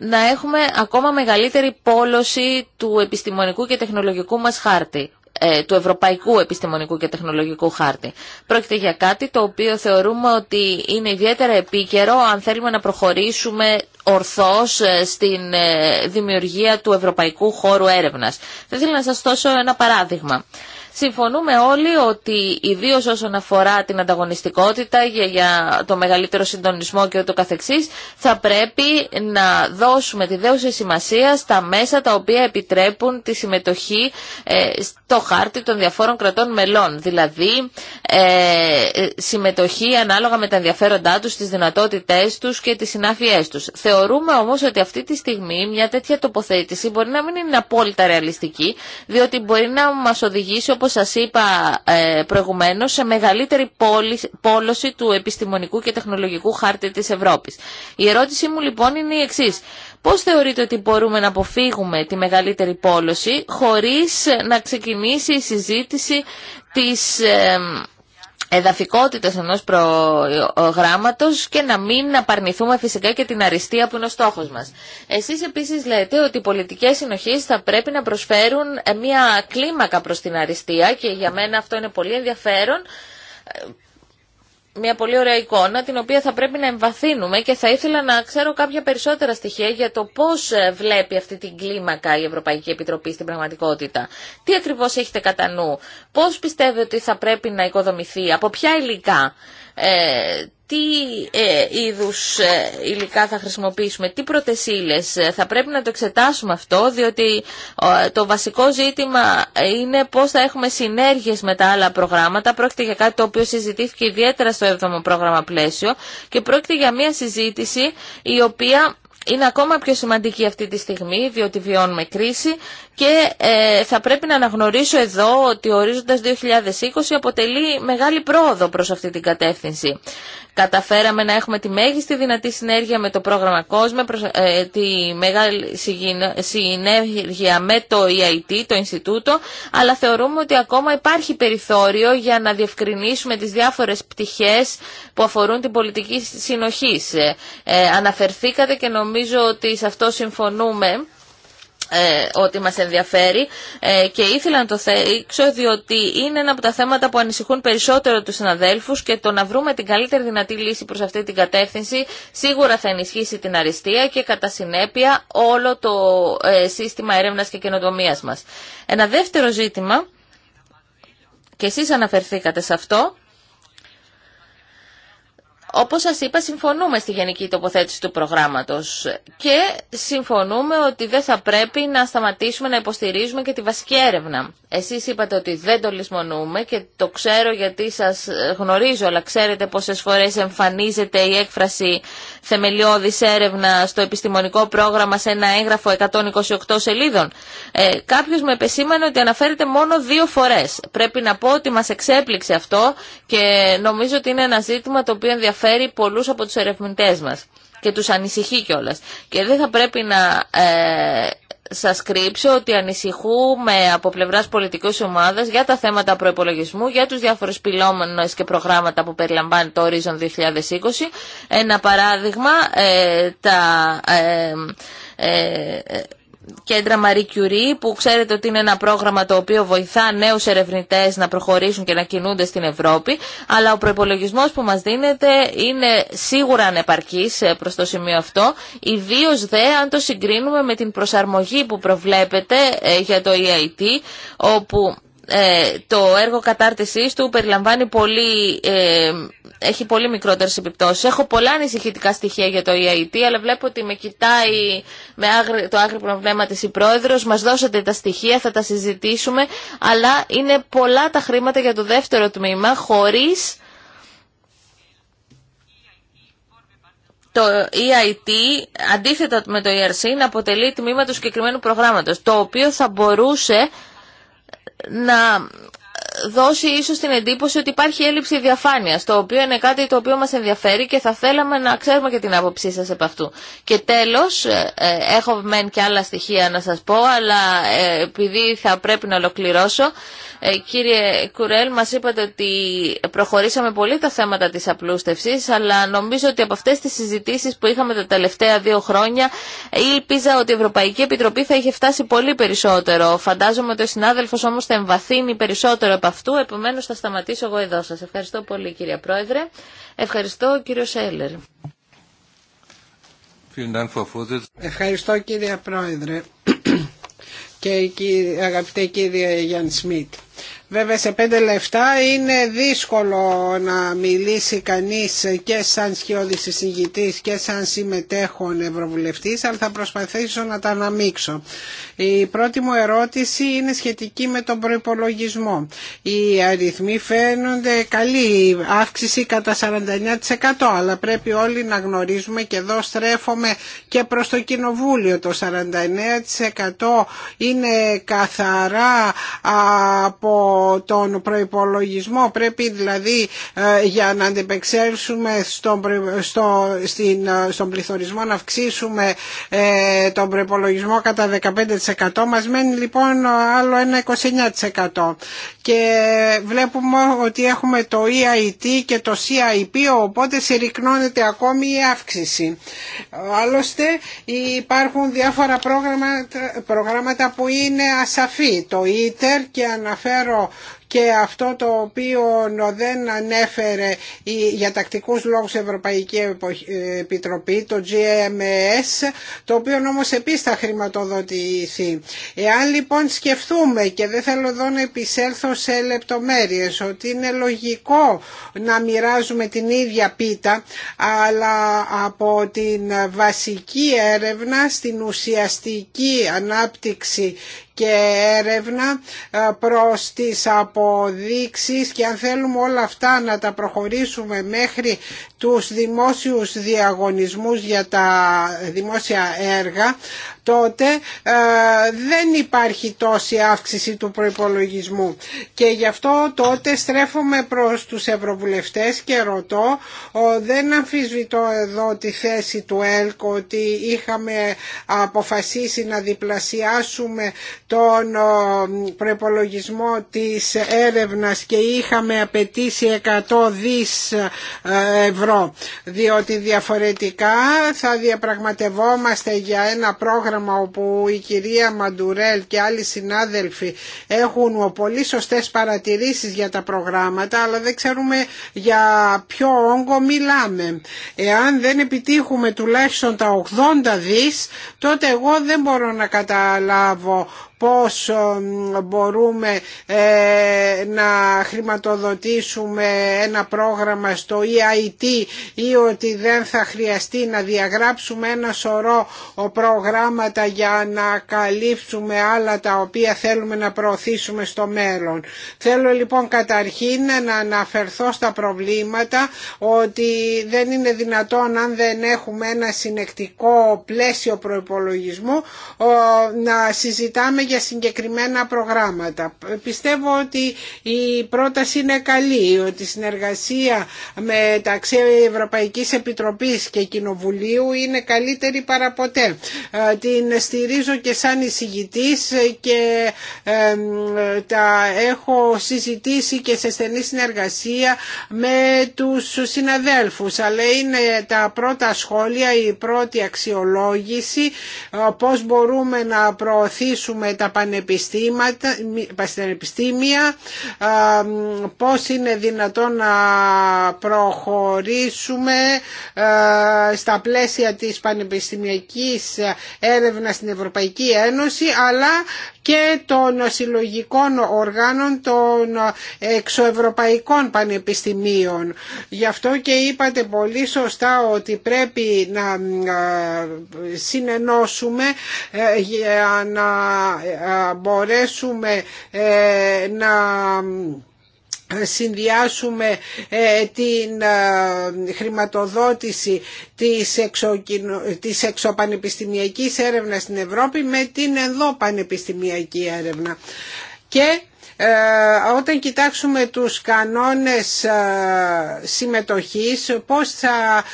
B: να έχουμε ακόμα μεγαλύτερη πόλωση του επιστημονικού και τεχνολογικού μας χάρτη ε, του Ευρωπαϊκού Επιστημονικού και Τεχνολογικού Χάρτη. Πρόκειται για κάτι το οποίο θεωρούμε ότι είναι ιδιαίτερα επίκαιρο αν θέλουμε να προχωρήσουμε ορθώς ε, στην ε, δημιουργία του ευρωπαϊκού χώρου έρευνας. Θα ήθελα να σας δώσω ένα παράδειγμα. Συμφωνούμε όλοι ότι ιδίω όσον αφορά την ανταγωνιστικότητα για, το μεγαλύτερο συντονισμό και ούτω καθεξής θα πρέπει να δώσουμε τη δέωση σημασία στα μέσα τα οποία επιτρέπουν τη συμμετοχή ε, στο χάρτη των διαφόρων κρατών μελών. Δηλαδή ε, συμμετοχή ανάλογα με τα ενδιαφέροντά τους, τις δυνατότητές τους και τις συνάφειές τους. Θεωρούμε όμως ότι αυτή τη στιγμή μια τέτοια τοποθέτηση μπορεί να μην είναι απόλυτα ρεαλιστική διότι μπορεί να μας οδηγήσει όπως σας είπα ε, προηγουμένως, σε μεγαλύτερη πόλωση του επιστημονικού και τεχνολογικού χάρτη της Ευρώπης. Η ερώτησή μου λοιπόν είναι η εξής. Πώς θεωρείτε ότι μπορούμε να αποφύγουμε τη μεγαλύτερη πόλωση χωρίς να ξεκινήσει η συζήτηση της ε, εδαφικότητας ενός προγράμματος και να μην απαρνηθούμε φυσικά και την αριστεία που είναι ο στόχος μας. Εσείς επίσης λέτε ότι οι πολιτικές συνοχές θα πρέπει να προσφέρουν ε, μια κλίμακα προς την αριστεία και για μένα αυτό είναι πολύ ενδιαφέρον ε, μια πολύ ωραία εικόνα την οποία θα πρέπει να εμβαθύνουμε και θα ήθελα να ξέρω κάποια περισσότερα στοιχεία για το πώς ε, βλέπει αυτή την κλίμακα η Ευρωπαϊκή Επιτροπή στην πραγματικότητα. Τι ακριβώς έχετε κατά νου, πώς πιστεύετε ότι θα πρέπει να οικοδομηθεί, από ποια υλικά. Ε, τι ε, είδους ε, υλικά θα χρησιμοποιήσουμε, τι προτεσίλες. Θα πρέπει να το εξετάσουμε αυτό, διότι το βασικό ζήτημα είναι πώς θα έχουμε συνέργειες με τα άλλα προγράμματα. Πρόκειται για κάτι το οποίο συζητήθηκε ιδιαίτερα στο 7ο πρόγραμμα πλαίσιο και πρόκειται για μια συζήτηση η οποία είναι ακόμα πιο σημαντική αυτή τη στιγμή διότι βιώνουμε κρίση και ε, θα πρέπει να αναγνωρίσω εδώ ότι ο ορίζοντας 2020 αποτελεί μεγάλη πρόοδο προς αυτή την κατεύθυνση. Καταφέραμε να έχουμε τη μέγιστη δυνατή συνέργεια με το πρόγραμμα COSME, ε, τη μεγάλη συνέργεια με το EIT, το Ινστιτούτο, αλλά θεωρούμε ότι ακόμα υπάρχει περιθώριο για να διευκρινίσουμε τις διάφορες πτυχές που αφορούν την πολιτική συνοχής. Ε, ε, αναφερθήκατε και νομίζω ότι σε αυτό συμφωνούμε ε, ότι μας ενδιαφέρει ε, και ήθελα να το θέξω διότι είναι ένα από τα θέματα που ανησυχούν περισσότερο τους συναδέλφους και το να βρούμε την καλύτερη δυνατή λύση προς αυτή την κατεύθυνση σίγουρα θα ενισχύσει την αριστεία και κατά συνέπεια όλο το ε, σύστημα έρευνας και καινοτομίας μας. Ένα δεύτερο ζήτημα και εσείς αναφερθήκατε σε αυτό όπως σας είπα, συμφωνούμε στη γενική τοποθέτηση του προγράμματος και συμφωνούμε ότι δεν θα πρέπει να σταματήσουμε να υποστηρίζουμε και τη βασική έρευνα. Εσείς είπατε ότι δεν το λησμονούμε και το ξέρω γιατί σας γνωρίζω, αλλά ξέρετε πόσες φορές εμφανίζεται η έκφραση θεμελιώδης έρευνα στο επιστημονικό πρόγραμμα σε ένα έγγραφο 128 σελίδων. Ε, κάποιος με επεσήμανε ότι αναφέρεται μόνο δύο φορές. Πρέπει να πω ότι μας εξέπληξε αυτό και νομίζω ότι είναι ένα ζήτημα το οποίο ενδιαφέρει ενδιαφέρει πολλούς από τους ερευνητές μας και τους ανησυχεί κιόλας. Και δεν θα πρέπει να ε, σας κρύψω ότι ανησυχούμε από πλευράς πολιτικής ομάδας για τα θέματα προϋπολογισμού, για τους διάφορους πυλώμενες και προγράμματα που περιλαμβάνει το Horizon 2020. Ένα παράδειγμα, ε, τα... Ε, ε κέντρα Marie Curie που ξέρετε ότι είναι ένα πρόγραμμα το οποίο βοηθά νέους ερευνητές να προχωρήσουν και να κινούνται στην Ευρώπη αλλά ο προπολογισμό που μας δίνεται είναι σίγουρα ανεπαρκής ε, προς το σημείο αυτό ιδίω δε αν το συγκρίνουμε με την προσαρμογή που προβλέπεται ε, για το EIT όπου ε, το έργο κατάρτισής του περιλαμβάνει πολύ, ε, έχει πολύ μικρότερες επιπτώσεις. Έχω πολλά ανησυχητικά στοιχεία για το EIT, αλλά βλέπω ότι με κοιτάει με το άγρυπνο βλέμμα της η πρόεδρος, μας δώσατε τα στοιχεία, θα τα συζητήσουμε, αλλά είναι πολλά τα χρήματα για το δεύτερο τμήμα, χωρίς το EIT, αντίθετα με το ERC, να αποτελεί τμήμα του συγκεκριμένου προγράμματος, το οποίο θα μπορούσε να δώσει ίσως την εντύπωση ότι υπάρχει έλλειψη διαφάνειας, το οποίο είναι κάτι το οποίο μας ενδιαφέρει και θα θέλαμε να ξέρουμε και την άποψή σας επ' αυτού. Και τέλος, ε, ε, έχω μεν και άλλα στοιχεία να σας πω, αλλά ε, επειδή θα πρέπει να ολοκληρώσω, κύριε Κουρέλ, μας είπατε ότι προχωρήσαμε πολύ τα θέματα της απλούστευσης, αλλά νομίζω ότι από αυτές τις συζητήσεις που είχαμε τα τελευταία δύο χρόνια, ήλπιζα ότι η Ευρωπαϊκή Επιτροπή θα είχε φτάσει πολύ περισσότερο. Φαντάζομαι ότι ο συνάδελφος όμως θα εμβαθύνει περισσότερο από αυτού, επομένως θα σταματήσω εγώ εδώ σας. Ευχαριστώ πολύ κύριε Πρόεδρε. Ευχαριστώ κύριο Σέλλερ. Ευχαριστώ
A: κύριε Πρόεδρε και αγαπητέ κύριε Γιάννη Σμιτ. Βέβαια σε πέντε λεφτά είναι δύσκολο να μιλήσει κανείς και σαν σχιώδης εισηγητής και σαν συμμετέχον ευρωβουλευτής, αλλά θα προσπαθήσω να τα αναμίξω. Η πρώτη μου ερώτηση είναι σχετική με τον προϋπολογισμό. Οι αριθμοί φαίνονται καλή αύξηση κατά 49% αλλά πρέπει όλοι να γνωρίζουμε και εδώ στρέφομαι και προς το Κοινοβούλιο. Το 49% είναι καθαρά από τον προϋπολογισμό πρέπει δηλαδή ε, για να αντιπεξέλθουμε στον, στο, στην, ε, στον πληθωρισμό να αυξήσουμε ε, τον προϋπολογισμό κατά 15% μας μένει λοιπόν άλλο ένα 29% και βλέπουμε ότι έχουμε το EIT και το CIP οπότε συρρυκνώνεται ακόμη η αύξηση. Άλλωστε υπάρχουν διάφορα προγράμματα, προγράμματα που είναι ασαφή. Το ITER και αναφέρω και αυτό το οποίο δεν ανέφερε για τακτικούς λόγους Ευρωπαϊκή Επιτροπή, το GMS, το οποίο όμως επίσης θα χρηματοδοτηθεί. Εάν λοιπόν σκεφτούμε και δεν θέλω εδώ να επισέλθω σε λεπτομέρειες ότι είναι λογικό να μοιράζουμε την ίδια πίτα αλλά από την βασική έρευνα στην ουσιαστική ανάπτυξη και έρευνα ε, προς τις αποδείξεις και αν θέλουμε όλα αυτά να τα προχωρήσουμε μέχρι τους δημόσιους διαγωνισμούς για τα δημόσια έργα τότε ε, δεν υπάρχει τόση αύξηση του προϋπολογισμού. Και γι' αυτό τότε στρέφομαι προς τους Ευρωβουλευτές και ρωτώ, δεν αμφισβητώ εδώ τη θέση του ΕΛΚ ότι είχαμε αποφασίσει να διπλασιάσουμε τον προϋπολογισμό της έρευνας και είχαμε απαιτήσει 100 δις ε, ευρώ, διότι διαφορετικά θα διαπραγματευόμαστε για ένα πρόγραμμα πρόγραμμα όπου η κυρία Μαντουρέλ και άλλοι συνάδελφοι έχουν πολύ σωστές παρατηρήσεις για τα προγράμματα αλλά δεν ξέρουμε για ποιο όγκο μιλάμε. Εάν δεν επιτύχουμε τουλάχιστον τα 80 δις τότε εγώ δεν μπορώ να καταλάβω πώς μπορούμε ε, να χρηματοδοτήσουμε ένα πρόγραμμα στο EIT ή ότι δεν θα χρειαστεί να διαγράψουμε ένα σωρό προγράμματα για να καλύψουμε άλλα τα οποία θέλουμε να προωθήσουμε στο μέλλον. Θέλω λοιπόν καταρχήν να αναφερθώ στα προβλήματα ότι δεν είναι δυνατόν αν δεν έχουμε ένα συνεκτικό πλαίσιο προϋπολογισμού να συζητάμε για συγκεκριμένα προγράμματα. Πιστεύω ότι η πρόταση είναι καλή, ότι η συνεργασία μεταξύ Ευρωπαϊκής Επιτροπής και Κοινοβουλίου είναι καλύτερη παραποτέ. Ε, την στηρίζω και σαν εισηγητής και ε, τα έχω συζητήσει και σε στενή συνεργασία με τους συναδέλφους, αλλά είναι τα πρώτα σχόλια, η πρώτη αξιολόγηση, ε, πώς μπορούμε να προωθήσουμε τα πανεπιστήμια πώς είναι δυνατόν να προχωρήσουμε στα πλαίσια της πανεπιστημιακής έρευνας στην Ευρωπαϊκή Ένωση αλλά και των συλλογικών οργάνων των εξωευρωπαϊκών πανεπιστημίων. Γι' αυτό και είπατε πολύ σωστά ότι πρέπει να συνενώσουμε ε, για να μπορέσουμε ε, να συνδυάσουμε ε, την ε, χρηματοδότηση της, εξο, της εξωπανεπιστημιακής έρευνας στην Ευρώπη με την ενδοπανεπιστημιακή έρευνα. Και ε, όταν κοιτάξουμε τους κανόνες ε, συμμετοχής πώς θα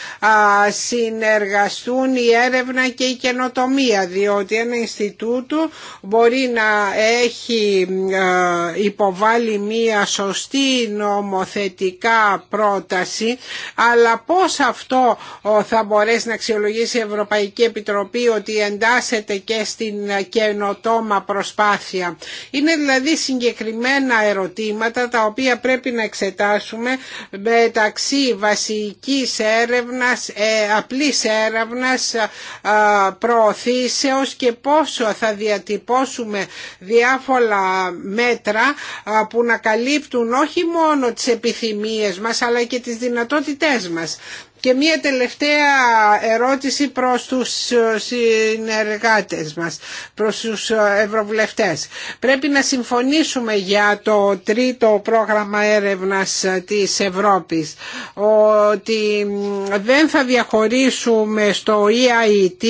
A: συνεργαστούν η έρευνα και η καινοτομία διότι ένα Ινστιτούτο μπορεί να έχει ε, υποβάλει μία σωστή νομοθετικά πρόταση αλλά πώς αυτό θα μπορέσει να αξιολογήσει η Ευρωπαϊκή Επιτροπή ότι εντάσσεται και στην καινοτόμα προσπάθεια. Είναι δηλαδή συγκεκριμένο συγκεκριμένα ερωτήματα τα οποία πρέπει να εξετάσουμε μεταξύ βασικής έρευνας, ε, απλής έρευνας, ε, προωθήσεως και πόσο θα διατυπώσουμε διάφορα μέτρα που να καλύπτουν όχι μόνο τις επιθυμίες μας αλλά και τις δυνατότητές μας. Και μία τελευταία ερώτηση προς τους ε, συνεργάτες μας, προς τους ε, ευρωβουλευτές. Πρέπει να συμφωνήσουμε για το τρίτο πρόγραμμα έρευνας ε, της Ευρώπης, ότι δεν θα διαχωρίσουμε στο EIT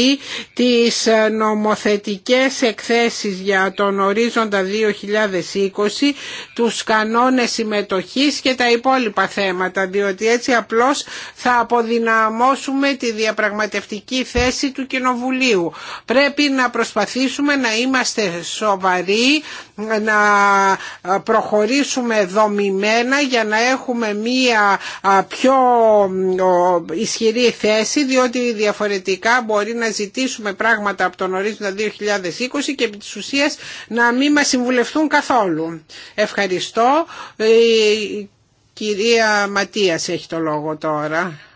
A: τις νομοθετικές εκθέσεις για τον ορίζοντα 2020, τους κανόνες συμμετοχής και τα υπόλοιπα θέματα, διότι έτσι απλώς θα αποδυναμώσουμε τη διαπραγματευτική θέση του Κοινοβουλίου. Πρέπει να προσπαθήσουμε να είμαστε σοβαροί, να προχωρήσουμε δομημένα για να έχουμε μία πιο ισχυρή θέση διότι διαφορετικά μπορεί να ζητήσουμε πράγματα από τον ορίζοντα 2020 και επί της ουσίας να μην μας συμβουλευτούν καθόλου. Ευχαριστώ. Ε, η κυρία Ματίας έχει το λόγο τώρα.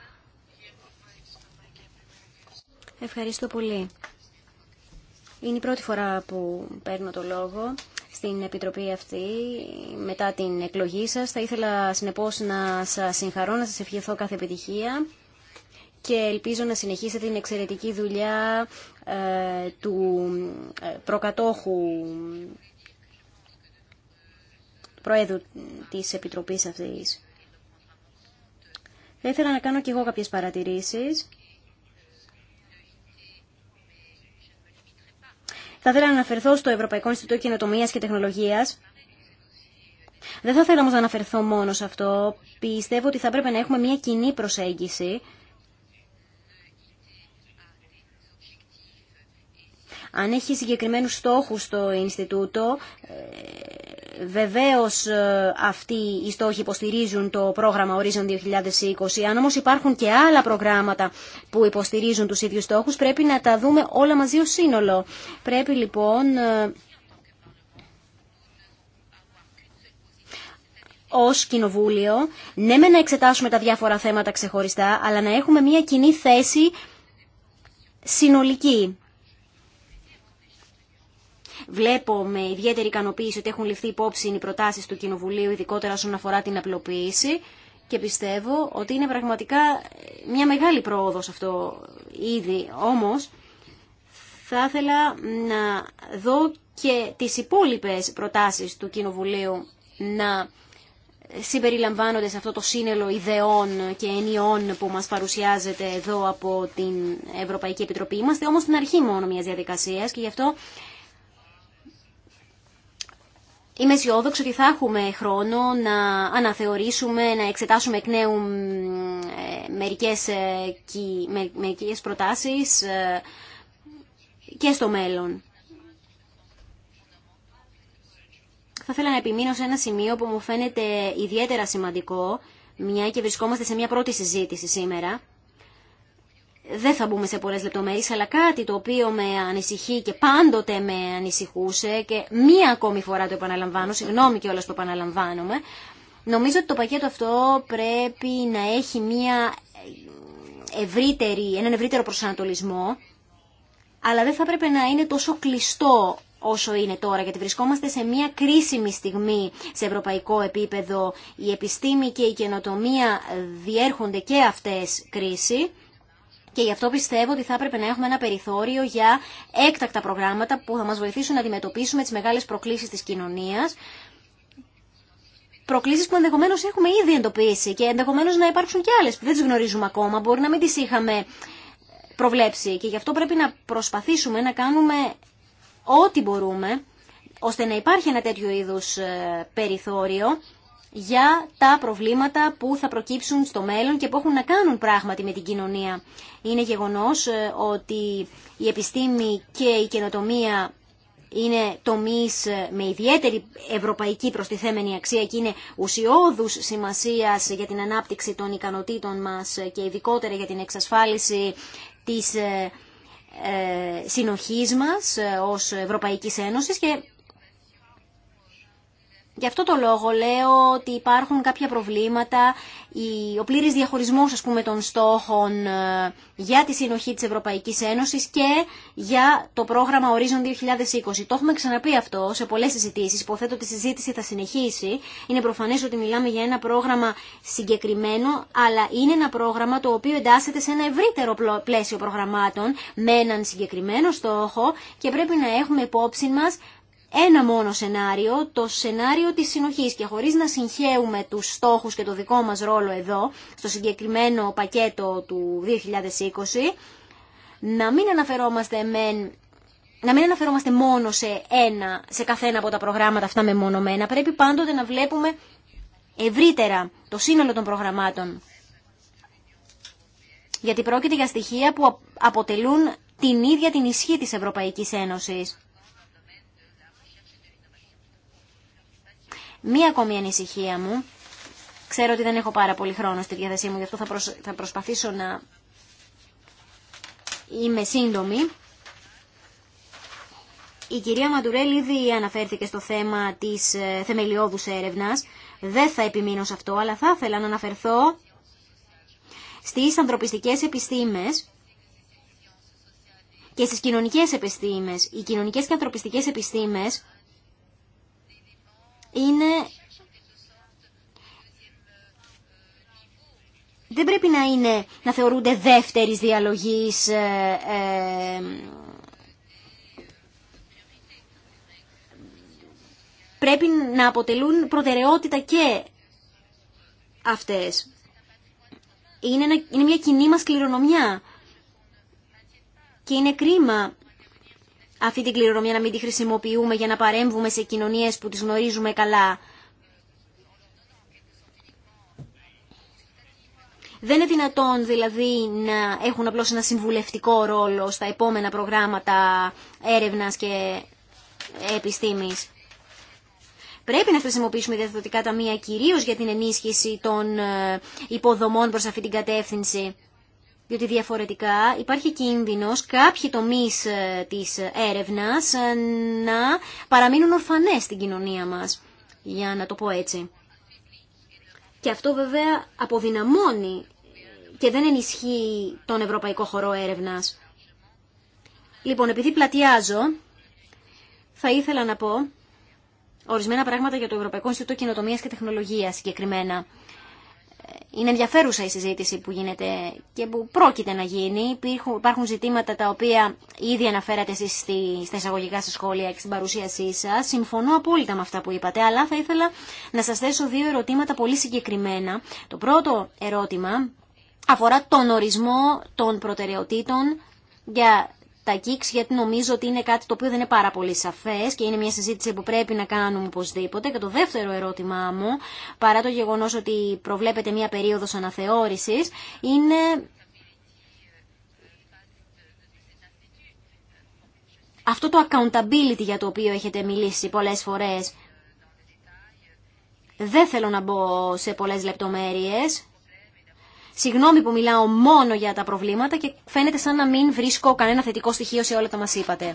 C: Ευχαριστώ πολύ. Είναι η πρώτη φορά που παίρνω το λόγο στην Επιτροπή αυτή μετά την εκλογή σας. Θα ήθελα συνεπώς να σας συγχαρώ, να σας ευχηθώ κάθε επιτυχία και ελπίζω να συνεχίσετε την εξαιρετική δουλειά ε, του ε, προκατόχου Προέδρου της Επιτροπής αυτής. Θα ήθελα να κάνω και εγώ κάποιες παρατηρήσεις. Θα ήθελα να αναφερθώ στο Ευρωπαϊκό Ινστιτούτο Καινοτομία και Τεχνολογία. Δεν θα ήθελα όμω να αναφερθώ μόνο σε αυτό. Πιστεύω ότι θα έπρεπε να έχουμε μια κοινή προσέγγιση. Αν έχει συγκεκριμένους στόχους στο Ινστιτούτο, ε, Βεβαίως ε, αυτοί οι στόχοι υποστηρίζουν το πρόγραμμα Horizon 2020. Αν όμως υπάρχουν και άλλα προγράμματα που υποστηρίζουν τους ίδιους στόχους, πρέπει να τα δούμε όλα μαζί ως σύνολο. Πρέπει λοιπόν ε, ως κοινοβούλιο, ναι με να εξετάσουμε τα διάφορα θέματα ξεχωριστά, αλλά να έχουμε μια κοινή θέση συνολική. Βλέπω με ιδιαίτερη ικανοποίηση ότι έχουν ληφθεί υπόψη οι προτάσεις του Κοινοβουλίου, ειδικότερα όσον αφορά την απλοποίηση και πιστεύω ότι είναι πραγματικά μια μεγάλη πρόοδος αυτό ήδη. Όμω, θα ήθελα να δω και τις υπόλοιπες προτάσεις του Κοινοβουλίου να συμπεριλαμβάνονται σε αυτό το σύνολο ιδεών και ενιών που μας παρουσιάζεται εδώ από την Ευρωπαϊκή Επιτροπή. Είμαστε όμως στην αρχή μόνο μιας διαδικασίας και γι' αυτό Είμαι αισιόδοξη ότι θα έχουμε χρόνο να αναθεωρήσουμε, να εξετάσουμε εκ νέου ε, μερικές, ε, μερικές προτάσεις ε, και στο μέλλον. Θα ήθελα να επιμείνω σε ένα σημείο που μου φαίνεται ιδιαίτερα σημαντικό, μια και βρισκόμαστε σε μια πρώτη συζήτηση σήμερα, δεν θα μπούμε σε πολλές λεπτομέρειες, αλλά κάτι το οποίο με ανησυχεί και πάντοτε με ανησυχούσε και μία ακόμη φορά το επαναλαμβάνω, συγγνώμη και ολα το επαναλαμβάνομαι, νομίζω ότι το πακέτο αυτό πρέπει να έχει μία ευρύτερη, έναν ευρύτερο προσανατολισμό, αλλά δεν θα πρέπει να είναι τόσο κλειστό όσο είναι τώρα, γιατί βρισκόμαστε σε μια κρίσιμη στιγμή σε ευρωπαϊκό επίπεδο. Η επιστήμη και η καινοτομία διέρχονται και αυτές κρίση και γι' αυτό πιστεύω ότι θα έπρεπε να έχουμε ένα περιθώριο για έκτακτα προγράμματα που θα μας βοηθήσουν να αντιμετωπίσουμε τις μεγάλες προκλήσεις της κοινωνίας, Προκλήσεις που ενδεχομένως έχουμε ήδη εντοπίσει και ενδεχομένως να υπάρξουν και άλλες που δεν τις γνωρίζουμε ακόμα, μπορεί να μην τις είχαμε προβλέψει. Και γι' αυτό πρέπει να προσπαθήσουμε να κάνουμε ό,τι μπορούμε ώστε να υπάρχει ένα τέτοιο είδους ε, περιθώριο για τα προβλήματα που θα προκύψουν στο μέλλον και που έχουν να κάνουν πράγματι με την κοινωνία. Είναι γεγονός ε, ότι η επιστήμη και η καινοτομία είναι τομείς ε, με ιδιαίτερη ευρωπαϊκή προστιθέμενη αξία και είναι ουσιώδους σημασίας για την ανάπτυξη των ικανοτήτων μας και ειδικότερα για την εξασφάλιση της ε, συνοχής μας ως Ευρωπαϊκής Ένωσης και Γι' αυτό το λόγο λέω ότι υπάρχουν κάποια προβλήματα, ο πλήρης διαχωρισμός ας πούμε, των στόχων ε, για τη συνοχή της Ευρωπαϊκής Ένωσης και για το πρόγραμμα Horizon 2020. Το έχουμε ξαναπεί αυτό σε πολλές συζητήσεις, υποθέτω ότι η συζήτηση θα συνεχίσει. Είναι προφανές ότι μιλάμε για ένα πρόγραμμα συγκεκριμένο, αλλά είναι ένα πρόγραμμα το οποίο εντάσσεται σε ένα ευρύτερο πλαίσιο προγραμμάτων με έναν συγκεκριμένο στόχο και πρέπει να έχουμε υπόψη μας ένα μόνο σενάριο, το σενάριο της συνοχής και χωρίς να συγχέουμε τους στόχους και το δικό μας ρόλο εδώ, στο συγκεκριμένο πακέτο του 2020, να μην αναφερόμαστε μεν να μην αναφερόμαστε μόνο σε, ένα, σε καθένα από τα προγράμματα αυτά μεμονωμένα. Πρέπει πάντοτε να βλέπουμε ευρύτερα το σύνολο των προγραμμάτων. Γιατί πρόκειται για στοιχεία που αποτελούν την ίδια την ισχύ της Ευρωπαϊκής Ένωσης. Μία ακόμη ανησυχία μου, ξέρω ότι δεν έχω πάρα πολύ χρόνο στη διάθεσή μου, γι' αυτό θα, θα προσπαθήσω να είμαι σύντομη. Η κυρία Μαντουρέλη ήδη αναφέρθηκε στο θέμα της ε, θεμελιώδους έρευνας. Δεν θα επιμείνω σε αυτό, αλλά θα ήθελα να αναφερθώ στις ανθρωπιστικές επιστήμες και στις κοινωνικές επιστήμες. Οι κοινωνικές και ανθρωπιστικές επιστήμες είναι... Δεν πρέπει να, είναι, να θεωρούνται δεύτερης διαλογής ε, ε, πρέπει να αποτελούν προτεραιότητα και αυτές. Είναι, είναι μια κοινή μας κληρονομιά. Και είναι κρίμα αυτή την κληρονομιά να μην τη χρησιμοποιούμε για να παρέμβουμε σε κοινωνίες που τις γνωρίζουμε καλά. Δεν είναι δυνατόν δηλαδή να έχουν απλώς ένα συμβουλευτικό ρόλο στα επόμενα προγράμματα έρευνας και επιστήμης. Πρέπει να χρησιμοποιήσουμε διαδοτικά ταμεία κυρίως για την ενίσχυση των ε, υποδομών προς αυτή την κατεύθυνση διότι διαφορετικά υπάρχει κίνδυνος κάποιοι τομείς ε, της ε, έρευνας ε, να παραμείνουν ορφανές στην κοινωνία μας, για να το πω έτσι. Και αυτό βέβαια αποδυναμώνει και δεν ενισχύει τον Ευρωπαϊκό Χορό Έρευνας. Λοιπόν, επειδή πλατιάζω, θα ήθελα να πω ορισμένα πράγματα για το Ευρωπαϊκό Ινστιτούτο Κοινοτομίας και Τεχνολογίας συγκεκριμένα. Είναι ενδιαφέρουσα η συζήτηση που γίνεται και που πρόκειται να γίνει. Υπάρχουν ζητήματα τα οποία ήδη αναφέρατε εσείς στα εισαγωγικά σας σχόλια και στην παρουσίασή σας. Συμφωνώ απόλυτα με αυτά που είπατε, αλλά θα ήθελα να σας θέσω δύο ερωτήματα πολύ συγκεκριμένα. Το πρώτο ερώτημα αφορά τον ορισμό των προτεραιοτήτων για τα κίξ γιατί νομίζω ότι είναι κάτι το οποίο δεν είναι πάρα πολύ σαφέ και είναι μια συζήτηση που πρέπει να κάνουμε οπωσδήποτε. Και το δεύτερο ερώτημά μου, παρά το γεγονός ότι προβλέπεται μια περίοδο αναθεώρησης, είναι αυτό το accountability για το οποίο έχετε μιλήσει πολλές φορές. Δεν θέλω να μπω σε πολλές λεπτομέρειες, Συγγνώμη που μιλάω μόνο για τα προβλήματα και φαίνεται σαν να μην βρίσκω κανένα θετικό στοιχείο σε όλα τα μας είπατε.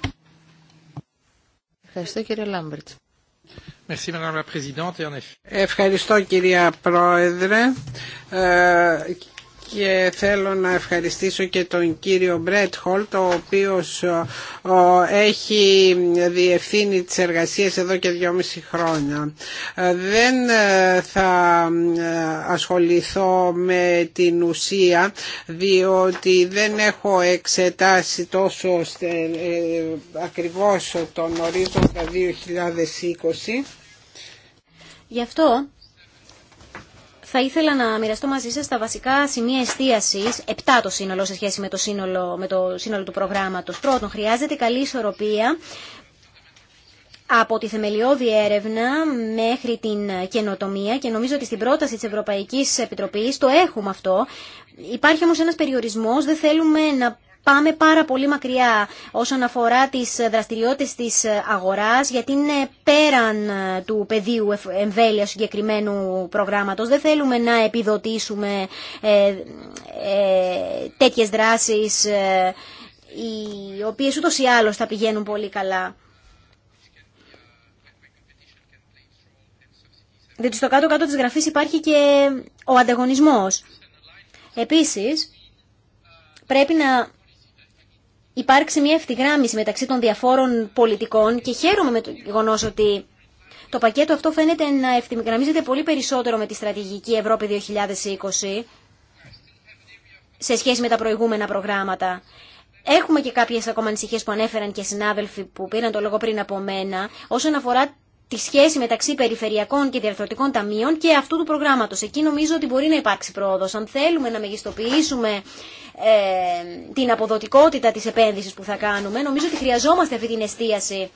C: Ευχαριστώ κύριε Λάμπερτ.
A: Ευχαριστώ κυρία Πρόεδρε ε, και θέλω να ευχαριστήσω και τον κύριο Μπρέτ ο οποίος έχει διευθύνει τις εργασίες εδώ και δυόμιση χρόνια. Δεν ε, θα ε, ασχοληθώ με την ουσία διότι δεν έχω εξετάσει τόσο ε, ακριβώς τον ορίζοντα 2020.
C: Γι' αυτό θα ήθελα να μοιραστώ μαζί σας τα βασικά σημεία εστίασης, επτά το σύνολο σε σχέση με το σύνολο, με το σύνολο του προγράμματος. Πρώτον, χρειάζεται καλή ισορροπία από τη θεμελιώδη έρευνα μέχρι την καινοτομία και νομίζω ότι στην πρόταση της Ευρωπαϊκής Επιτροπής το έχουμε αυτό. Υπάρχει όμως ένας περιορισμός, δεν θέλουμε να πάμε πάρα πολύ μακριά όσον αφορά τις δραστηριότητες της αγοράς, γιατί είναι πέραν ε, του πεδίου εμβέλεια συγκεκριμένου προγράμματος. Δεν θέλουμε να επιδοτήσουμε ε, ε, τέτοιες δράσεις, οι οποίες ούτως ή άλλως θα πηγαίνουν πολύ καλά. Διότι στο κάτω-κάτω της γραφής υπάρχει και ο ανταγωνισμός. Επίσης, πρέπει να υπάρξει μια ευθυγράμμιση μεταξύ των διαφόρων πολιτικών και χαίρομαι με το γεγονό ότι το πακέτο αυτό φαίνεται να ευθυγραμμίζεται πολύ περισσότερο με τη στρατηγική Ευρώπη 2020 σε σχέση με τα προηγούμενα προγράμματα. Έχουμε και κάποιες ακόμα ανησυχίες που ανέφεραν και συνάδελφοι που πήραν το λόγο πριν από μένα όσον αφορά τη σχέση μεταξύ περιφερειακών και διαρθρωτικών ταμείων και αυτού του προγράμματος. Εκεί νομίζω ότι μπορεί να υπάρξει πρόοδος. Αν θέλουμε να μεγιστοποιήσουμε ε, την αποδοτικότητα της επένδυσης που θα κάνουμε, νομίζω ότι χρειαζόμαστε αυτή την εστίαση.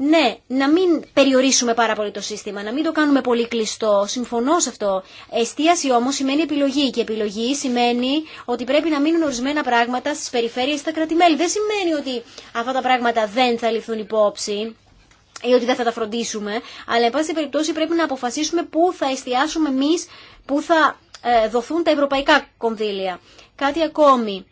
C: Ναι, να μην περιορίσουμε πάρα πολύ το σύστημα, να μην το κάνουμε πολύ κλειστό. Συμφωνώ σε αυτό. Εστίαση όμω σημαίνει επιλογή. Και επιλογή σημαίνει ότι πρέπει να μείνουν ορισμένα πράγματα στι περιφέρειε στα κρατημέλη. Δεν σημαίνει ότι αυτά τα πράγματα δεν θα ληφθούν υπόψη ή ότι δεν θα τα φροντίσουμε, αλλά εν πάση περιπτώσει πρέπει να αποφασίσουμε πού θα εστιάσουμε εμείς, πού θα ε, δοθούν τα ευρωπαϊκά κονδύλια. Κάτι ακόμη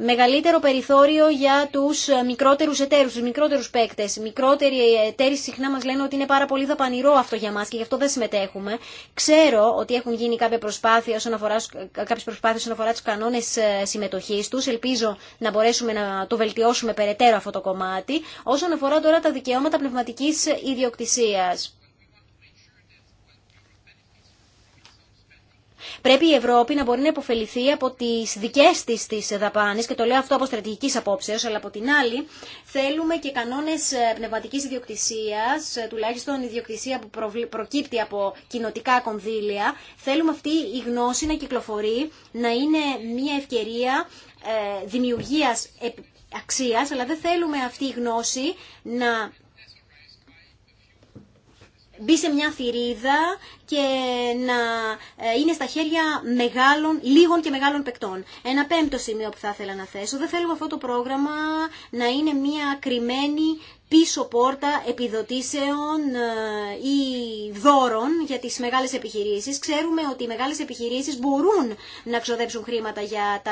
C: μεγαλύτερο περιθώριο για τους μικρότερους εταίρους, του μικρότερους παίκτε. Μικρότεροι εταίροι συχνά μα λένε ότι είναι πάρα πολύ δαπανηρό αυτό για μα, και γι' αυτό δεν συμμετέχουμε. Ξέρω ότι έχουν γίνει κάποια προσπάθεια όσον αφορά, κάποιες προσπάθειες όσον αφορά τους κανόνες ε, συμμετοχής τους. Ελπίζω να μπορέσουμε να το βελτιώσουμε περαιτέρω αυτό το κομμάτι. Όσον αφορά τώρα τα δικαιώματα πνευματικής ιδιοκτησίας. Πρέπει η Ευρώπη να μπορεί να υποφεληθεί από τι δικέ τη δαπάνε και το λέω αυτό από στρατηγική απόψεω, αλλά από την άλλη θέλουμε και κανόνε πνευματική ιδιοκτησία, ε, τουλάχιστον ιδιοκτησία που προκύπτει από κοινοτικά κονδύλια. Θέλουμε αυτή η γνώση να κυκλοφορεί, να είναι μια ευκαιρία ε, δημιουργία αξίας, αλλά δεν θέλουμε αυτή η γνώση να μπει σε μια θηρίδα και να ε, είναι στα χέρια μεγάλων, λίγων και μεγάλων παικτών. Ένα πέμπτο σημείο που θα ήθελα να θέσω. Δεν θέλουμε αυτό το πρόγραμμα να είναι μια κρυμμένη πίσω πόρτα επιδοτήσεων ε, ή δώρων για τις μεγάλες επιχειρήσεις. Ξέρουμε ότι οι μεγάλες επιχειρήσεις μπορούν να ξοδέψουν χρήματα για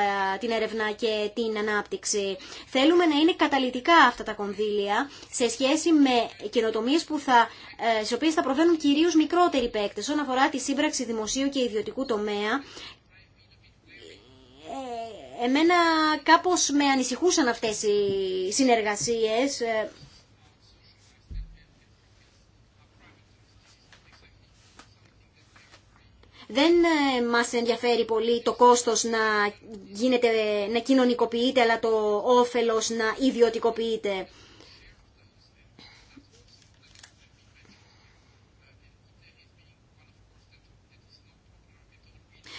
C: την έρευνα και την ανάπτυξη. Θέλουμε να είναι καταλητικά αυτά τα κονδύλια σε σχέση με καινοτομίες που θα, ε, στις οποίες θα προβαίνουν κυρίως μικρότεροι παίκτες όσον αφορά τη σύμπραξη δημοσίου και ιδιωτικού τομέα ε, εμένα κάπως με ανησυχούσαν αυτές οι συνεργασίες Δεν ε, μας ενδιαφέρει πολύ το κόστος να, γίνεται, να κοινωνικοποιείται, αλλά το όφελος να ιδιωτικοποιείται.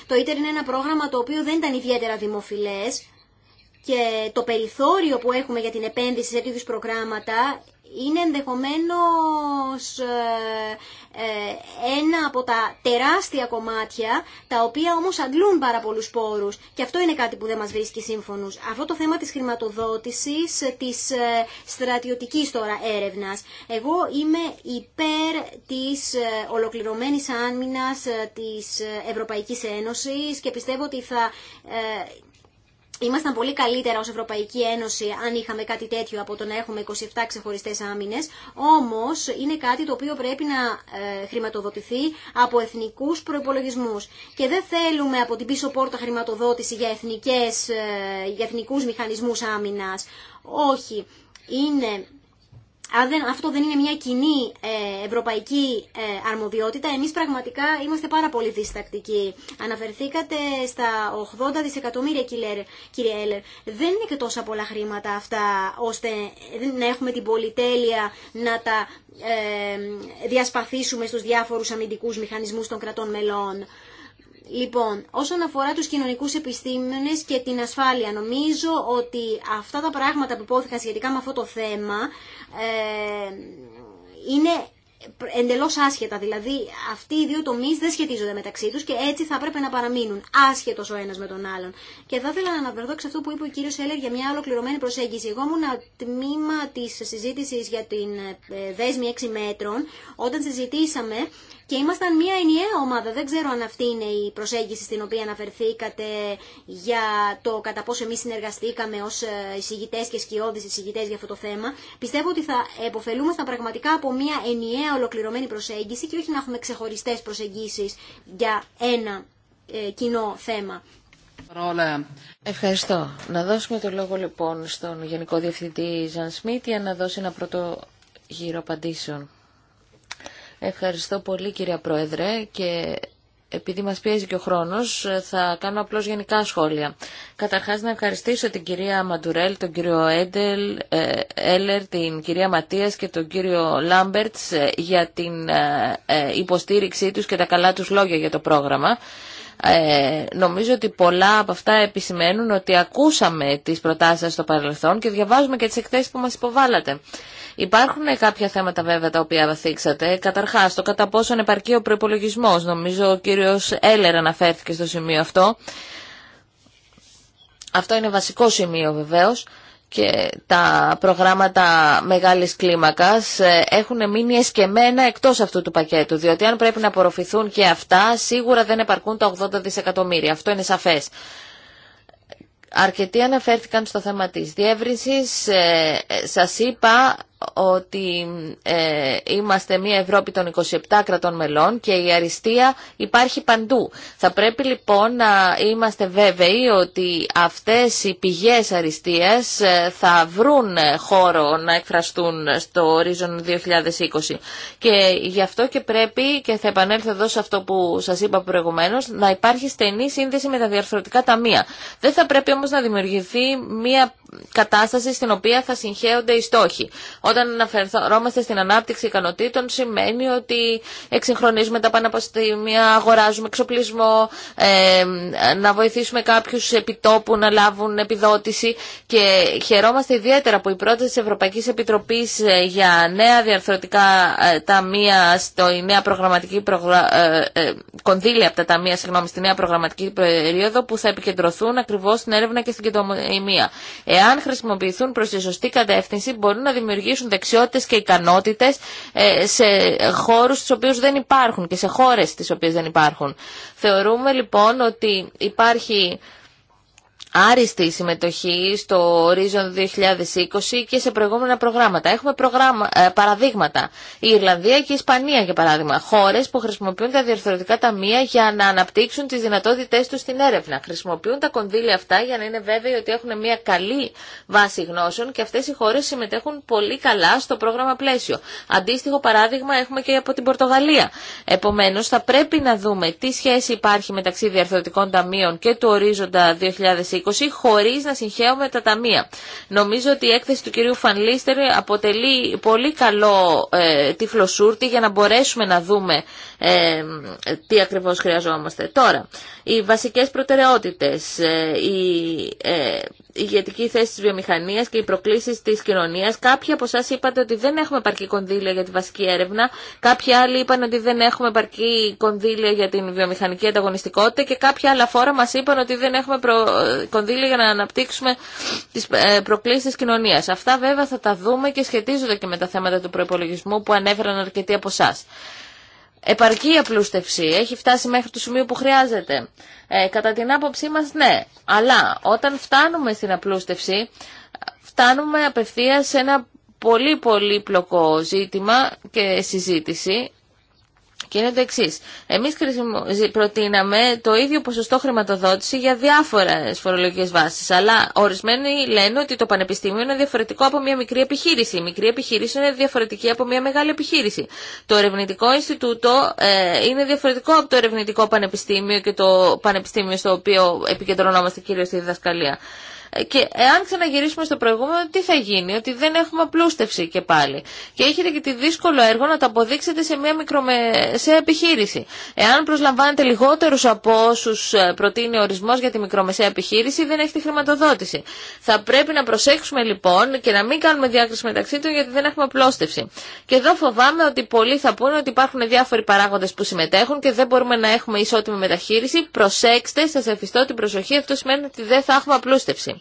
C: Το ίτερ είναι ένα πρόγραμμα το οποίο δεν ήταν ιδιαίτερα δημοφιλές και το περιθώριο που έχουμε για την επένδυση σε τέτοιου προγράμματα είναι ενδεχομένως ε, ε, ένα από τα τεράστια κομμάτια, τα οποία όμως αντλούν πάρα πολλούς πόρους. Και αυτό είναι κάτι που δεν μας βρίσκει σύμφωνος. Αυτό το θέμα της χρηματοδότησης, της ε, στρατιωτικής τώρα έρευνας. Εγώ είμαι υπέρ της ε, ολοκληρωμένης άμυνας της Ευρωπαϊκής Ένωσης και πιστεύω ότι θα Ήμασταν πολύ καλύτερα ως Ευρωπαϊκή Ένωση αν είχαμε κάτι τέτοιο από το να έχουμε 27 ξεχωριστές άμυνες, όμως είναι κάτι το οποίο πρέπει να ε, χρηματοδοτηθεί από εθνικούς προϋπολογισμούς. Και δεν θέλουμε από την πίσω πόρτα χρηματοδότηση για, εθνικές, ε, για εθνικούς μηχανισμούς άμυνας. Όχι, είναι αν αυτό δεν είναι μια κοινή ε, ευρωπαϊκή ε, αρμοδιότητα, εμείς πραγματικά είμαστε πάρα πολύ διστακτικοί. Αναφερθήκατε στα 80 δισεκατομμύρια, κύριε Έλερ. Δεν είναι και τόσα πολλά χρήματα αυτά, ώστε να έχουμε την πολυτέλεια να τα ε, διασπαθήσουμε στους διάφορους αμυντικούς μηχανισμούς των κρατών μελών. Λοιπόν, όσον αφορά τους κοινωνικούς επιστήμονες και την ασφάλεια, νομίζω ότι αυτά τα πράγματα που υπόθηκαν σχετικά με αυτό το θέμα ε, είναι εντελώς άσχετα. Δηλαδή, αυτοί οι δύο τομείς δεν σχετίζονται μεταξύ τους και έτσι θα πρέπει να παραμείνουν άσχετος ο ένας με τον άλλον. Και θα ήθελα να αναφερθώ σε αυτό που είπε ο κύριος Έλερ για μια ολοκληρωμένη προσέγγιση. Εγώ ήμουν τμήμα της συζήτησης για την ε, δέσμη 6 μέτρων, όταν συζητήσαμε και ήμασταν μια ενιαία ομάδα. Δεν ξέρω αν αυτή είναι η προσέγγιση στην οποία αναφερθήκατε για το κατά πόσο εμεί συνεργαστήκαμε ω ε, εισηγητέ και σκιώδει εισηγητέ για αυτό το θέμα. Πιστεύω ότι θα επωφελούμασταν πραγματικά από μια ενιαία ολοκληρωμένη προσέγγιση και όχι να έχουμε ξεχωριστέ προσεγγίσει για ένα ε, κοινό θέμα.
B: Ευχαριστώ. Να δώσουμε το λόγο λοιπόν στον Γενικό Διευθυντή Ζαν Σμίτ για να δώσει ένα πρώτο γύρο απαντήσεων. Ευχαριστώ πολύ κυρία Πρόεδρε και επειδή μας πιέζει και ο χρόνος, θα κάνω απλώς γενικά σχόλια. Καταρχάς να ευχαριστήσω την κυρία Μαντουρέλ, τον κύριο Έντελ, ε, Έλερ, την κυρία Ματίας και τον κύριο Λάμπερτς ε, για την ε, υποστήριξή τους και τα καλά τους λόγια για το πρόγραμμα. Ε, νομίζω ότι πολλά από αυτά επισημαίνουν ότι ακούσαμε τις προτάσεις σας στο παρελθόν και διαβάζουμε και τις εκθέσεις που μας υποβάλλατε. Υπάρχουν κάποια θέματα βέβαια τα οποία βαθύξατε. Καταρχάς, το κατά πόσο επαρκεί ο προπολογισμό. Νομίζω ο κύριος Έλερ αναφέρθηκε στο σημείο αυτό. Αυτό είναι βασικό σημείο βεβαίως και τα προγράμματα μεγάλης κλίμακας ε, έχουν μείνει εσκεμμένα εκτός αυτού του πακέτου, διότι αν πρέπει να απορροφηθούν και αυτά, σίγουρα δεν επαρκούν τα 80 δισεκατομμύρια. Αυτό είναι σαφές. Αρκετοί αναφέρθηκαν στο θέμα της διεύρυνσης. Ε, ε, σας είπα ότι ε, είμαστε μια Ευρώπη των 27 κρατών μελών και η αριστεία υπάρχει παντού. Θα πρέπει λοιπόν να είμαστε βέβαιοι ότι αυτές οι πηγές αριστείας ε, θα βρουν χώρο να εκφραστούν στο Ορίζον 2020. Και γι' αυτό και πρέπει, και θα επανέλθω εδώ σε αυτό που σας είπα προηγουμένως, να υπάρχει στενή σύνδεση με τα διαρθρωτικά ταμεία. Δεν θα πρέπει όμως να δημιουργηθεί μια κατάσταση στην οποία θα συγχέονται οι στόχοι. Όταν αναφερόμαστε στην ανάπτυξη ικανοτήτων σημαίνει ότι εξυγχρονίζουμε τα πανεπιστήμια, αγοράζουμε εξοπλισμό, ε, να βοηθήσουμε κάποιους επιτόπου να λάβουν επιδότηση και χαιρόμαστε ιδιαίτερα που η πρόταση της Ευρωπαϊκής Επιτροπής ε, για νέα διαρθρωτικά ε, ταμεία στο η νέα προγραμματική προγρα... κονδύλια από τα ταμεία συγγνώμη, στη νέα προγραμματική περίοδο που θα επικεντρωθούν ακριβώς στην έρευνα και στην καινοτομία εάν χρησιμοποιηθούν προς τη σωστή κατεύθυνση, μπορούν να δημιουργήσουν δεξιότητες και ικανότητες ε, σε χώρους στους οποίους δεν υπάρχουν και σε χώρες τις οποίες δεν υπάρχουν. Θεωρούμε λοιπόν ότι υπάρχει άριστη συμμετοχή στο Horizon 2020 και σε προηγούμενα προγράμματα. Έχουμε προγράμμα, ε, παραδείγματα. Η Ιρλανδία και η Ισπανία, για παράδειγμα. Χώρε που χρησιμοποιούν τα διορθωτικά ταμεία για να αναπτύξουν τι δυνατότητέ του στην έρευνα. Χρησιμοποιούν τα κονδύλια αυτά για να είναι βέβαιοι ότι έχουν μια καλή βάση γνώσεων και αυτέ οι χώρε συμμετέχουν πολύ καλά στο πρόγραμμα πλαίσιο. Αντίστοιχο παράδειγμα έχουμε και από την Πορτογαλία. Επομένω, θα πρέπει να δούμε τι σχέση υπάρχει μεταξύ διορθωτικών ταμείων και του ορίζοντα 2020 χωρίς να συγχαίουμε τα ταμεία. Νομίζω ότι η έκθεση του κυρίου Φανλίστερ αποτελεί πολύ καλό ε, τυφλοσούρτη για να μπορέσουμε να δούμε ε, τι ακριβώς χρειαζόμαστε. Τώρα, οι βασικές προτεραιότητες, ε, οι ε, ηγετική θέση τη βιομηχανία και οι προκλήσει τη κοινωνία. Κάποιοι από εσά είπατε ότι δεν έχουμε επαρκή κονδύλια για τη βασική έρευνα, κάποιοι άλλοι είπαν ότι δεν έχουμε επαρκή κονδύλια για την βιομηχανική ανταγωνιστικότητα και κάποια άλλα φόρα μα είπαν ότι δεν έχουμε προ... κονδύλια για να αναπτύξουμε τι ε, προκλήσει τη κοινωνία. Αυτά βέβαια θα τα δούμε και σχετίζονται και με τα θέματα του προπολογισμού που ανέφεραν αρκετοί από εσά. Επαρκή απλούστευση έχει φτάσει μέχρι το σημείο που χρειάζεται. Ε, κατά την άποψή μας ναι, αλλά όταν φτάνουμε στην απλούστευση φτάνουμε απευθείας σε ένα πολύ πολύπλοκο ζήτημα και συζήτηση και είναι το εξή. Εμεί προτείναμε το ίδιο ποσοστό χρηματοδότηση για διάφορε φορολογικέ βάσει. Αλλά ορισμένοι λένε ότι το πανεπιστήμιο είναι διαφορετικό από μια μικρή επιχείρηση. Η μικρή επιχείρηση είναι διαφορετική από μια μεγάλη επιχείρηση. Το ερευνητικό Ινστιτούτο ε, είναι διαφορετικό από το ερευνητικό πανεπιστήμιο και το πανεπιστήμιο στο οποίο επικεντρωνόμαστε κυρίω στη διδασκαλία. Και εάν ξαναγυρίσουμε στο προηγούμενο, τι θα γίνει, ότι δεν έχουμε απλούστευση και πάλι. Και έχετε και τη δύσκολο έργο να το αποδείξετε σε μια μικρομεσαία επιχείρηση. Εάν προσλαμβάνετε λιγότερου από όσου ε, προτείνει ο ορισμό για τη μικρομεσαία επιχείρηση, δεν έχετε χρηματοδότηση. Θα πρέπει να προσέξουμε λοιπόν και να μην κάνουμε διάκριση μεταξύ του γιατί δεν έχουμε απλώστευση. Και εδώ φοβάμαι ότι πολλοί θα πούνε ότι υπάρχουν διάφοροι παράγοντε που συμμετέχουν και δεν μπορούμε να έχουμε ισότιμη μεταχείριση. Προσέξτε, σα εφιστώ την προσοχή, αυτό σημαίνει ότι δεν θα έχουμε απλούστευση.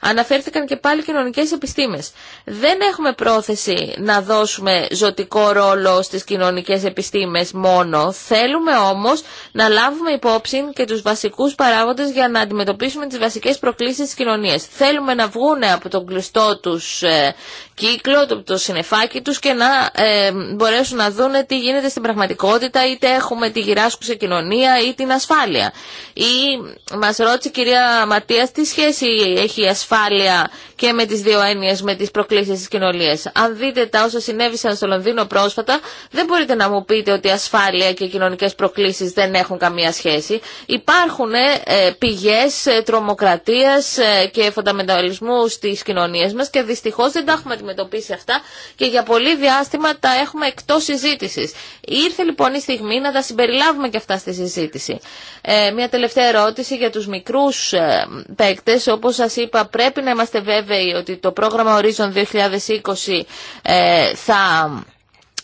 B: Αναφέρθηκαν και πάλι κοινωνικές επιστήμες. Δεν έχουμε πρόθεση να δώσουμε ζωτικό ρόλο στις κοινωνικές επιστήμες μόνο. Θέλουμε όμως να λάβουμε υπόψη και τους βασικούς παράγοντες για να αντιμετωπίσουμε τι βασικές προκλήσει τη κοινωνίας. Θέλουμε να βγουν από τον κλειστό τους ε, κύκλο, το, το συνεφάκι τους και να ε, μπορέσουν να δούνε τι γίνεται στην πραγματικότητα, είτε έχουμε τη γυράσκουσα κοινωνία ή την ασφάλεια. Ή μας ρώτησε η κυρία Ματίας τι σχέση έχει η ασφάλεια και με τις δύο έννοιες με τις προκλήσεις της κοινωνίας. Αν δείτε τα όσα συνέβησαν στο Λονδίνο πρόσφατα, δεν μπορείτε να μου πείτε ότι ασφάλεια και οι κοινωνικές προκλήσεις δεν έχουν καμία σχέση. Υπάρχουν ε, ε πηγές ε, τρομοκρατίας ε, και φονταμενταλισμού στις κοινωνίες μας και δυστυχώς δεν τα έχουμε αντιμετωπίσει αυτά και για πολύ διάστημα τα έχουμε εκτός συζήτησης. Ήρθε λοιπόν η στιγμή να τα συμπεριλάβουμε και αυτά στη συζήτηση. Ε, μια τελευταία ερώτηση για τους μικρούς ε, παίκτες. Όπως σας είπα πρέπει να είμαστε βέβαιοι ότι το πρόγραμμα Horizon 2020 ε, θα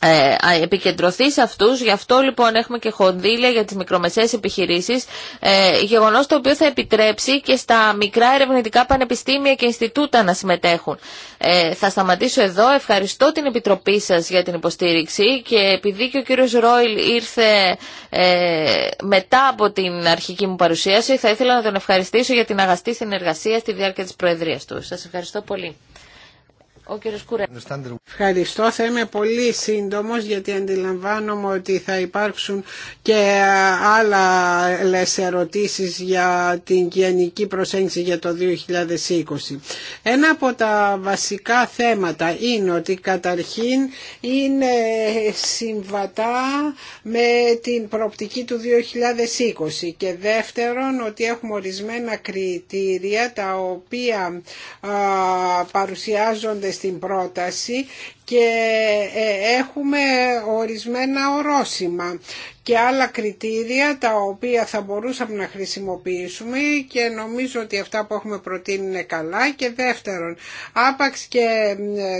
B: ε, επικεντρωθεί σε αυτούς, γι' αυτό λοιπόν έχουμε και χονδύλια για τις μικρομεσαίες επιχειρήσεις, ε, γεγονός το οποίο θα επιτρέψει και στα μικρά ερευνητικά πανεπιστήμια και Ινστιτούτα να συμμετέχουν. Ε, θα σταματήσω εδώ, ευχαριστώ την Επιτροπή σας για την υποστήριξη και επειδή και ο κύριος Ρόιλ ήρθε ε, μετά από την αρχική μου παρουσίαση, θα ήθελα να τον ευχαριστήσω για την αγαστή συνεργασία στη διάρκεια της Προεδρίας του. Σας ευχαριστώ πολύ.
A: Ευχαριστώ. Θα είμαι πολύ σύντομο γιατί αντιλαμβάνομαι ότι θα υπάρξουν και άλλα ερωτήσει για την γενική προσέγγιση για το 2020. Ένα από τα βασικά θέματα είναι ότι καταρχήν είναι συμβατά με την προοπτική του 2020 και δεύτερον ότι έχουμε ορισμένα κριτήρια τα οποία παρουσιάζονται στην πρόταση και ε, έχουμε ορισμένα ορόσημα και άλλα κριτήρια τα οποία θα μπορούσαμε να χρησιμοποιήσουμε και νομίζω ότι αυτά που έχουμε προτείνει είναι καλά και δεύτερον άπαξ και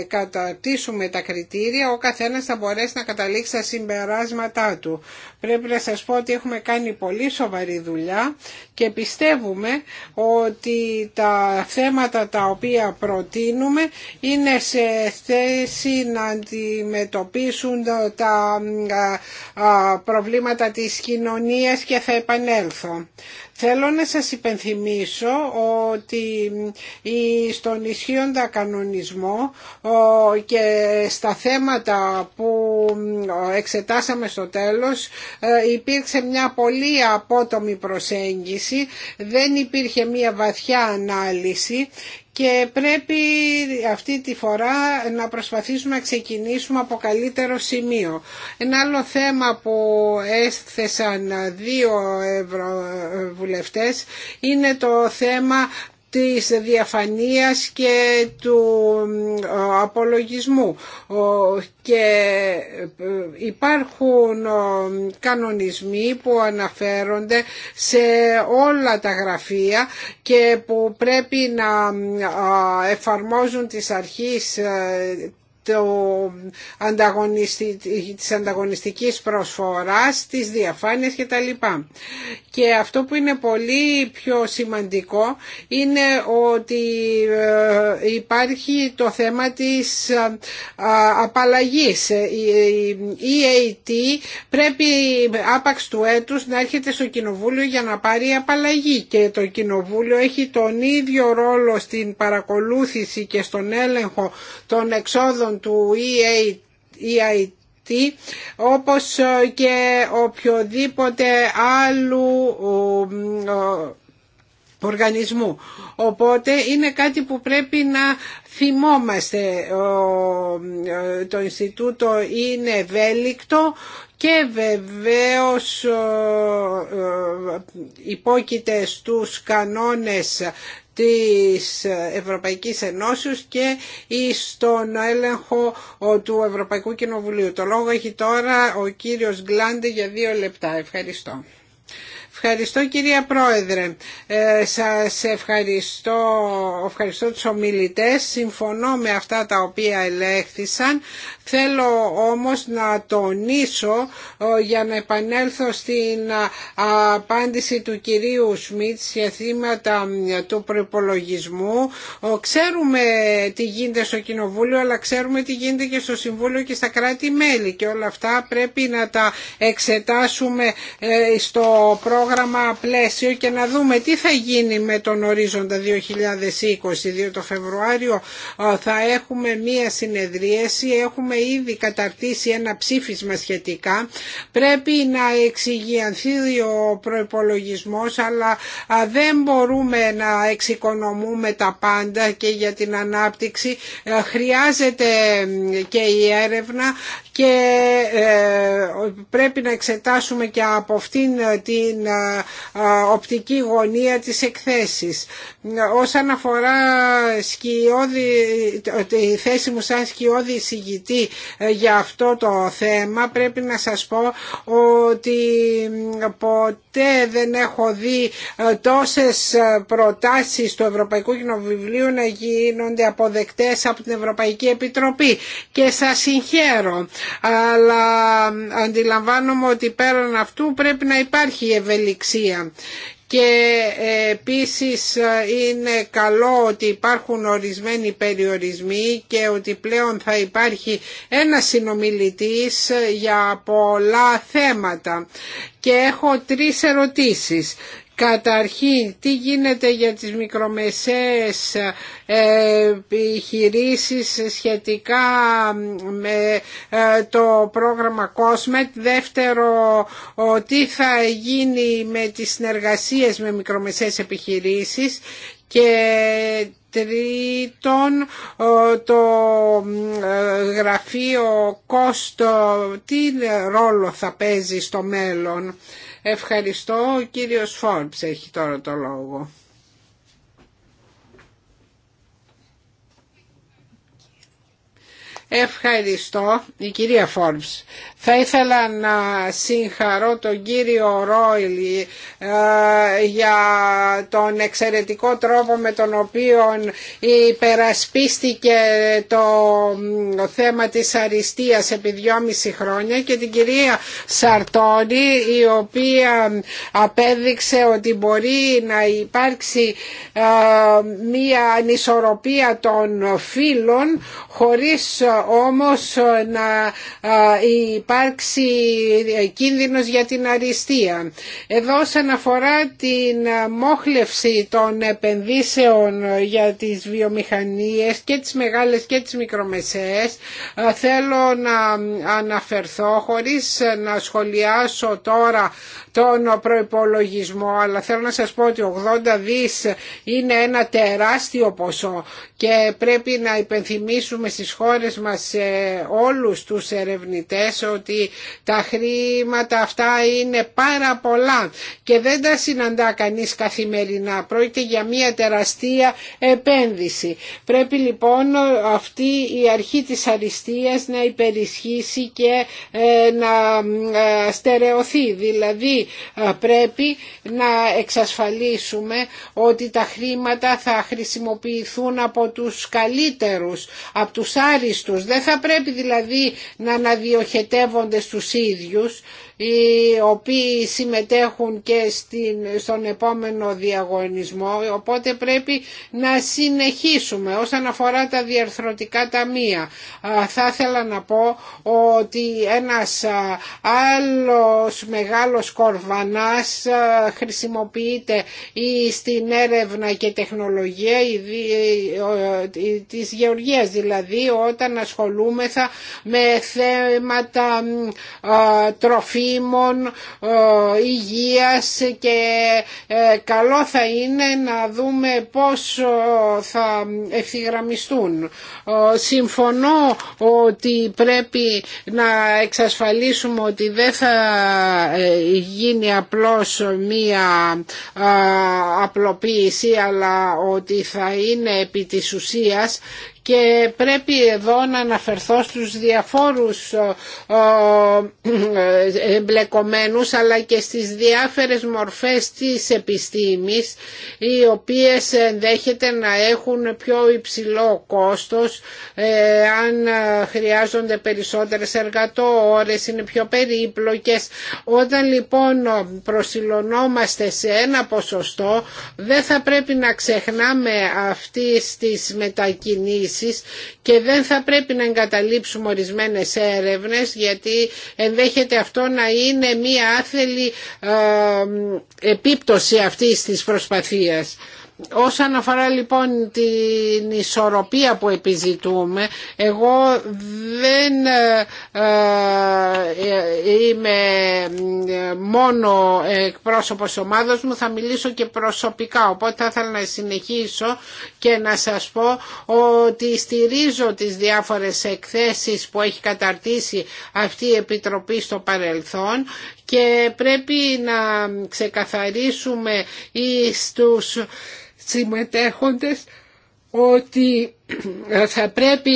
A: κατατίσουμε τα κριτήρια ο καθένας θα μπορέσει να καταλήξει τα συμπεράσματά του. Πρέπει να σας πω ότι έχουμε κάνει πολύ σοβαρή δουλειά και πιστεύουμε ότι τα θέματα τα οποία προτείνουμε είναι σε θέση να αντιμετωπίσουν τα προβλήματα προβλήματα της κοινωνίας και θα επανέλθω. Θέλω να σας υπενθυμίσω ότι στον ισχύοντα κανονισμό και στα θέματα που εξετάσαμε στο τέλος ε, υπήρξε μια πολύ απότομη προσέγγιση, δεν υπήρχε μια βαθιά ανάλυση και πρέπει αυτή τη φορά να προσπαθήσουμε να ξεκινήσουμε από καλύτερο σημείο. Ένα άλλο θέμα που έσθεσαν δύο βουλευτές είναι το θέμα της διαφανείας και του ε, απολογισμού και ε, υπάρχουν ε, κανονισμοί που αναφέρονται σε όλα τα γραφεία και που πρέπει να εφαρμόζουν τις αρχές το ανταγωνιστική της ανταγωνιστικής προσφοράς, της διαφάνειας κτλ. Και αυτό που είναι πολύ πιο σημαντικό είναι ότι ε, υπάρχει το θέμα της ε, απαλλαγής. Η EAT πρέπει άπαξ του έτους να έρχεται στο Κοινοβούλιο για να πάρει απαλλαγή και το Κοινοβούλιο έχει τον ίδιο ρόλο στην παρακολούθηση και στον έλεγχο των εξόδων του EIT όπως και οποιοδήποτε άλλου οργανισμού. Οπότε είναι κάτι που πρέπει να θυμόμαστε. Το Ινστιτούτο είναι ευέλικτο και βεβαίως υπόκειται στους κανόνες της Ευρωπαϊκής Ενώσεως και στον έλεγχο του Ευρωπαϊκού Κοινοβουλίου. Το λόγο έχει τώρα ο κύριος Γκλάντε για δύο λεπτά. Ευχαριστώ. Ευχαριστώ κυρία Πρόεδρε. Ε, σας ευχαριστώ, ευχαριστώ τους ομιλητές. Συμφωνώ με αυτά τα οποία ελέγχθησαν. Θέλω όμως να τονίσω ε, για να επανέλθω στην ε, απάντηση του κυρίου Σμιτ σε θύματα του προπολογισμού. Ε, ξέρουμε τι γίνεται στο Κοινοβούλιο αλλά ξέρουμε τι γίνεται και στο Συμβούλιο και στα κράτη-μέλη και όλα αυτά πρέπει να τα εξετάσουμε στο πρόγραμμα πλαίσιο και να δούμε τι θα γίνει με τον ορίζοντα 2020 διότι το Φεβρουάριο θα έχουμε μία συνεδρίαση, ήδη καταρτήσει ένα ψήφισμα σχετικά. Πρέπει να εξηγιανθεί ο προϋπολογισμός αλλά δεν μπορούμε να εξοικονομούμε τα πάντα και για την ανάπτυξη. Ε, χρειάζεται και η έρευνα και ε, πρέπει να εξετάσουμε και από αυτήν την ε, ε, οπτική γωνία της εκθέσεις. Όσον αφορά σκιώδη, τη θέση μου σαν σκιώδη εισηγητή για αυτό το θέμα πρέπει να σας πω ότι ποτέ δεν έχω δει τόσες προτάσεις του Ευρωπαϊκού Κοινοβουλίου να γίνονται αποδεκτές από την Ευρωπαϊκή Επιτροπή και σας συγχαίρω αλλά αντιλαμβάνομαι ότι πέραν αυτού πρέπει να υπάρχει ευελιξία και επίσης είναι καλό ότι υπάρχουν ορισμένοι περιορισμοί και ότι πλέον θα υπάρχει ένα συνομιλητής για πολλά θέματα. Και έχω τρεις ερωτήσεις. Καταρχήν, τι γίνεται για τις μικρομεσαίες ε, επιχειρήσεις σχετικά με ε, το πρόγραμμα COSMET. Δεύτερο, τι θα γίνει με τις συνεργασίες με μικρομεσαίες επιχειρήσεις και τρίτον το ε, γραφείο COST, τι ρόλο θα παίζει στο μέλλον Ευχαριστώ. Ο κύριος Φόρμπς έχει τώρα το λόγο. Ευχαριστώ, η κυρία Φόρμς. Θα ήθελα να συγχαρώ τον κύριο Ρόιλι ε, για τον εξαιρετικό τρόπο με τον οποίο υπερασπίστηκε το θέμα της αριστείας επί δυόμιση χρόνια και την κυρία Σαρτόνη η οποία απέδειξε ότι μπορεί να υπάρξει ε, μία ανισορροπία των φίλων χωρίς όμως ε, να ε, υπάρξει κίνδυνος για την αριστεία. Εδώ σε αφορά την μόχλευση των επενδύσεων για τις βιομηχανίες και τις μεγάλες και τις μικρομεσαίες ε, θέλω να αναφερθώ χωρίς να σχολιάσω τώρα τον προϋπολογισμό αλλά θέλω να σας πω ότι 80 δις είναι ένα τεράστιο ποσό και πρέπει να υπενθυμίσουμε στις χώρες μας σε όλους τους ερευνητές ότι τα χρήματα αυτά είναι πάρα πολλά και δεν τα συναντά κανείς καθημερινά. Πρόκειται για μια τεραστία επένδυση. Πρέπει λοιπόν αυτή η αρχή της αριστείας να υπερισχύσει και ε, να ε, στερεωθεί. Δηλαδή ε, πρέπει να εξασφαλίσουμε ότι τα χρήματα θα χρησιμοποιηθούν από τους καλύτερους, από τους άριστους δεν θα πρέπει δηλαδή να αναδιοχετεύονται στους ίδιους οι οποίοι συμμετέχουν και στην, στον επόμενο διαγωνισμό οπότε πρέπει να συνεχίσουμε όσον αφορά τα διαρθρωτικά ταμεία θα ήθελα να πω ότι ένας άλλος μεγάλος κορβανάς χρησιμοποιείται στην έρευνα και τεχνολογία της γεωργίας δηλαδή όταν ασχολούμεθα με θέματα τροφή υγεία, ε, υγείας και ε, καλό θα είναι να δούμε πώς θα ευθυγραμμιστούν. Ε, συμφωνώ ότι πρέπει να εξασφαλίσουμε ότι δεν θα γίνει απλώς μία απλοποίηση αλλά ότι θα είναι επί της ουσίας και πρέπει εδώ να αναφερθώ στους διαφόρους εμπλεκομένους αλλά και στις διάφορες μορφές της επιστήμης οι οποίες ενδέχεται να έχουν πιο υψηλό κόστος ε, αν χρειάζονται περισσότερες εργατόρες, είναι πιο περίπλοκες. Όταν λοιπόν προσιλωνόμαστε σε ένα ποσοστό δεν θα πρέπει να ξεχνάμε αυτή της μετακινήσεις και δεν θα πρέπει να εγκαταλείψουμε ορισμένες έρευνες γιατί ενδέχεται αυτό να είναι μία άθελη ε, επίπτωση αυτής της προσπαθίας. Όσον αφορά λοιπόν την ισορροπία που επιζητούμε, εγώ δεν ε, ε, είμαι ε, μόνο εκπρόσωπος ομάδος μου, θα μιλήσω και προσωπικά. Οπότε θα ήθελα να συνεχίσω και να σας πω ότι στηρίζω τις διάφορες εκθέσεις που έχει καταρτήσει αυτή η Επιτροπή στο παρελθόν και πρέπει να ξεκαθαρίσουμε στους συμμετέχοντες ότι θα πρέπει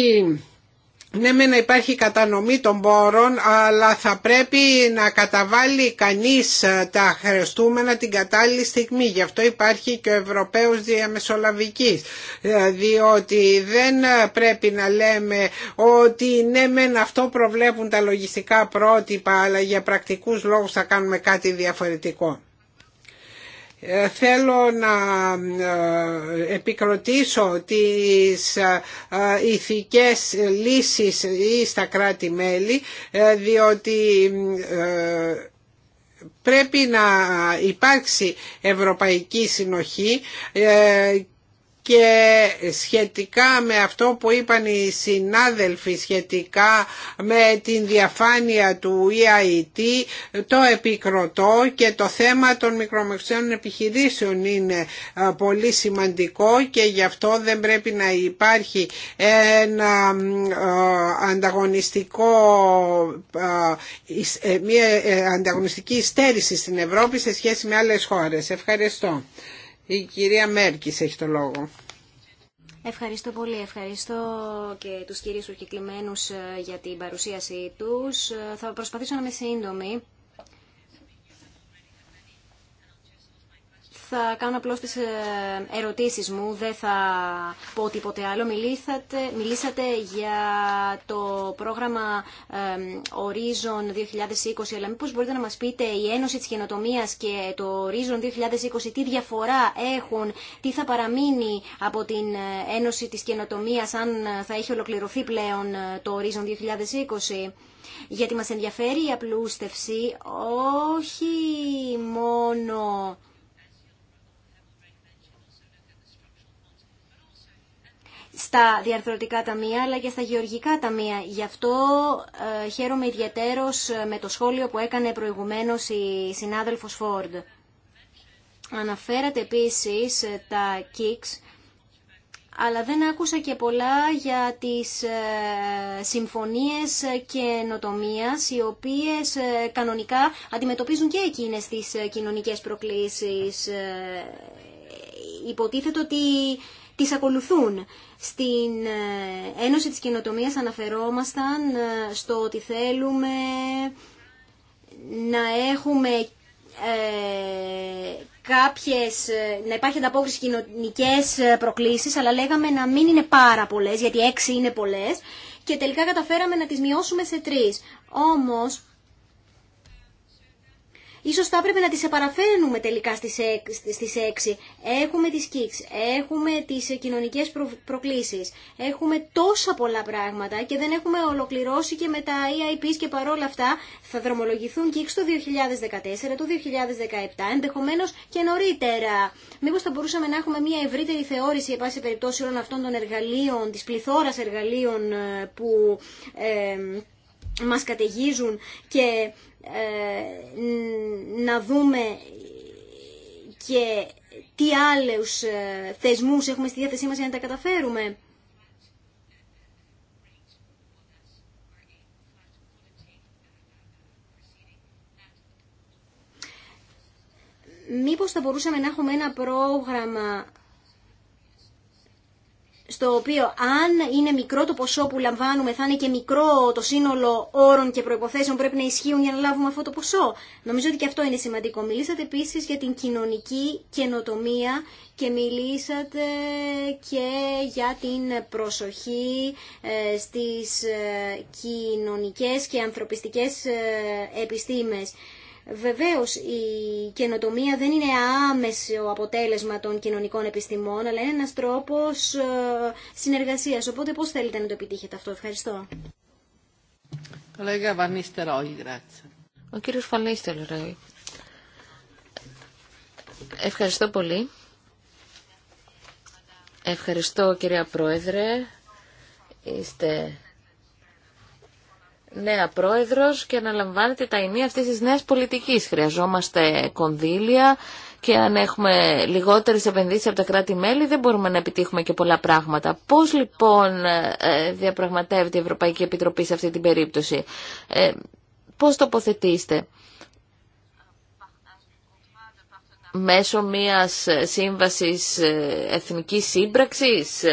A: ναι με να υπάρχει κατανομή των πόρων αλλά θα πρέπει να καταβάλει κανείς ε, τα χρεστούμενα την κατάλληλη στιγμή. Γι' αυτό υπάρχει και ο Ευρωπαίος Διαμεσολαβικής ε, διότι δεν ε, πρέπει να λέμε ότι ναι μεν αυτό προβλέπουν τα λογιστικά πρότυπα αλλά για πρακτικούς λόγους θα κάνουμε κάτι διαφορετικό. Ε, θέλω να ε, επικροτήσω τις ε, ηθικές λύσεις στα κράτη-μέλη διότι πρέπει να υπάρξει ευρωπαϊκή συνοχή και σχετικά με αυτό που είπαν οι συνάδελφοι σχετικά με την διαφάνεια του EIT το επικροτώ και το θέμα των μικρομεσαίων επιχειρήσεων είναι ε, πολύ σημαντικό και γι' αυτό δεν πρέπει να υπάρχει ένα ε, ανταγωνιστικό ε, μια ανταγωνιστική στέρηση στην Ευρώπη σε σχέση με άλλες χώρες. Ευχαριστώ. Η κυρία Μέρκης έχει το λόγο.
C: Ευχαριστώ πολύ. Ευχαριστώ και τους κυρίους ορκυκλημένους ε, για την παρουσίασή τους. Ε, θα προσπαθήσω να είμαι σύντομη. Θα κάνω απλώς τις ε, ερωτήσεις μου, δεν θα πω τίποτε άλλο. Μιλήσατε, μιλήσατε για το πρόγραμμα Horizon 2020, αλλά μήπως μπορείτε να μας πείτε η Ένωση της Καινοτομίας και το Horizon 2020 τι διαφορά έχουν, τι θα παραμείνει από την ε, Ένωση της Καινοτομίας αν θα έχει ολοκληρωθεί πλέον ε, το Horizon 2020 γιατί μας ενδιαφέρει η απλούστευση όχι μόνο στα διαρθρωτικά ταμεία αλλά και στα γεωργικά ταμεία. Γι' αυτό ε, χαίρομαι ιδιαίτερος ε, με το σχόλιο που έκανε προηγουμένως η συνάδελφος Φόρντ. Αναφέρατε επίσης ε, τα ΚΙΚΣ, αλλά δεν άκουσα και πολλά για τις ε, συμφωνίες καινοτομία, οι οποίες κανονικά αντιμετωπίζουν και εκείνες τις κοινωνικές προκλήσεις. Υποτίθεται ότι τις ακολουθούν. Στην ε, Ένωση της Κοινοτομίας αναφερόμασταν ε, στο ότι θέλουμε να έχουμε ε, κάποιες, ε, να υπάρχει ανταπόκριση κοινωνικές προκλήσεις, αλλά λέγαμε να μην είναι πάρα πολλές, γιατί έξι είναι πολλές, και τελικά καταφέραμε να τις μειώσουμε σε τρεις. Όμως, Ίσως θα έπρεπε να τις επαραφέρνουμε τελικά στις έξι. Έχουμε τις κίξ, έχουμε τις κοινωνικές προκλήσεις, έχουμε τόσα πολλά πράγματα και δεν έχουμε ολοκληρώσει και με τα EIPs και παρόλα αυτά θα δρομολογηθούν κίξ το 2014, το 2017, ενδεχομένως και νωρίτερα. Μήπως θα μπορούσαμε να έχουμε μια ευρύτερη θεώρηση, εν πάση περιπτώσει, όλων αυτών των εργαλείων, της πληθώρας εργαλείων ε, που ε, μας καταιγίζουν και ε, να δούμε και τι άλλους ε, θεσμούς έχουμε στη διάθεσή μας για να τα καταφέρουμε. Μήπως θα μπορούσαμε να έχουμε ένα πρόγραμμα στο οποίο αν είναι μικρό το ποσό που λαμβάνουμε θα είναι και μικρό το σύνολο όρων και προϋποθέσεων πρέπει να ισχύουν για να λάβουμε αυτό το ποσό. Νομίζω ότι και αυτό είναι σημαντικό. Μιλήσατε επίσης για την κοινωνική καινοτομία και μιλήσατε και για την προσοχή ε, στις ε, κοινωνικές και ανθρωπιστικές ε, επιστήμες. Βεβαίως η καινοτομία δεν είναι άμεσο αποτέλεσμα των κοινωνικών επιστημών, αλλά είναι ένας τρόπος ε, συνεργασίας. Οπότε πώς θέλετε να το επιτύχετε αυτό. Ευχαριστώ.
B: Ο κύριος Φανίστερ Ευχαριστώ πολύ. Ευχαριστώ κυρία Πρόεδρε. Είστε νέα πρόεδρος και αναλαμβάνεται τα ενία αυτής της νέας πολιτικής. Χρειαζόμαστε κονδύλια και αν έχουμε λιγότερες επενδύσεις από τα κράτη-μέλη δεν μπορούμε να επιτύχουμε και πολλά πράγματα. Πώς λοιπόν ε, διαπραγματεύεται η Ευρωπαϊκή Επιτροπή σε αυτή την περίπτωση. πώ ε, πώς τοποθετήστε μέσω μιας σύμβασης ε, εθνικής σύμπραξης.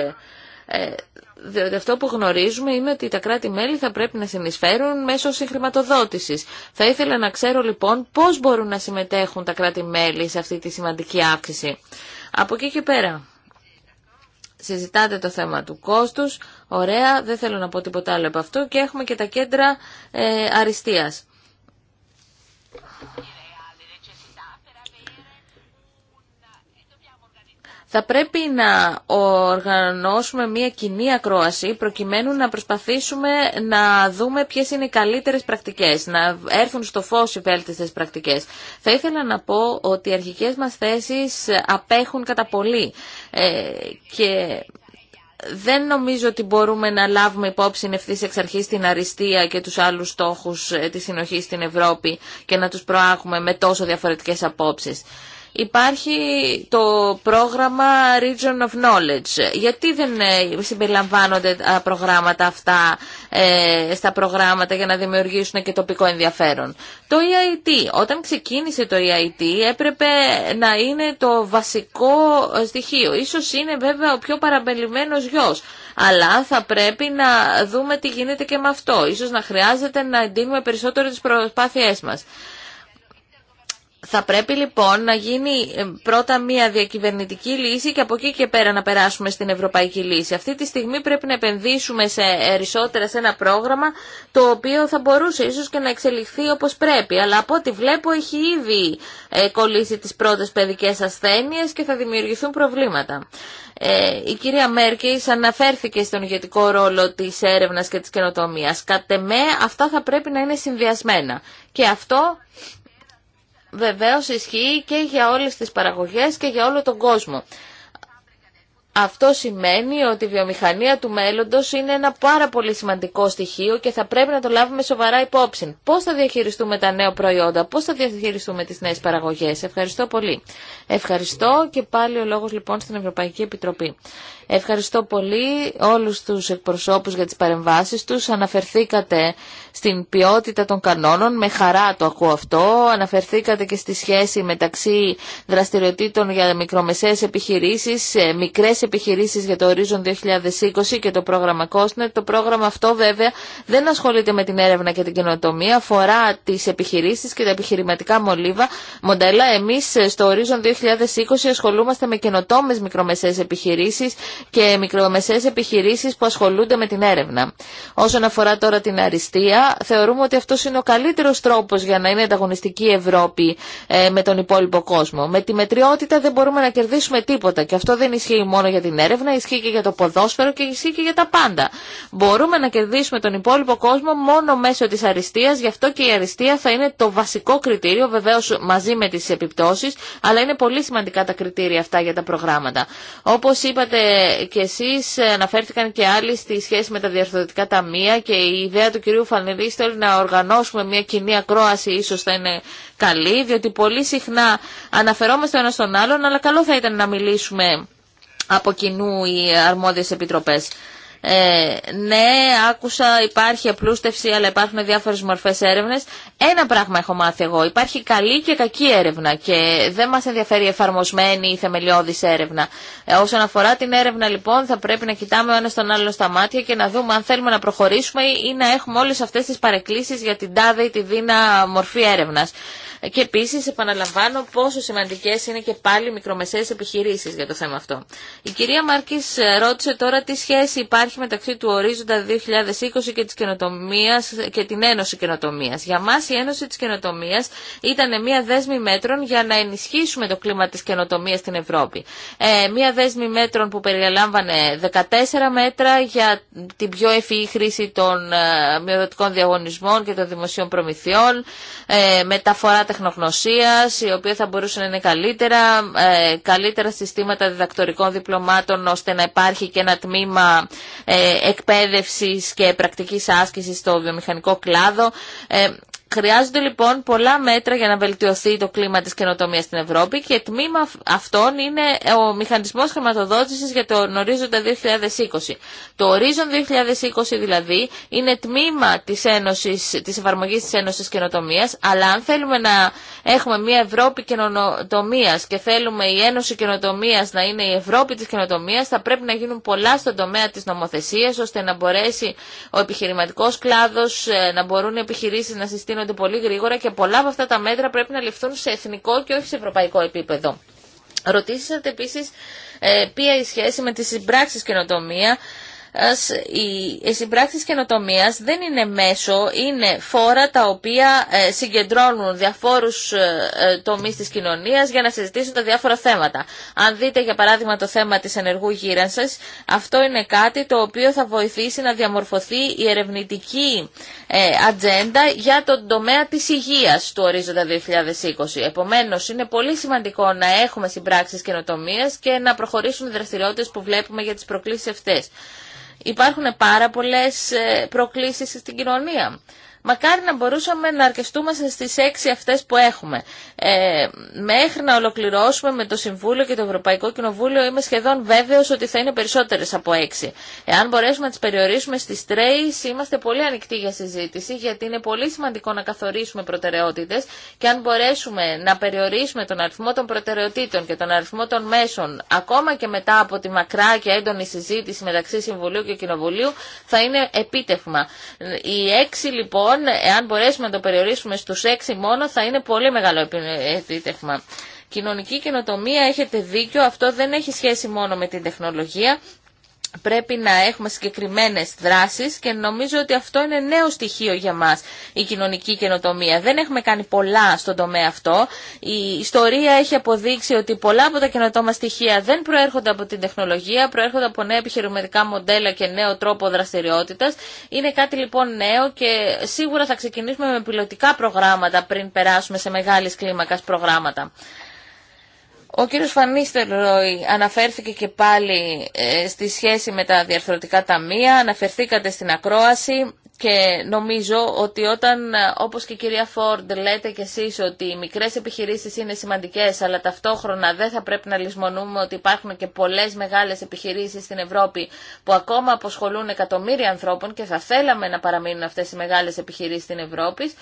B: Διότι αυτό που γνωρίζουμε είναι ότι τα κράτη-μέλη θα πρέπει να συνεισφέρουν μέσω συγχρηματοδότηση. Θα ήθελα να ξέρω λοιπόν πώ μπορούν να συμμετέχουν τα κράτη-μέλη σε αυτή τη σημαντική αύξηση. Από εκεί και πέρα. Συζητάτε το θέμα του κόστου. Ωραία, δεν θέλω να πω τίποτα άλλο από αυτό. Και έχουμε και τα κέντρα ε, αριστεία. θα πρέπει να οργανώσουμε μια κοινή ακρόαση προκειμένου να προσπαθήσουμε να δούμε ποιες είναι οι καλύτερες πρακτικές, να έρθουν στο φως οι βέλτιστες πρακτικές. Θα ήθελα να πω ότι οι αρχικές μας θέσεις απέχουν κατά πολύ ε, και δεν νομίζω ότι μπορούμε να λάβουμε υπόψη ευθύ εξ αρχή την αριστεία και τους άλλου στόχου ε, τη συνοχή στην Ευρώπη και να του προάγουμε με τόσο διαφορετικέ απόψει υπάρχει το πρόγραμμα Region of Knowledge. Γιατί δεν ε, συμπεριλαμβάνονται τα προγράμματα αυτά ε, στα προγράμματα για να δημιουργήσουν και τοπικό ενδιαφέρον. Το EIT, όταν ξεκίνησε το EIT έπρεπε να είναι το βασικό στοιχείο. Ίσως είναι βέβαια ο πιο παραμελημένος γιος. Αλλά θα πρέπει να δούμε τι γίνεται και με αυτό. Ίσως να χρειάζεται να εντείνουμε περισσότερο τις προσπάθειές μας. Θα πρέπει λοιπόν να γίνει ε, πρώτα μια διακυβερνητική λύση και από εκεί και πέρα να περάσουμε στην ευρωπαϊκή λύση. Αυτή τη στιγμή πρέπει να επενδύσουμε σε περισσότερα σε ένα πρόγραμμα το οποίο θα μπορούσε ίσως και να εξελιχθεί όπως πρέπει. Αλλά από ό,τι βλέπω έχει ήδη ε, κολλήσει τις πρώτες παιδικές ασθένειες και θα δημιουργηθούν προβλήματα. Ε, η κυρία Μέρκης αναφέρθηκε στον ηγετικό ρόλο της έρευνας και της καινοτομίας. Κατ' εμέ αυτά θα πρέπει να είναι συνδυασμένα. Και αυτό βεβαίως ισχύει και για όλες τις παραγωγές και για όλο τον κόσμο. Αυτό σημαίνει ότι η βιομηχανία του μέλλοντος είναι ένα πάρα πολύ σημαντικό στοιχείο και θα πρέπει να το λάβουμε σοβαρά υπόψη. Πώς θα διαχειριστούμε τα νέα προϊόντα, πώς θα διαχειριστούμε τις νέες παραγωγές. Ευχαριστώ πολύ. Ευχαριστώ και πάλι ο λόγος λοιπόν στην Ευρωπαϊκή Επιτροπή. Ευχαριστώ πολύ όλους τους εκπροσώπους για τις παρεμβάσεις τους. Αναφερθήκατε στην ποιότητα των κανόνων, με χαρά το ακούω αυτό. Αναφερθήκατε και στη σχέση μεταξύ δραστηριοτήτων για μικρομεσαίες επιχειρήσεις, ε, μικρές επιχειρήσεις για το Horizon 2020 και το πρόγραμμα Κόσνερ. Το πρόγραμμα αυτό βέβαια δεν ασχολείται με την έρευνα και την καινοτομία, αφορά τις επιχειρήσεις και τα επιχειρηματικά μολύβα. Μοντέλα, εμείς ε, στο Horizon 2020 ασχολούμαστε με καινοτόμες μικρομεσαίες επιχειρήσεις και μικρομεσαίες επιχειρήσεις που ασχολούνται με την έρευνα. Όσον αφορά τώρα την αριστεία, θεωρούμε ότι αυτό είναι ο καλύτερος τρόπος για να είναι ανταγωνιστική η Ευρώπη ε, με τον υπόλοιπο κόσμο. Με τη μετριότητα δεν μπορούμε να κερδίσουμε τίποτα και αυτό δεν ισχύει μόνο για την έρευνα, ισχύει και για το ποδόσφαιρο και ισχύει και για τα πάντα. Μπορούμε να κερδίσουμε τον υπόλοιπο κόσμο μόνο μέσω της αριστείας, γι' αυτό και η αριστεία θα είναι το βασικό κριτήριο, βεβαίως μαζί με τις επιπτώσεις, αλλά είναι πολύ σημαντικά τα κριτήρια αυτά για τα προγράμματα. Όπως είπατε και εσείς αναφέρθηκαν και άλλοι στη σχέση με τα διαρθρωτικά ταμεία και η ιδέα του κυρίου θέλει να οργανώσουμε μια κοινή ακρόαση ίσως θα είναι καλή, διότι πολύ συχνά αναφερόμαστε ο ένας τον άλλον, αλλά καλό θα ήταν να μιλήσουμε από κοινού οι αρμόδιες επιτροπές. Ε, ναι, άκουσα, υπάρχει απλούστευση, αλλά υπάρχουν διάφορε μορφέ έρευνε. Ένα πράγμα έχω μάθει εγώ. Υπάρχει καλή και κακή έρευνα και δεν μα ενδιαφέρει η εφαρμοσμένη ή θεμελιώδη έρευνα. Ε, όσον αφορά την έρευνα, λοιπόν, θα πρέπει να κοιτάμε ο ένα τον άλλον στα μάτια και να δούμε αν θέλουμε να προχωρήσουμε ή να έχουμε όλε αυτέ τι παρεκκλήσει για την τάδε ή τη δίνα μορφή έρευνα. Και επίση, επαναλαμβάνω πόσο σημαντικέ είναι και πάλι οι μικρομεσαίε επιχειρήσει για το θέμα αυτό. Η κυρία Μάρκη ρώτησε τώρα τι σχέση υπάρχει μεταξύ του ορίζοντα 2020 και τη καινοτομία και την Ένωση Καινοτομία. Για μα, η Ένωση τη Καινοτομία ήταν μια δέσμη μέτρων για να ενισχύσουμε το κλίμα τη καινοτομία στην Ευρώπη. Ε, μια δέσμη μέτρων που περιλαμβάνε 14 μέτρα για την πιο ευφυή χρήση των ε, μειοδοτικών διαγωνισμών και των δημοσίων προμηθειών, ε, μεταφορά τεχνογνωσίας, η οποία θα μπορούσε να είναι καλύτερα, ε, καλύτερα συστήματα διδακτορικών διπλωμάτων, ώστε να υπάρχει και ένα τμήμα ε, εκπαίδευσης και πρακτικής άσκησης στο βιομηχανικό κλάδο. Ε, Χρειάζονται λοιπόν πολλά μέτρα για να βελτιωθεί το κλίμα της καινοτομίας στην Ευρώπη και τμήμα αυτών είναι ο μηχανισμός χρηματοδότησης για τον ορίζοντα 2020. Το ορίζον 2020 δηλαδή είναι τμήμα της, Ένωσης, της εφαρμογής της Ένωσης Καινοτομίας, αλλά αν θέλουμε να έχουμε μια Ευρώπη καινοτομίας και θέλουμε η Ένωση Καινοτομίας να είναι η Ευρώπη της καινοτομίας, θα πρέπει να γίνουν πολλά στον τομέα της νομοθεσίας, ώστε να μπορέσει ο επιχειρηματικός κλάδος, ε, να μπορούν οι επιχειρήσεις να συστήνουν γίνονται πολύ γρήγορα και πολλά από αυτά τα μέτρα πρέπει να ληφθούν σε εθνικό και όχι σε ευρωπαϊκό επίπεδο. Ρωτήσατε επίσης ε, ποια η σχέση με τις συμπράξεις καινοτομία οι συμπράξεις καινοτομία δεν είναι μέσο, είναι φόρα τα οποία ε, συγκεντρώνουν διαφόρους ε, ε, τομείς της κοινωνίας για να συζητήσουν τα διάφορα θέματα. Αν δείτε για παράδειγμα το θέμα της ενεργού γύρανσης, αυτό είναι κάτι το οποίο θα βοηθήσει να διαμορφωθεί η ερευνητική ατζέντα για τον τομέα της υγείας του ορίζοντα 2020. Επομένως, είναι πολύ σημαντικό να έχουμε συμπράξεις καινοτομία και να προχωρήσουν οι δραστηριότητες που βλέπουμε για τις προκλήσεις αυτές. Υπάρχουν πάρα πολλές ε, προκλήσεις στην κοινωνία. Μακάρι να μπορούσαμε να αρκεστούμε στις έξι αυτές που έχουμε. Ε, μέχρι να ολοκληρώσουμε με το Συμβούλιο και το Ευρωπαϊκό Κοινοβούλιο είμαι σχεδόν βέβαιος ότι θα είναι περισσότερες από έξι. Εάν μπορέσουμε να τις περιορίσουμε στις τρεις είμαστε πολύ ανοιχτοί για συζήτηση γιατί είναι πολύ σημαντικό να καθορίσουμε προτεραιότητες και αν μπορέσουμε να περιορίσουμε τον αριθμό των προτεραιοτήτων και τον αριθμό των μέσων ακόμα και μετά από τη μακρά και έντονη συζήτηση μεταξύ Συμβουλίου και Κοινοβουλίου θα είναι επίτευγμα. Οι έξι λοιπόν λοιπόν, εάν μπορέσουμε να το περιορίσουμε στους έξι μόνο, θα είναι πολύ μεγάλο επίτευγμα. Κοινωνική καινοτομία, έχετε δίκιο, αυτό δεν έχει σχέση μόνο με την τεχνολογία, πρέπει να έχουμε συγκεκριμένες δράσεις και νομίζω ότι αυτό είναι νέο στοιχείο για μας η κοινωνική καινοτομία. Δεν έχουμε κάνει πολλά στον τομέα αυτό. Η ιστορία έχει αποδείξει ότι πολλά από τα καινοτόμα στοιχεία δεν προέρχονται από την τεχνολογία, προέρχονται από νέα επιχειρηματικά μοντέλα και νέο τρόπο δραστηριότητας. Είναι κάτι λοιπόν νέο και σίγουρα θα ξεκινήσουμε με πιλωτικά προγράμματα πριν περάσουμε σε μεγάλης κλίμακας προγράμματα. Ο κύριος Ρόι αναφέρθηκε και πάλι ε, στη σχέση με τα διαρθρωτικά ταμεία, αναφερθήκατε στην ακρόαση και νομίζω ότι όταν, ε, όπως και η κυρία Φόρντ, λέτε και εσείς ότι οι μικρές επιχειρήσεις είναι σημαντικές, αλλά ταυτόχρονα δεν θα πρέπει να λησμονούμε ότι υπάρχουν και πολλές μεγάλες επιχειρήσεις στην Ευρώπη που ακόμα αποσχολούν εκατομμύρια ανθρώπων και θα θέλαμε να παραμείνουν αυτές οι μεγάλες επιχειρήσεις στην Ευρώπη,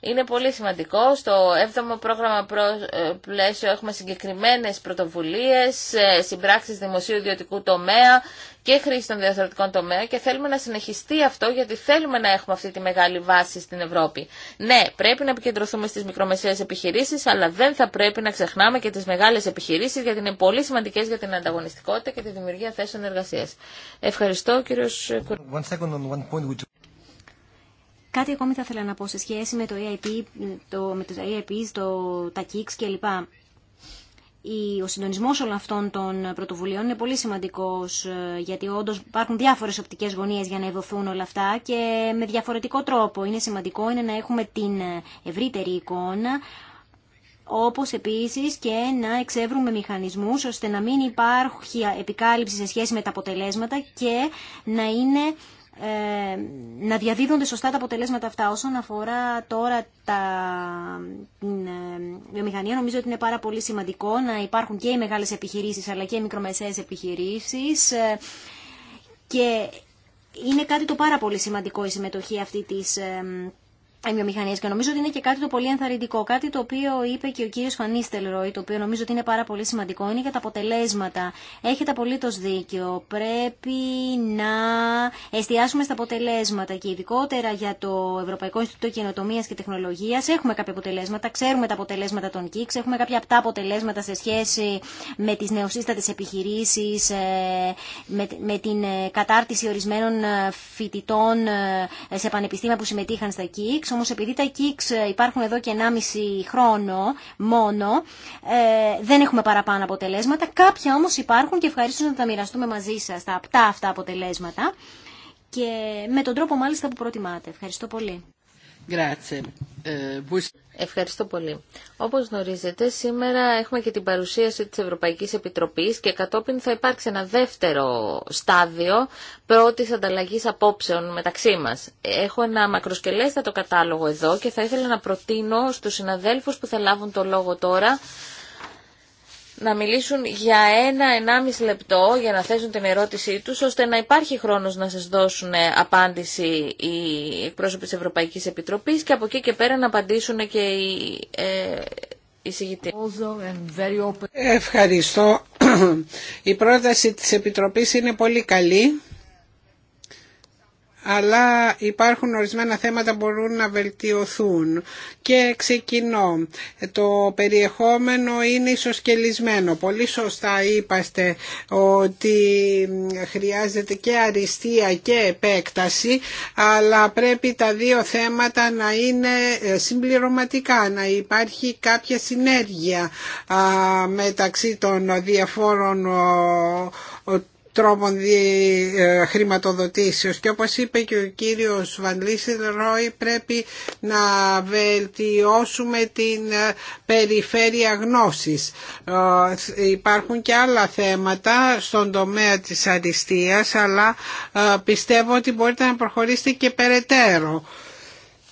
B: είναι πολύ σημαντικό. Στο 7ο πρόγραμμα ε, πλαίσιο έχουμε συγκεκριμένες πρωτοβουλίες, ε, συμπράξεις δημοσίου ιδιωτικού τομέα και χρήση των διαθροτικών τομέα και θέλουμε να συνεχιστεί αυτό γιατί θέλουμε να έχουμε αυτή τη μεγάλη βάση στην Ευρώπη. Ναι, πρέπει να επικεντρωθούμε στις μικρομεσαίες επιχειρήσεις, αλλά δεν θα πρέπει να ξεχνάμε και τις μεγάλες επιχειρήσεις γιατί είναι πολύ σημαντικές για την ανταγωνιστικότητα και τη δημιουργία θέσεων εργασίας. Ευχαριστώ κύριος
C: Κάτι ακόμη θα ήθελα να πω σε σχέση με το EIP, το, με το το, τα KICS κλπ. Ο συντονισμός όλων αυτών των πρωτοβουλίων είναι πολύ σημαντικός ε, γιατί όντως υπάρχουν διάφορες οπτικές γωνίες για να ειδωθούν όλα αυτά και με διαφορετικό τρόπο. Είναι σημαντικό είναι να έχουμε την ευρύτερη εικόνα όπως επίσης και να εξεύρουμε μηχανισμούς ώστε να μην υπάρχει επικάλυψη σε σχέση με τα αποτελέσματα και να είναι ε, να διαδίδονται σωστά τα αποτελέσματα αυτά. Όσον αφορά τώρα τα, την ε, βιομηχανία, νομίζω ότι είναι πάρα πολύ σημαντικό να υπάρχουν και οι μεγάλες επιχειρήσεις αλλά και οι μικρομεσαίες επιχειρήσεις ε, και είναι κάτι το πάρα πολύ σημαντικό η συμμετοχή αυτή της βιομηχανίε. Και νομίζω ότι είναι και κάτι το πολύ ενθαρρυντικό. Κάτι το οποίο είπε και ο κύριο Ροϊ, το οποίο νομίζω ότι είναι πάρα πολύ σημαντικό, είναι για τα αποτελέσματα. Έχετε απολύτω δίκιο. Πρέπει να εστιάσουμε στα αποτελέσματα και ειδικότερα για το Ευρωπαϊκό Ινστιτούτο Καινοτομία και Τεχνολογία. Έχουμε κάποια αποτελέσματα, ξέρουμε τα αποτελέσματα των ΚΙΚΣ, έχουμε κάποια απτά αποτελέσματα σε σχέση με τι νεοσύστατε επιχειρήσει, ε, με την ε, κατάρτιση ορισμένων ε, φοιτητών σε πανεπιστήμια που συμμετείχαν στα ΚΙΚΣ Όμω, όμως επειδή τα Geeks ε, υπάρχουν εδώ και 1,5 χρόνο μόνο, ε, δεν έχουμε παραπάνω αποτελέσματα. Κάποια όμως υπάρχουν και ευχαριστώ να τα μοιραστούμε μαζί σας, τα αυτά αποτελέσματα και με τον τρόπο μάλιστα που
B: προτιμάτε. Ευχαριστώ πολύ. Ε, Ευχαριστώ πολύ. Όπως γνωρίζετε, σήμερα έχουμε και την παρουσίαση της Ευρωπαϊκής Επιτροπής και κατόπιν θα υπάρξει ένα δεύτερο στάδιο πρώτη ανταλλαγή απόψεων μεταξύ μα. Έχω ένα μακροσκελέστατο κατάλογο εδώ και θα ήθελα να προτείνω στους συναδέλφους που θα λάβουν το λόγο τώρα να μιλήσουν για ένα-ενάμιση λεπτό για να θέσουν την ερώτησή τους, ώστε να υπάρχει χρόνος να σας δώσουν απάντηση οι εκπρόσωποι της Ευρωπαϊκής Επιτροπής και από εκεί και πέρα να απαντήσουν και οι ε,
A: Ευχαριστώ. Η πρόταση της Επιτροπής είναι πολύ καλή αλλά υπάρχουν ορισμένα θέματα που μπορούν να βελτιωθούν. Και ξεκινώ. Το περιεχόμενο είναι ισοσκελισμένο. Πολύ σωστά είπαστε ότι χρειάζεται και αριστεία και επέκταση, αλλά πρέπει τα δύο θέματα να είναι συμπληρωματικά, να υπάρχει κάποια συνέργεια μεταξύ των διαφόρων τρόπων ε, χρηματοδοτήσεως και όπως είπε και ο κύριος Βανλίσης Ρόι πρέπει να βελτιώσουμε την ε, περιφέρεια γνώσης. Ε, υπάρχουν και άλλα θέματα στον τομέα της αριστείας αλλά πιστεύω ότι μπορείτε να προχωρήσετε και περαιτέρω.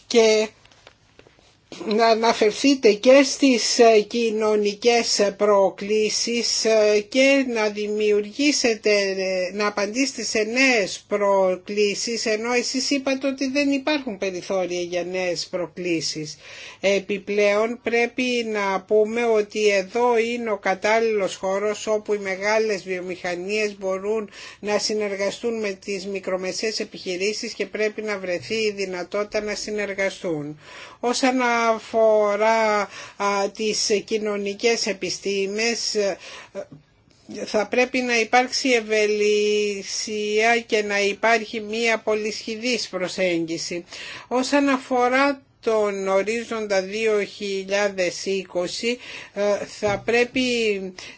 A: Και να αναφερθείτε και στις ε, κοινωνικές προκλήσεις ε, και να δημιουργήσετε, ε, να απαντήσετε σε νέες προκλήσεις ενώ εσείς είπατε ότι δεν υπάρχουν περιθώρια για νέες προκλήσεις. Επιπλέον πρέπει να πούμε ότι εδώ είναι ο κατάλληλος χώρος όπου οι μεγάλες βιομηχανίες μπορούν να συνεργαστούν με τις μικρομεσαίες επιχειρήσεις και πρέπει να βρεθεί η δυνατότητα να συνεργαστούν. Όσον αφορά τις κοινωνικές επιστήμες, θα πρέπει να υπάρξει ευελιξία και να υπάρχει μία πολυσχηδής προσέγγιση. Όσον αφορά τον ορίζοντα 2020 ε, θα πρέπει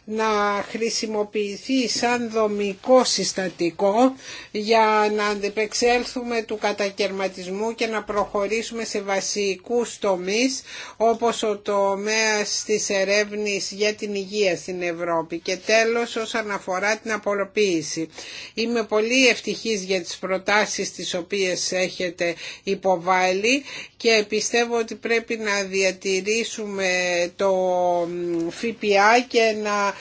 A: να χρησιμοποιηθεί σαν δομικό συστατικό για να αντεπεξέλθουμε του κατακαιρματισμού και να προχωρήσουμε σε βασικούς τομείς όπως ο τομέας της ερεύνης για την υγεία στην Ευρώπη. Και τέλος όσον αφορά την απολοποίηση. Είμαι πολύ ευτυχής για τις προτάσεις τις οποίες έχετε υποβάλει και πιστεύω ότι πρέπει να διατηρήσουμε το ΦΠΑ και να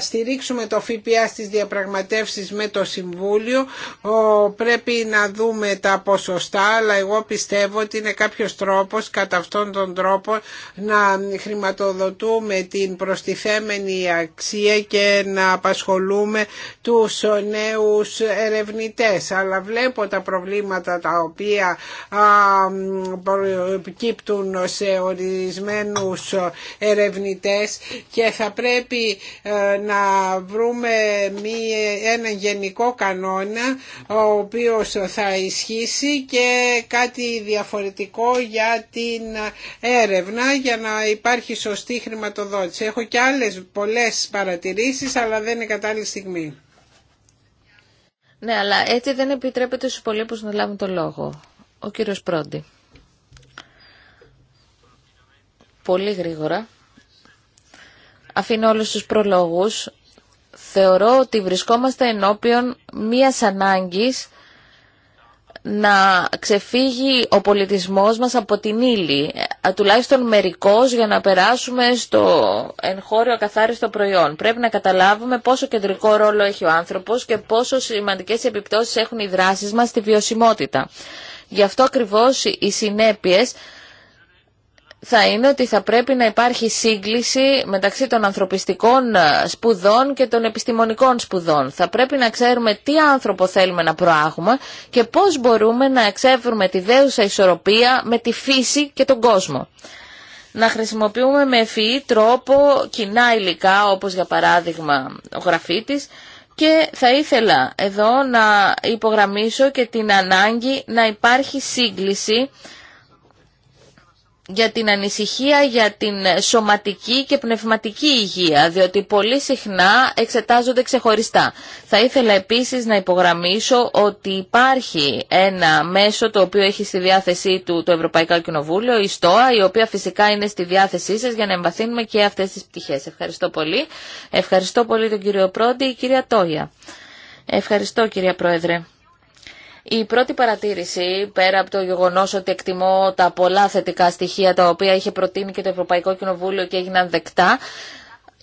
A: στηρίξουμε το ΦΠΑ στις διαπραγματεύσεις με το Συμβούλιο. Πρέπει να δούμε τα ποσοστά, αλλά εγώ πιστεύω ότι είναι κάποιος τρόπος κατά αυτόν τον τρόπο να χρηματοδοτούμε την προστιθέμενη αξία και να απασχολούμε τους νέους ερευνητές. Αλλά βλέπω τα προβλήματα τα οποία προκύπτουν σε ορισμένους ερευνητές και θα πρέπει ε, να βρούμε ένα γενικό κανόνα ο οποίος θα ισχύσει και κάτι διαφορετικό για την έρευνα για να υπάρχει σωστή χρηματοδότηση. Έχω και άλλες πολλές παρατηρήσεις αλλά δεν είναι κατάλληλη στιγμή.
B: Ναι, αλλά έτσι δεν επιτρέπεται στους υπολείπους να λάβουν το λόγο. Ο κύριος Πρόντι. πολύ γρήγορα. Αφήνω όλους τους προλόγους. Θεωρώ ότι βρισκόμαστε ενώπιον μίας ανάγκης να ξεφύγει ο πολιτισμός μας από την ύλη, ε, τουλάχιστον μερικός για να περάσουμε στο εγχώριο ακαθάριστο προϊόν. Πρέπει να καταλάβουμε πόσο κεντρικό ρόλο έχει ο άνθρωπος και πόσο σημαντικές επιπτώσεις έχουν οι δράσεις μας στη βιωσιμότητα. Γι' αυτό ακριβώς οι συνέπειες θα είναι ότι θα πρέπει να υπάρχει σύγκληση μεταξύ των ανθρωπιστικών σπουδών και των επιστημονικών σπουδών. Θα πρέπει να ξέρουμε τι άνθρωπο θέλουμε να προάγουμε και πώς μπορούμε να εξεύρουμε τη δέουσα ισορροπία με τη φύση και τον κόσμο. Να χρησιμοποιούμε με ευφυή τρόπο κοινά υλικά όπως για παράδειγμα ο γραφίτης και θα ήθελα εδώ να υπογραμμίσω και την ανάγκη να υπάρχει σύγκληση για την ανησυχία για την σωματική και πνευματική υγεία, διότι πολύ συχνά εξετάζονται ξεχωριστά. Θα ήθελα επίσης να υπογραμμίσω ότι υπάρχει ένα μέσο το οποίο έχει στη διάθεσή του το Ευρωπαϊκό Κοινοβούλιο, η ΣΤΟΑ, η οποία φυσικά είναι στη διάθεσή σας για να εμβαθύνουμε και αυτές τις πτυχές. Ευχαριστώ πολύ. Ευχαριστώ πολύ τον κύριο Πρόντι, η κυρία Τόγια. Ευχαριστώ κυρία Πρόεδρε. Η πρώτη παρατήρηση, πέρα από το γεγονό ότι εκτιμώ τα πολλά θετικά στοιχεία τα οποία είχε προτείνει και το Ευρωπαϊκό Κοινοβούλιο και έγιναν δεκτά,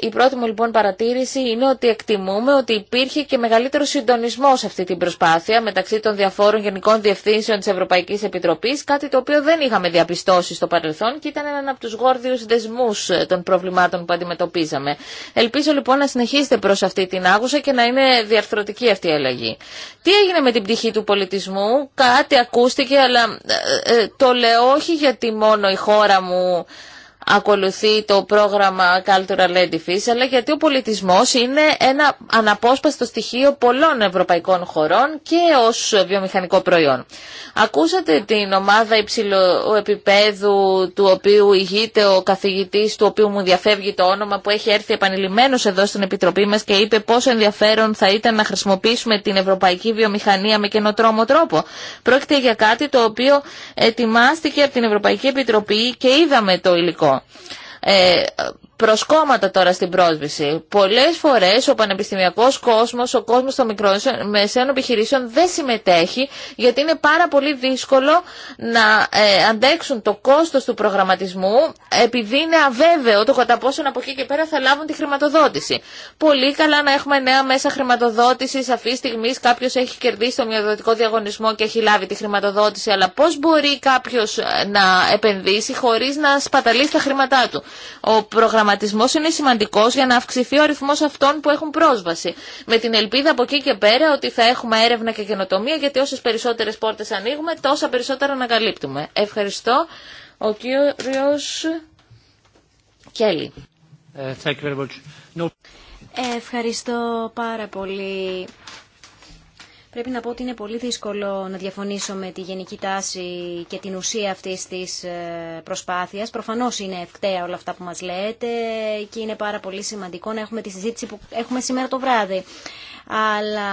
B: η πρώτη μου λοιπόν παρατήρηση είναι ότι εκτιμούμε ότι υπήρχε και μεγαλύτερο συντονισμό σε αυτή την προσπάθεια μεταξύ των διαφόρων γενικών διευθύνσεων τη Ευρωπαϊκή Επιτροπή, κάτι το οποίο δεν είχαμε διαπιστώσει στο παρελθόν και ήταν ένα από του γόρδιου δεσμού ε, των προβλημάτων που αντιμετωπίζαμε. Ελπίζω λοιπόν να συνεχίσετε προ αυτή την άγουσα και να είναι διαρθρωτική αυτή η αλλαγή. Τι έγινε με την πτυχή του πολιτισμού, κάτι ακούστηκε, αλλά ε, ε, το λέω όχι γιατί μόνο η χώρα μου ακολουθεί το πρόγραμμα Cultural Edifice, αλλά γιατί ο πολιτισμός είναι ένα αναπόσπαστο στοιχείο πολλών ευρωπαϊκών χωρών και ως βιομηχανικό προϊόν. Ακούσατε την ομάδα υψηλού επίπεδου του οποίου ηγείται ο καθηγητής, του οποίου μου διαφεύγει το όνομα, που έχει έρθει επανειλημμένος εδώ στην Επιτροπή μας και είπε πόσο ενδιαφέρον θα ήταν να χρησιμοποιήσουμε την ευρωπαϊκή βιομηχανία με καινοτρόμο τρόπο. Πρόκειται για κάτι το οποίο ετοιμάστηκε από την Ευρωπαϊκή Επιτροπή και είδαμε το υλικό. Ε, προσκόμματα τώρα στην πρόσβηση. Πολλέ φορέ ο πανεπιστημιακό κόσμο, ο κόσμο των μικρών μεσαίων επιχειρήσεων δεν συμμετέχει γιατί είναι πάρα πολύ δύσκολο να ε, αντέξουν το κόστο του προγραμματισμού επειδή είναι αβέβαιο το κατά πόσον από εκεί και πέρα θα λάβουν τη χρηματοδότηση. Πολύ καλά να έχουμε νέα μέσα χρηματοδότηση, Αυτή τη στιγμή κάποιο έχει κερδίσει το μειοδοτικό διαγωνισμό και έχει λάβει τη χρηματοδότηση. Αλλά πώ μπορεί κάποιο ε, να επενδύσει χωρί να σπαταλεί τα χρήματά του. Ο προγραμματισμό είναι σημαντικός για να αυξηθεί ο αριθμό αυτών που έχουν πρόσβαση. Με την ελπίδα από εκεί και πέρα ότι θα έχουμε έρευνα και καινοτομία γιατί όσε περισσότερες πόρτες ανοίγουμε τόσα περισσότερα ανακαλύπτουμε. Ευχαριστώ. Ο κύριο Κέλλη. Ε, Ευχαριστώ πάρα πολύ.
C: Πρέπει να πω ότι είναι πολύ δύσκολο να διαφωνήσω με τη γενική τάση και την ουσία αυτής της ε, προσπάθειας. Προφανώ είναι ευκταία όλα αυτά που μας λέτε και είναι πάρα πολύ σημαντικό να έχουμε τη συζήτηση που έχουμε σήμερα το βράδυ αλλά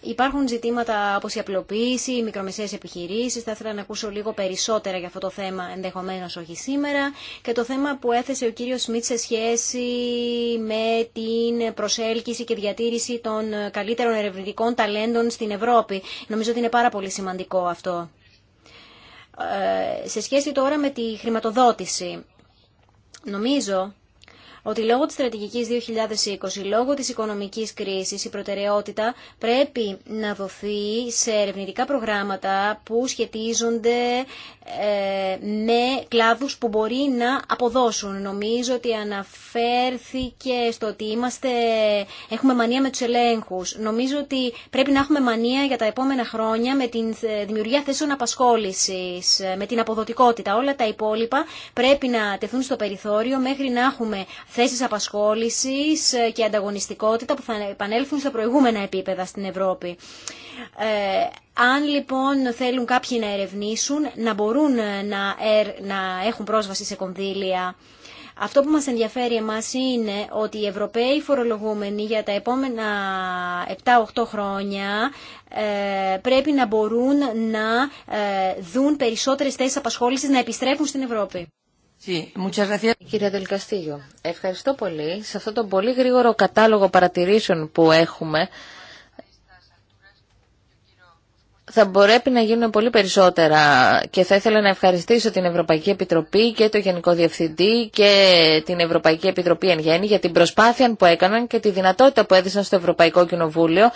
C: υπάρχουν ζητήματα όπως η απλοποίηση, οι μικρομεσαίες επιχειρήσεις. Θα ήθελα να ακούσω λίγο περισσότερα για αυτό το θέμα, ενδεχομένως όχι σήμερα. Και το θέμα που έθεσε ο κύριος Σμιτ σε σχέση με την προσέλκυση και διατήρηση των καλύτερων ερευνητικών ταλέντων στην Ευρώπη. Νομίζω ότι είναι πάρα πολύ σημαντικό αυτό. Ε, σε σχέση τώρα με τη χρηματοδότηση, νομίζω ότι λόγω της στρατηγικής 2020, λόγω της οικονομικής κρίσης, η προτεραιότητα πρέπει να δοθεί σε ερευνητικά προγράμματα που σχετίζονται ε, με κλάδους που μπορεί να αποδώσουν. Νομίζω ότι αναφέρθηκε στο ότι είμαστε, έχουμε μανία με τους ελέγχους. Νομίζω ότι πρέπει να έχουμε μανία για τα επόμενα χρόνια με τη ε, δημιουργία θέσεων απασχόλησης, ε, με την αποδοτικότητα. Όλα τα υπόλοιπα πρέπει να τεθούν στο περιθώριο μέχρι να έχουμε θέσεις απασχόλησης και ανταγωνιστικότητα που θα επανέλθουν στα προηγούμενα επίπεδα στην Ευρώπη. Ε, αν λοιπόν θέλουν κάποιοι να ερευνήσουν, να μπορούν μπορούν ε, να έχουν πρόσβαση σε κονδύλια. Αυτό που μας ενδιαφέρει εμάς είναι ότι οι Ευρωπαίοι φορολογούμενοι για τα επόμενα 7-8 χρόνια ε, πρέπει να μπορούν να ε, δουν περισσότερες θέσεις απασχόλησης να επιστρέφουν στην Ευρώπη.
B: Κύριε Δελκαστήγιο, ευχαριστώ πολύ. Σε αυτό τον πολύ γρήγορο κατάλογο παρατηρήσεων που έχουμε θα μπορέπει να γίνουν πολύ περισσότερα και θα ήθελα να ευχαριστήσω την Ευρωπαϊκή Επιτροπή και το Γενικό Διευθυντή και την Ευρωπαϊκή Επιτροπή εν γέννη για την προσπάθεια που έκαναν και τη δυνατότητα που έδωσαν στο Ευρωπαϊκό Κοινοβούλιο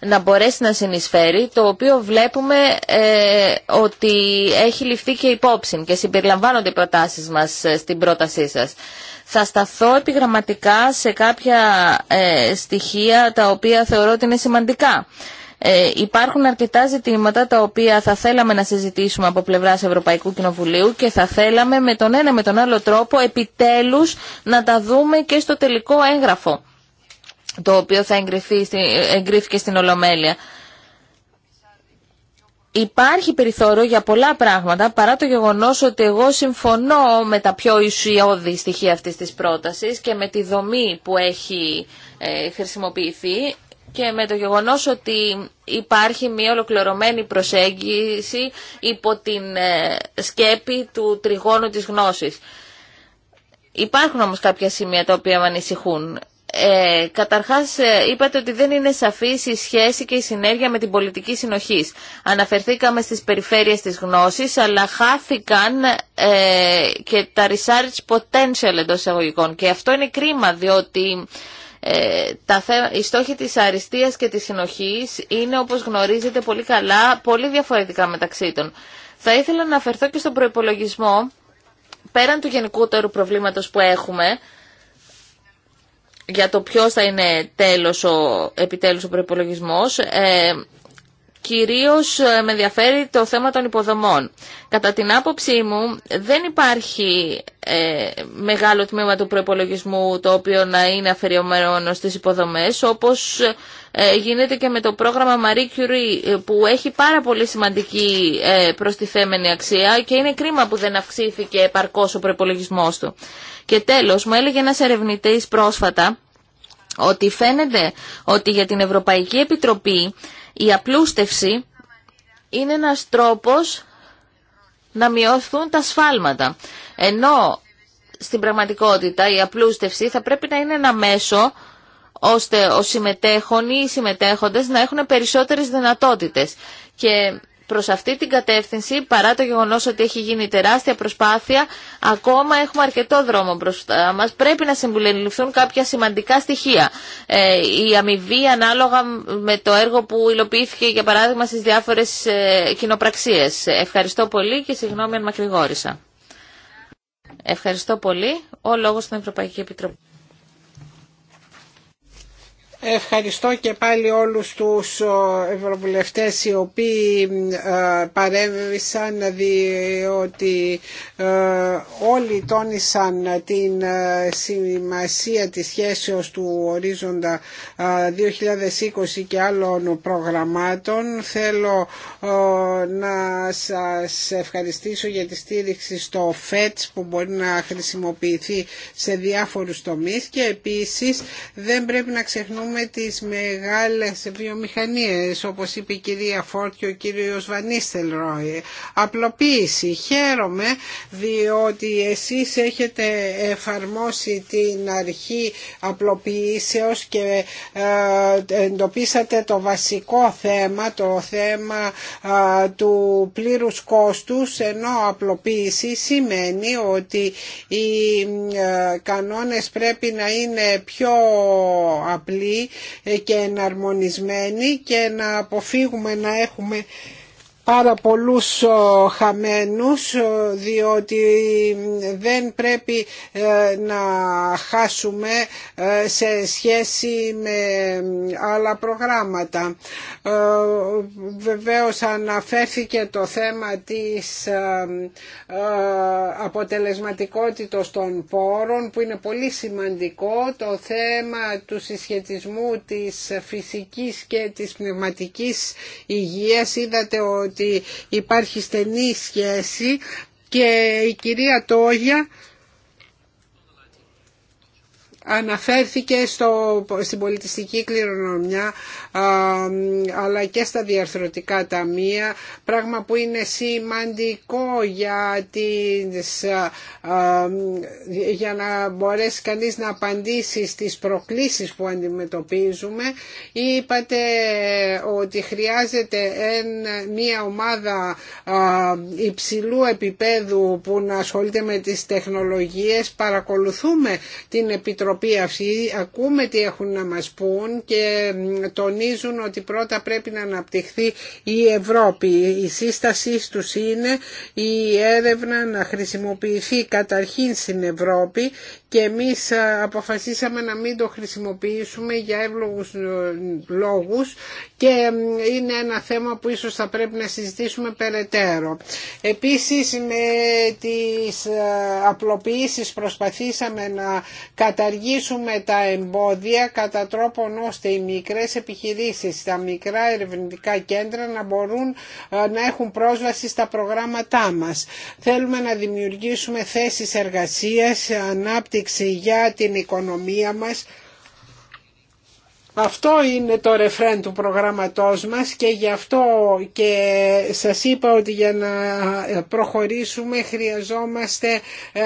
B: να μπορέσει να συνεισφέρει, το οποίο βλέπουμε ε, ότι έχει ληφθεί και υπόψη και συμπεριλαμβάνονται οι προτάσεις μας ε, στην πρότασή σας. Θα σταθώ επιγραμματικά σε κάποια ε, στοιχεία τα οποία θεωρώ ότι είναι σημαντικά. Ε, υπάρχουν αρκετά ζητήματα τα οποία θα θέλαμε να συζητήσουμε από πλευράς Ευρωπαϊκού Κοινοβουλίου και θα θέλαμε με τον ένα με τον άλλο τρόπο επιτέλους να τα δούμε και στο τελικό έγγραφο το οποίο θα εγκρίθηκε στην Ολομέλεια. Υπάρχει περιθώριο για πολλά πράγματα, παρά το γεγονός ότι εγώ συμφωνώ με τα πιο ισιώδη στοιχεία αυτής της πρότασης και με τη δομή που έχει ε, χρησιμοποιηθεί και με το γεγονός ότι υπάρχει μια ολοκληρωμένη προσέγγιση υπό την ε, σκέπη του τριγώνου της γνώσης. Υπάρχουν όμως κάποια σημεία τα οποία με ανησυχούν. Ε, καταρχάς ε, είπατε ότι δεν είναι σαφής η σχέση και η συνέργεια με την πολιτική συνοχής. Αναφερθήκαμε στις περιφέρειες της γνώσης, αλλά χάθηκαν ε, και τα research potential εντό εισαγωγικών. Και αυτό είναι κρίμα, διότι... Ε, τα θέ, οι στόχοι της αριστείας και της συνοχής είναι, όπως γνωρίζετε πολύ καλά, πολύ διαφορετικά μεταξύ των. Θα ήθελα να αφαιρθώ και στον προϋπολογισμό, πέραν του γενικότερου προβλήματος που έχουμε, για το ποιος θα είναι τέλος ο, επιτέλους ο προϋπολογισμός, ε, Κυρίως ε, με ενδιαφέρει το θέμα των υποδομών. Κατά την άποψή μου δεν υπάρχει ε, μεγάλο τμήμα του προϋπολογισμού το οποίο να είναι αφαιριωμένο στις υποδομές όπως ε, γίνεται και με το πρόγραμμα Marie Curie που έχει πάρα πολύ σημαντική προστιθέμενη αξία και είναι κρίμα που δεν αυξήθηκε επαρκώς ο προϋπολογισμός του. Και τέλος, μου έλεγε ένας ερευνητής πρόσφατα ότι φαίνεται ότι για την Ευρωπαϊκή Επιτροπή η απλούστευση είναι ένας τρόπος να μειωθούν τα σφάλματα. Ενώ στην πραγματικότητα η απλούστευση θα πρέπει να είναι ένα μέσο ώστε ο συμμετέχον ή οι συμμετέχοντες να έχουν περισσότερες δυνατότητες. Και προς αυτή την κατεύθυνση, παρά το γεγονός ότι έχει γίνει τεράστια προσπάθεια, ακόμα έχουμε αρκετό δρόμο μπροστά μας. Πρέπει να συμβουλευτούν κάποια σημαντικά στοιχεία. Ε, η αμοιβή ανάλογα με το έργο που υλοποιήθηκε, για παράδειγμα, στις διάφορες ε, κοινοπραξίες. Ευχαριστώ πολύ και συγγνώμη αν μακρηγόρησα. Ευχαριστώ πολύ. Ο λόγος στην Ευρωπαϊκή Επιτροπή. Ευχαριστώ και πάλι όλους
A: τους ε, ευρωβουλευτές οι οποίοι ε, παρέμβησαν διότι ε, όλοι τόνισαν την σημασία της σχέσεως του ορίζοντα 2020 και άλλων προγραμμάτων. Θέλω να σας ευχαριστήσω για τη στήριξη στο ΦΕΤΣ που μπορεί να χρησιμοποιηθεί σε διάφορους τομείς και επίσης δεν πρέπει να ξεχνούμε με τις μεγάλες βιομηχανίες όπως είπε η κυρία Φόρτ και ο κύριος Βανίστελ Ρόι. Απλοποίηση. Χαίρομαι διότι εσείς έχετε εφαρμόσει την αρχή απλοποίησεως και ε, εντοπίσατε το βασικό θέμα, το θέμα ε, του πλήρους κόστους ενώ απλοποίηση σημαίνει ότι οι ε, κανόνες πρέπει να είναι πιο απλοί και εναρμονισμένη και να αποφύγουμε να έχουμε πάρα πολλούς χαμένους διότι δεν πρέπει ε, να χάσουμε ε, σε σχέση με άλλα προγράμματα. Ε, βεβαίως αναφέρθηκε το θέμα της αποτελεσματικότητας των πόρων που είναι πολύ σημαντικό το θέμα του συσχετισμού της φυσικής και της πνευματικής υγείας. Είδατε ότι ότι υπάρχει στενή σχέση και η κυρία Τόγια αναφέρθηκε στο, στην πολιτιστική κληρονομιά αλλά και στα διαρθρωτικά ταμεία, πράγμα που είναι σημαντικό για, για να μπορέσει κανείς να απαντήσει στις προκλήσεις που αντιμετωπίζουμε. Είπατε ότι χρειάζεται μια ομάδα υψηλού επίπεδου που να ασχολείται με τις τεχνολογίες, παρακολουθούμε την Επιτροπή αυτή, ακούμε τι έχουν να μας πούν και τον τονίζουν ότι πρώτα πρέπει να αναπτυχθεί η Ευρώπη. Η σύστασή τους είναι η έρευνα να χρησιμοποιηθεί καταρχήν στην Ευρώπη και εμείς αποφασίσαμε να μην το χρησιμοποιήσουμε για εύλογους ε, λόγους και είναι ένα θέμα που ίσως θα πρέπει να συζητήσουμε περαιτέρω. Επίσης με τις ε, απλοποιήσεις προσπαθήσαμε να καταργήσουμε τα εμπόδια κατά τρόπον ώστε οι μικρές επιχειρήσεις, τα μικρά ερευνητικά κέντρα να μπορούν ε, να έχουν πρόσβαση στα προγράμματά μας. Θέλουμε να δημιουργήσουμε θέσεις εργασίας, ανάπτυξη για την οικονομία μας αυτό είναι το ρεφρέν του προγράμματός μας και γι' αυτό και σας είπα ότι για να προχωρήσουμε χρειαζόμαστε ε,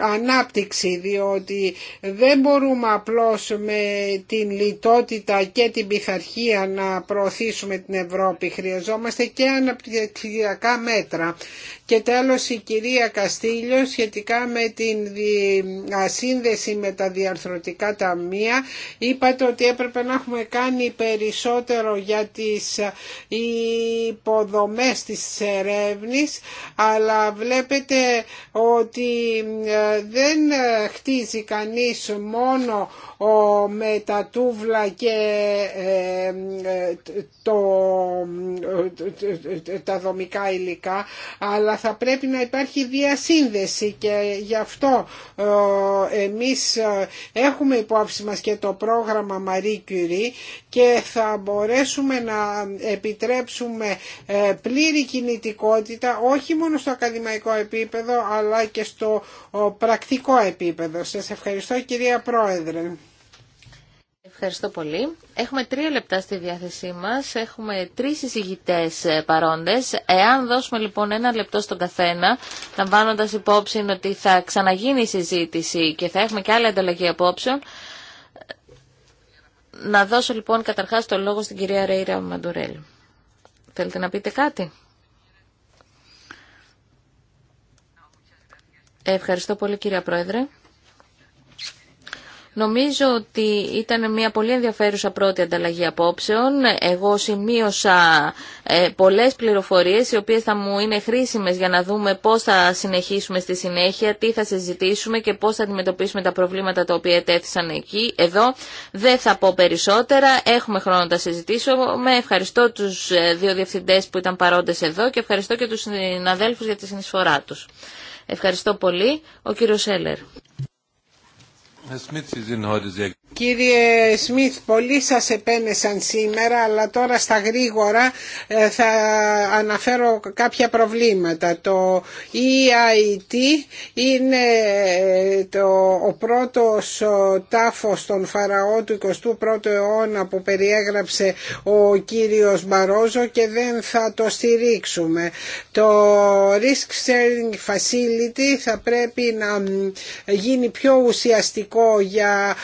A: ανάπτυξη διότι δεν μπορούμε απλώς με την λιτότητα και την πειθαρχία να προωθήσουμε την Ευρώπη. Χρειαζόμαστε και αναπτυξιακά μέτρα. Και τέλος η κυρία Καστήλιο σχετικά με την ασύνδεση με τα διαρθρωτικά ταμεία είπατε ότι έπρεπε έπρεπε να έχουμε κάνει περισσότερο για τις υποδομές της ερεύνης αλλά βλέπετε ότι ε, δεν χτίζει κανείς μόνο με τα τούβλα και ε, ε, το, τα δομικά υλικά αλλά θα πρέπει να υπάρχει διασύνδεση και γι' αυτό εμείς έχουμε υπόψη μας και το πρόγραμμα μαρί και θα μπορέσουμε να επιτρέψουμε ε, πλήρη κινητικότητα όχι μόνο στο ακαδημαϊκό επίπεδο αλλά και στο πρακτικό επίπεδο. Σας ευχαριστώ
B: κυρία Πρόεδρε. Ευχαριστώ πολύ. Έχουμε τρία λεπτά στη διάθεσή μας. Έχουμε τρεις εισηγητές ε, παρόντες. Εάν δώσουμε λοιπόν ένα λεπτό στον καθένα, λαμβάνοντας υπόψη ότι θα ξαναγίνει η συζήτηση και θα έχουμε και άλλα ανταλλαγή απόψεων, να δώσω λοιπόν καταρχάς το λόγο στην κυρία Ρέιρα Μαντουρέλ. Θέλετε να πείτε κάτι? Ευχαριστώ πολύ κυρία Πρόεδρε. Νομίζω ότι ήταν μια πολύ ενδιαφέρουσα πρώτη ανταλλαγή απόψεων. Εγώ σημείωσα ε, πολλές πληροφορίες οι οποίες θα μου είναι χρήσιμες για να δούμε πώς θα συνεχίσουμε στη συνέχεια, τι θα συζητήσουμε και πώς θα αντιμετωπίσουμε τα προβλήματα τα οποία ετέθησαν εκεί, εδώ. Δεν θα πω περισσότερα, έχουμε χρόνο να τα συζητήσουμε. Ευχαριστώ τους ε, δύο διευθυντές που ήταν παρόντες εδώ και ευχαριστώ και τους συναδέλφους για τη συνεισφορά τους. Ευχαριστώ πολύ. Ο κύριος Σέλερ. Herr Smith, Sie sind heute sehr
A: Κύριε Σμιθ, πολλοί σας επένεσαν σήμερα, αλλά τώρα στα γρήγορα ε, θα αναφέρω κάποια προβλήματα. Το EIT είναι ε, το, ο πρώτος τάφος των φαραώ του 21ου αιώνα που περιέγραψε ο κύριος Μπαρόζο και δεν θα το στηρίξουμε. Το Risk Sharing Facility θα πρέπει να γίνει πιο ουσιαστικό για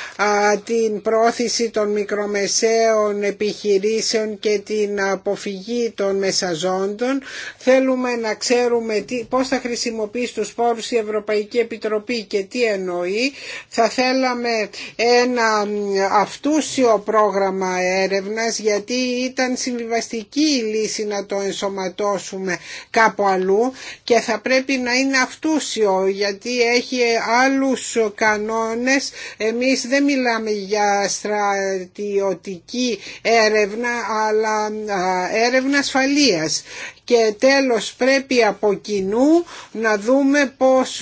A: την πρόθεση των μικρομεσαίων επιχειρήσεων και την αποφυγή των μεσαζόντων. Θέλουμε να ξέρουμε τι, πώς θα χρησιμοποιήσει τους πόρους η Ευρωπαϊκή Επιτροπή και τι εννοεί. Θα θέλαμε ένα αυτούσιο πρόγραμμα έρευνας γιατί ήταν συμβιβαστική η λύση να το ενσωματώσουμε κάπου αλλού και θα πρέπει να είναι αυτούσιο γιατί έχει άλλους κανόνες. Εμείς δεν μιλάμε μιλάμε για στρατιωτική έρευνα αλλά έρευνα ασφαλείας και τέλος πρέπει από κοινού να δούμε πώς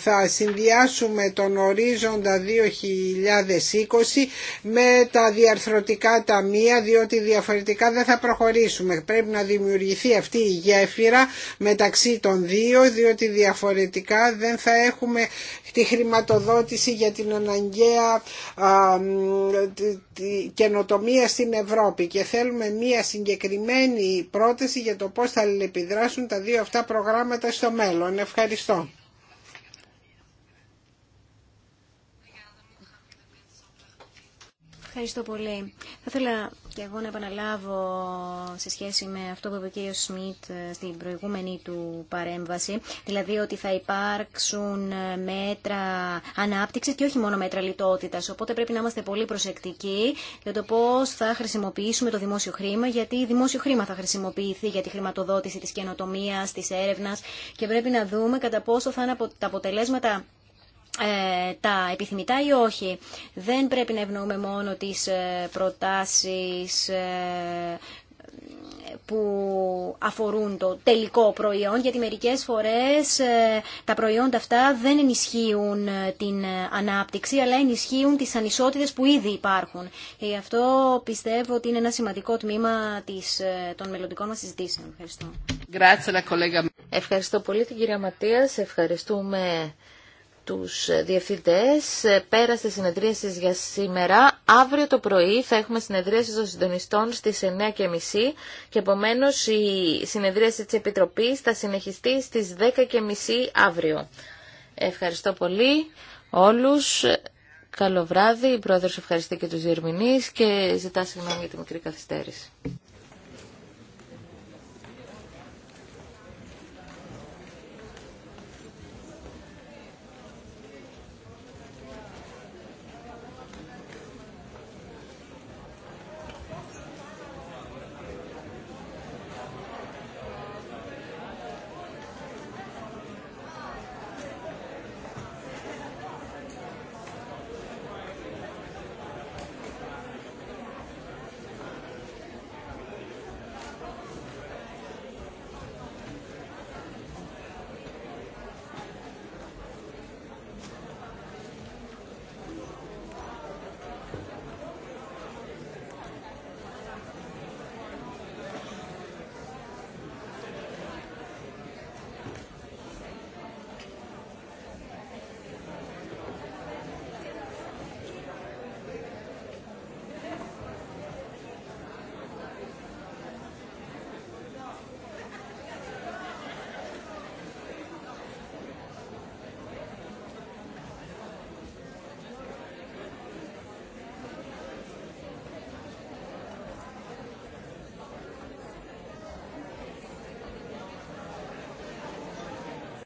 A: θα συνδυάσουμε τον ορίζοντα 2020 με τα διαρθρωτικά ταμεία διότι διαφορετικά δεν θα προχωρήσουμε. Πρέπει να δημιουργηθεί αυτή η γέφυρα μεταξύ των δύο διότι διαφορετικά δεν θα έχουμε τη χρηματοδότηση για την αναγκαία καινοτομία στην Ευρώπη και θέλουμε μία συγκεκριμένη πρόταση για το πώς θα επιδράσουν τα δύο αυτά προγράμματα στο μέλλον. Ευχαριστώ.
C: Ευχαριστώ πολύ. Θα ήθελα και εγώ να επαναλάβω σε σχέση με αυτό που είπε ο κ. Σμιτ ε, στην προηγούμενη του παρέμβαση, δηλαδή ότι θα υπάρξουν ε, μέτρα ανάπτυξη και όχι μόνο μέτρα λιτότητα. Οπότε πρέπει να είμαστε πολύ προσεκτικοί για το πώ θα χρησιμοποιήσουμε το δημόσιο χρήμα, γιατί δημόσιο χρήμα θα χρησιμοποιηθεί για τη χρηματοδότηση τη καινοτομία, τη έρευνα και πρέπει να δούμε κατά πόσο θα είναι τα αποτελέσματα ε, τα επιθυμητά ή όχι. Δεν πρέπει να ευνοούμε μόνο τις ε, προτάσεις ε, που αφορούν το τελικό προϊόν, γιατί μερικές φορές τα προϊόντα αυτά δεν ενισχύουν την ανάπτυξη, αλλά ενισχύουν τις ανισότητες που ήδη υπάρχουν. Και γι' αυτό πιστεύω ότι είναι ένα σημαντικό τμήμα της, των μελλοντικών μας συζητήσεων. Ευχαριστώ.
B: Ευχαριστώ πολύ την κυρία Ματίας. Ευχαριστούμε τους ε, διευθυντές ε, πέρα στις συνεδρίασεις για σήμερα. Αύριο το πρωί θα έχουμε συνεδρίαση των συντονιστών στις 9.30 και επομένως η συνεδρίαση της Επιτροπής θα συνεχιστεί στις 10.30 αύριο. Ευχαριστώ πολύ όλους. Καλό βράδυ. Η Πρόεδρος ευχαριστεί και τους διερμηνείς και ζητά συγγνώμη για τη μικρή καθυστέρηση.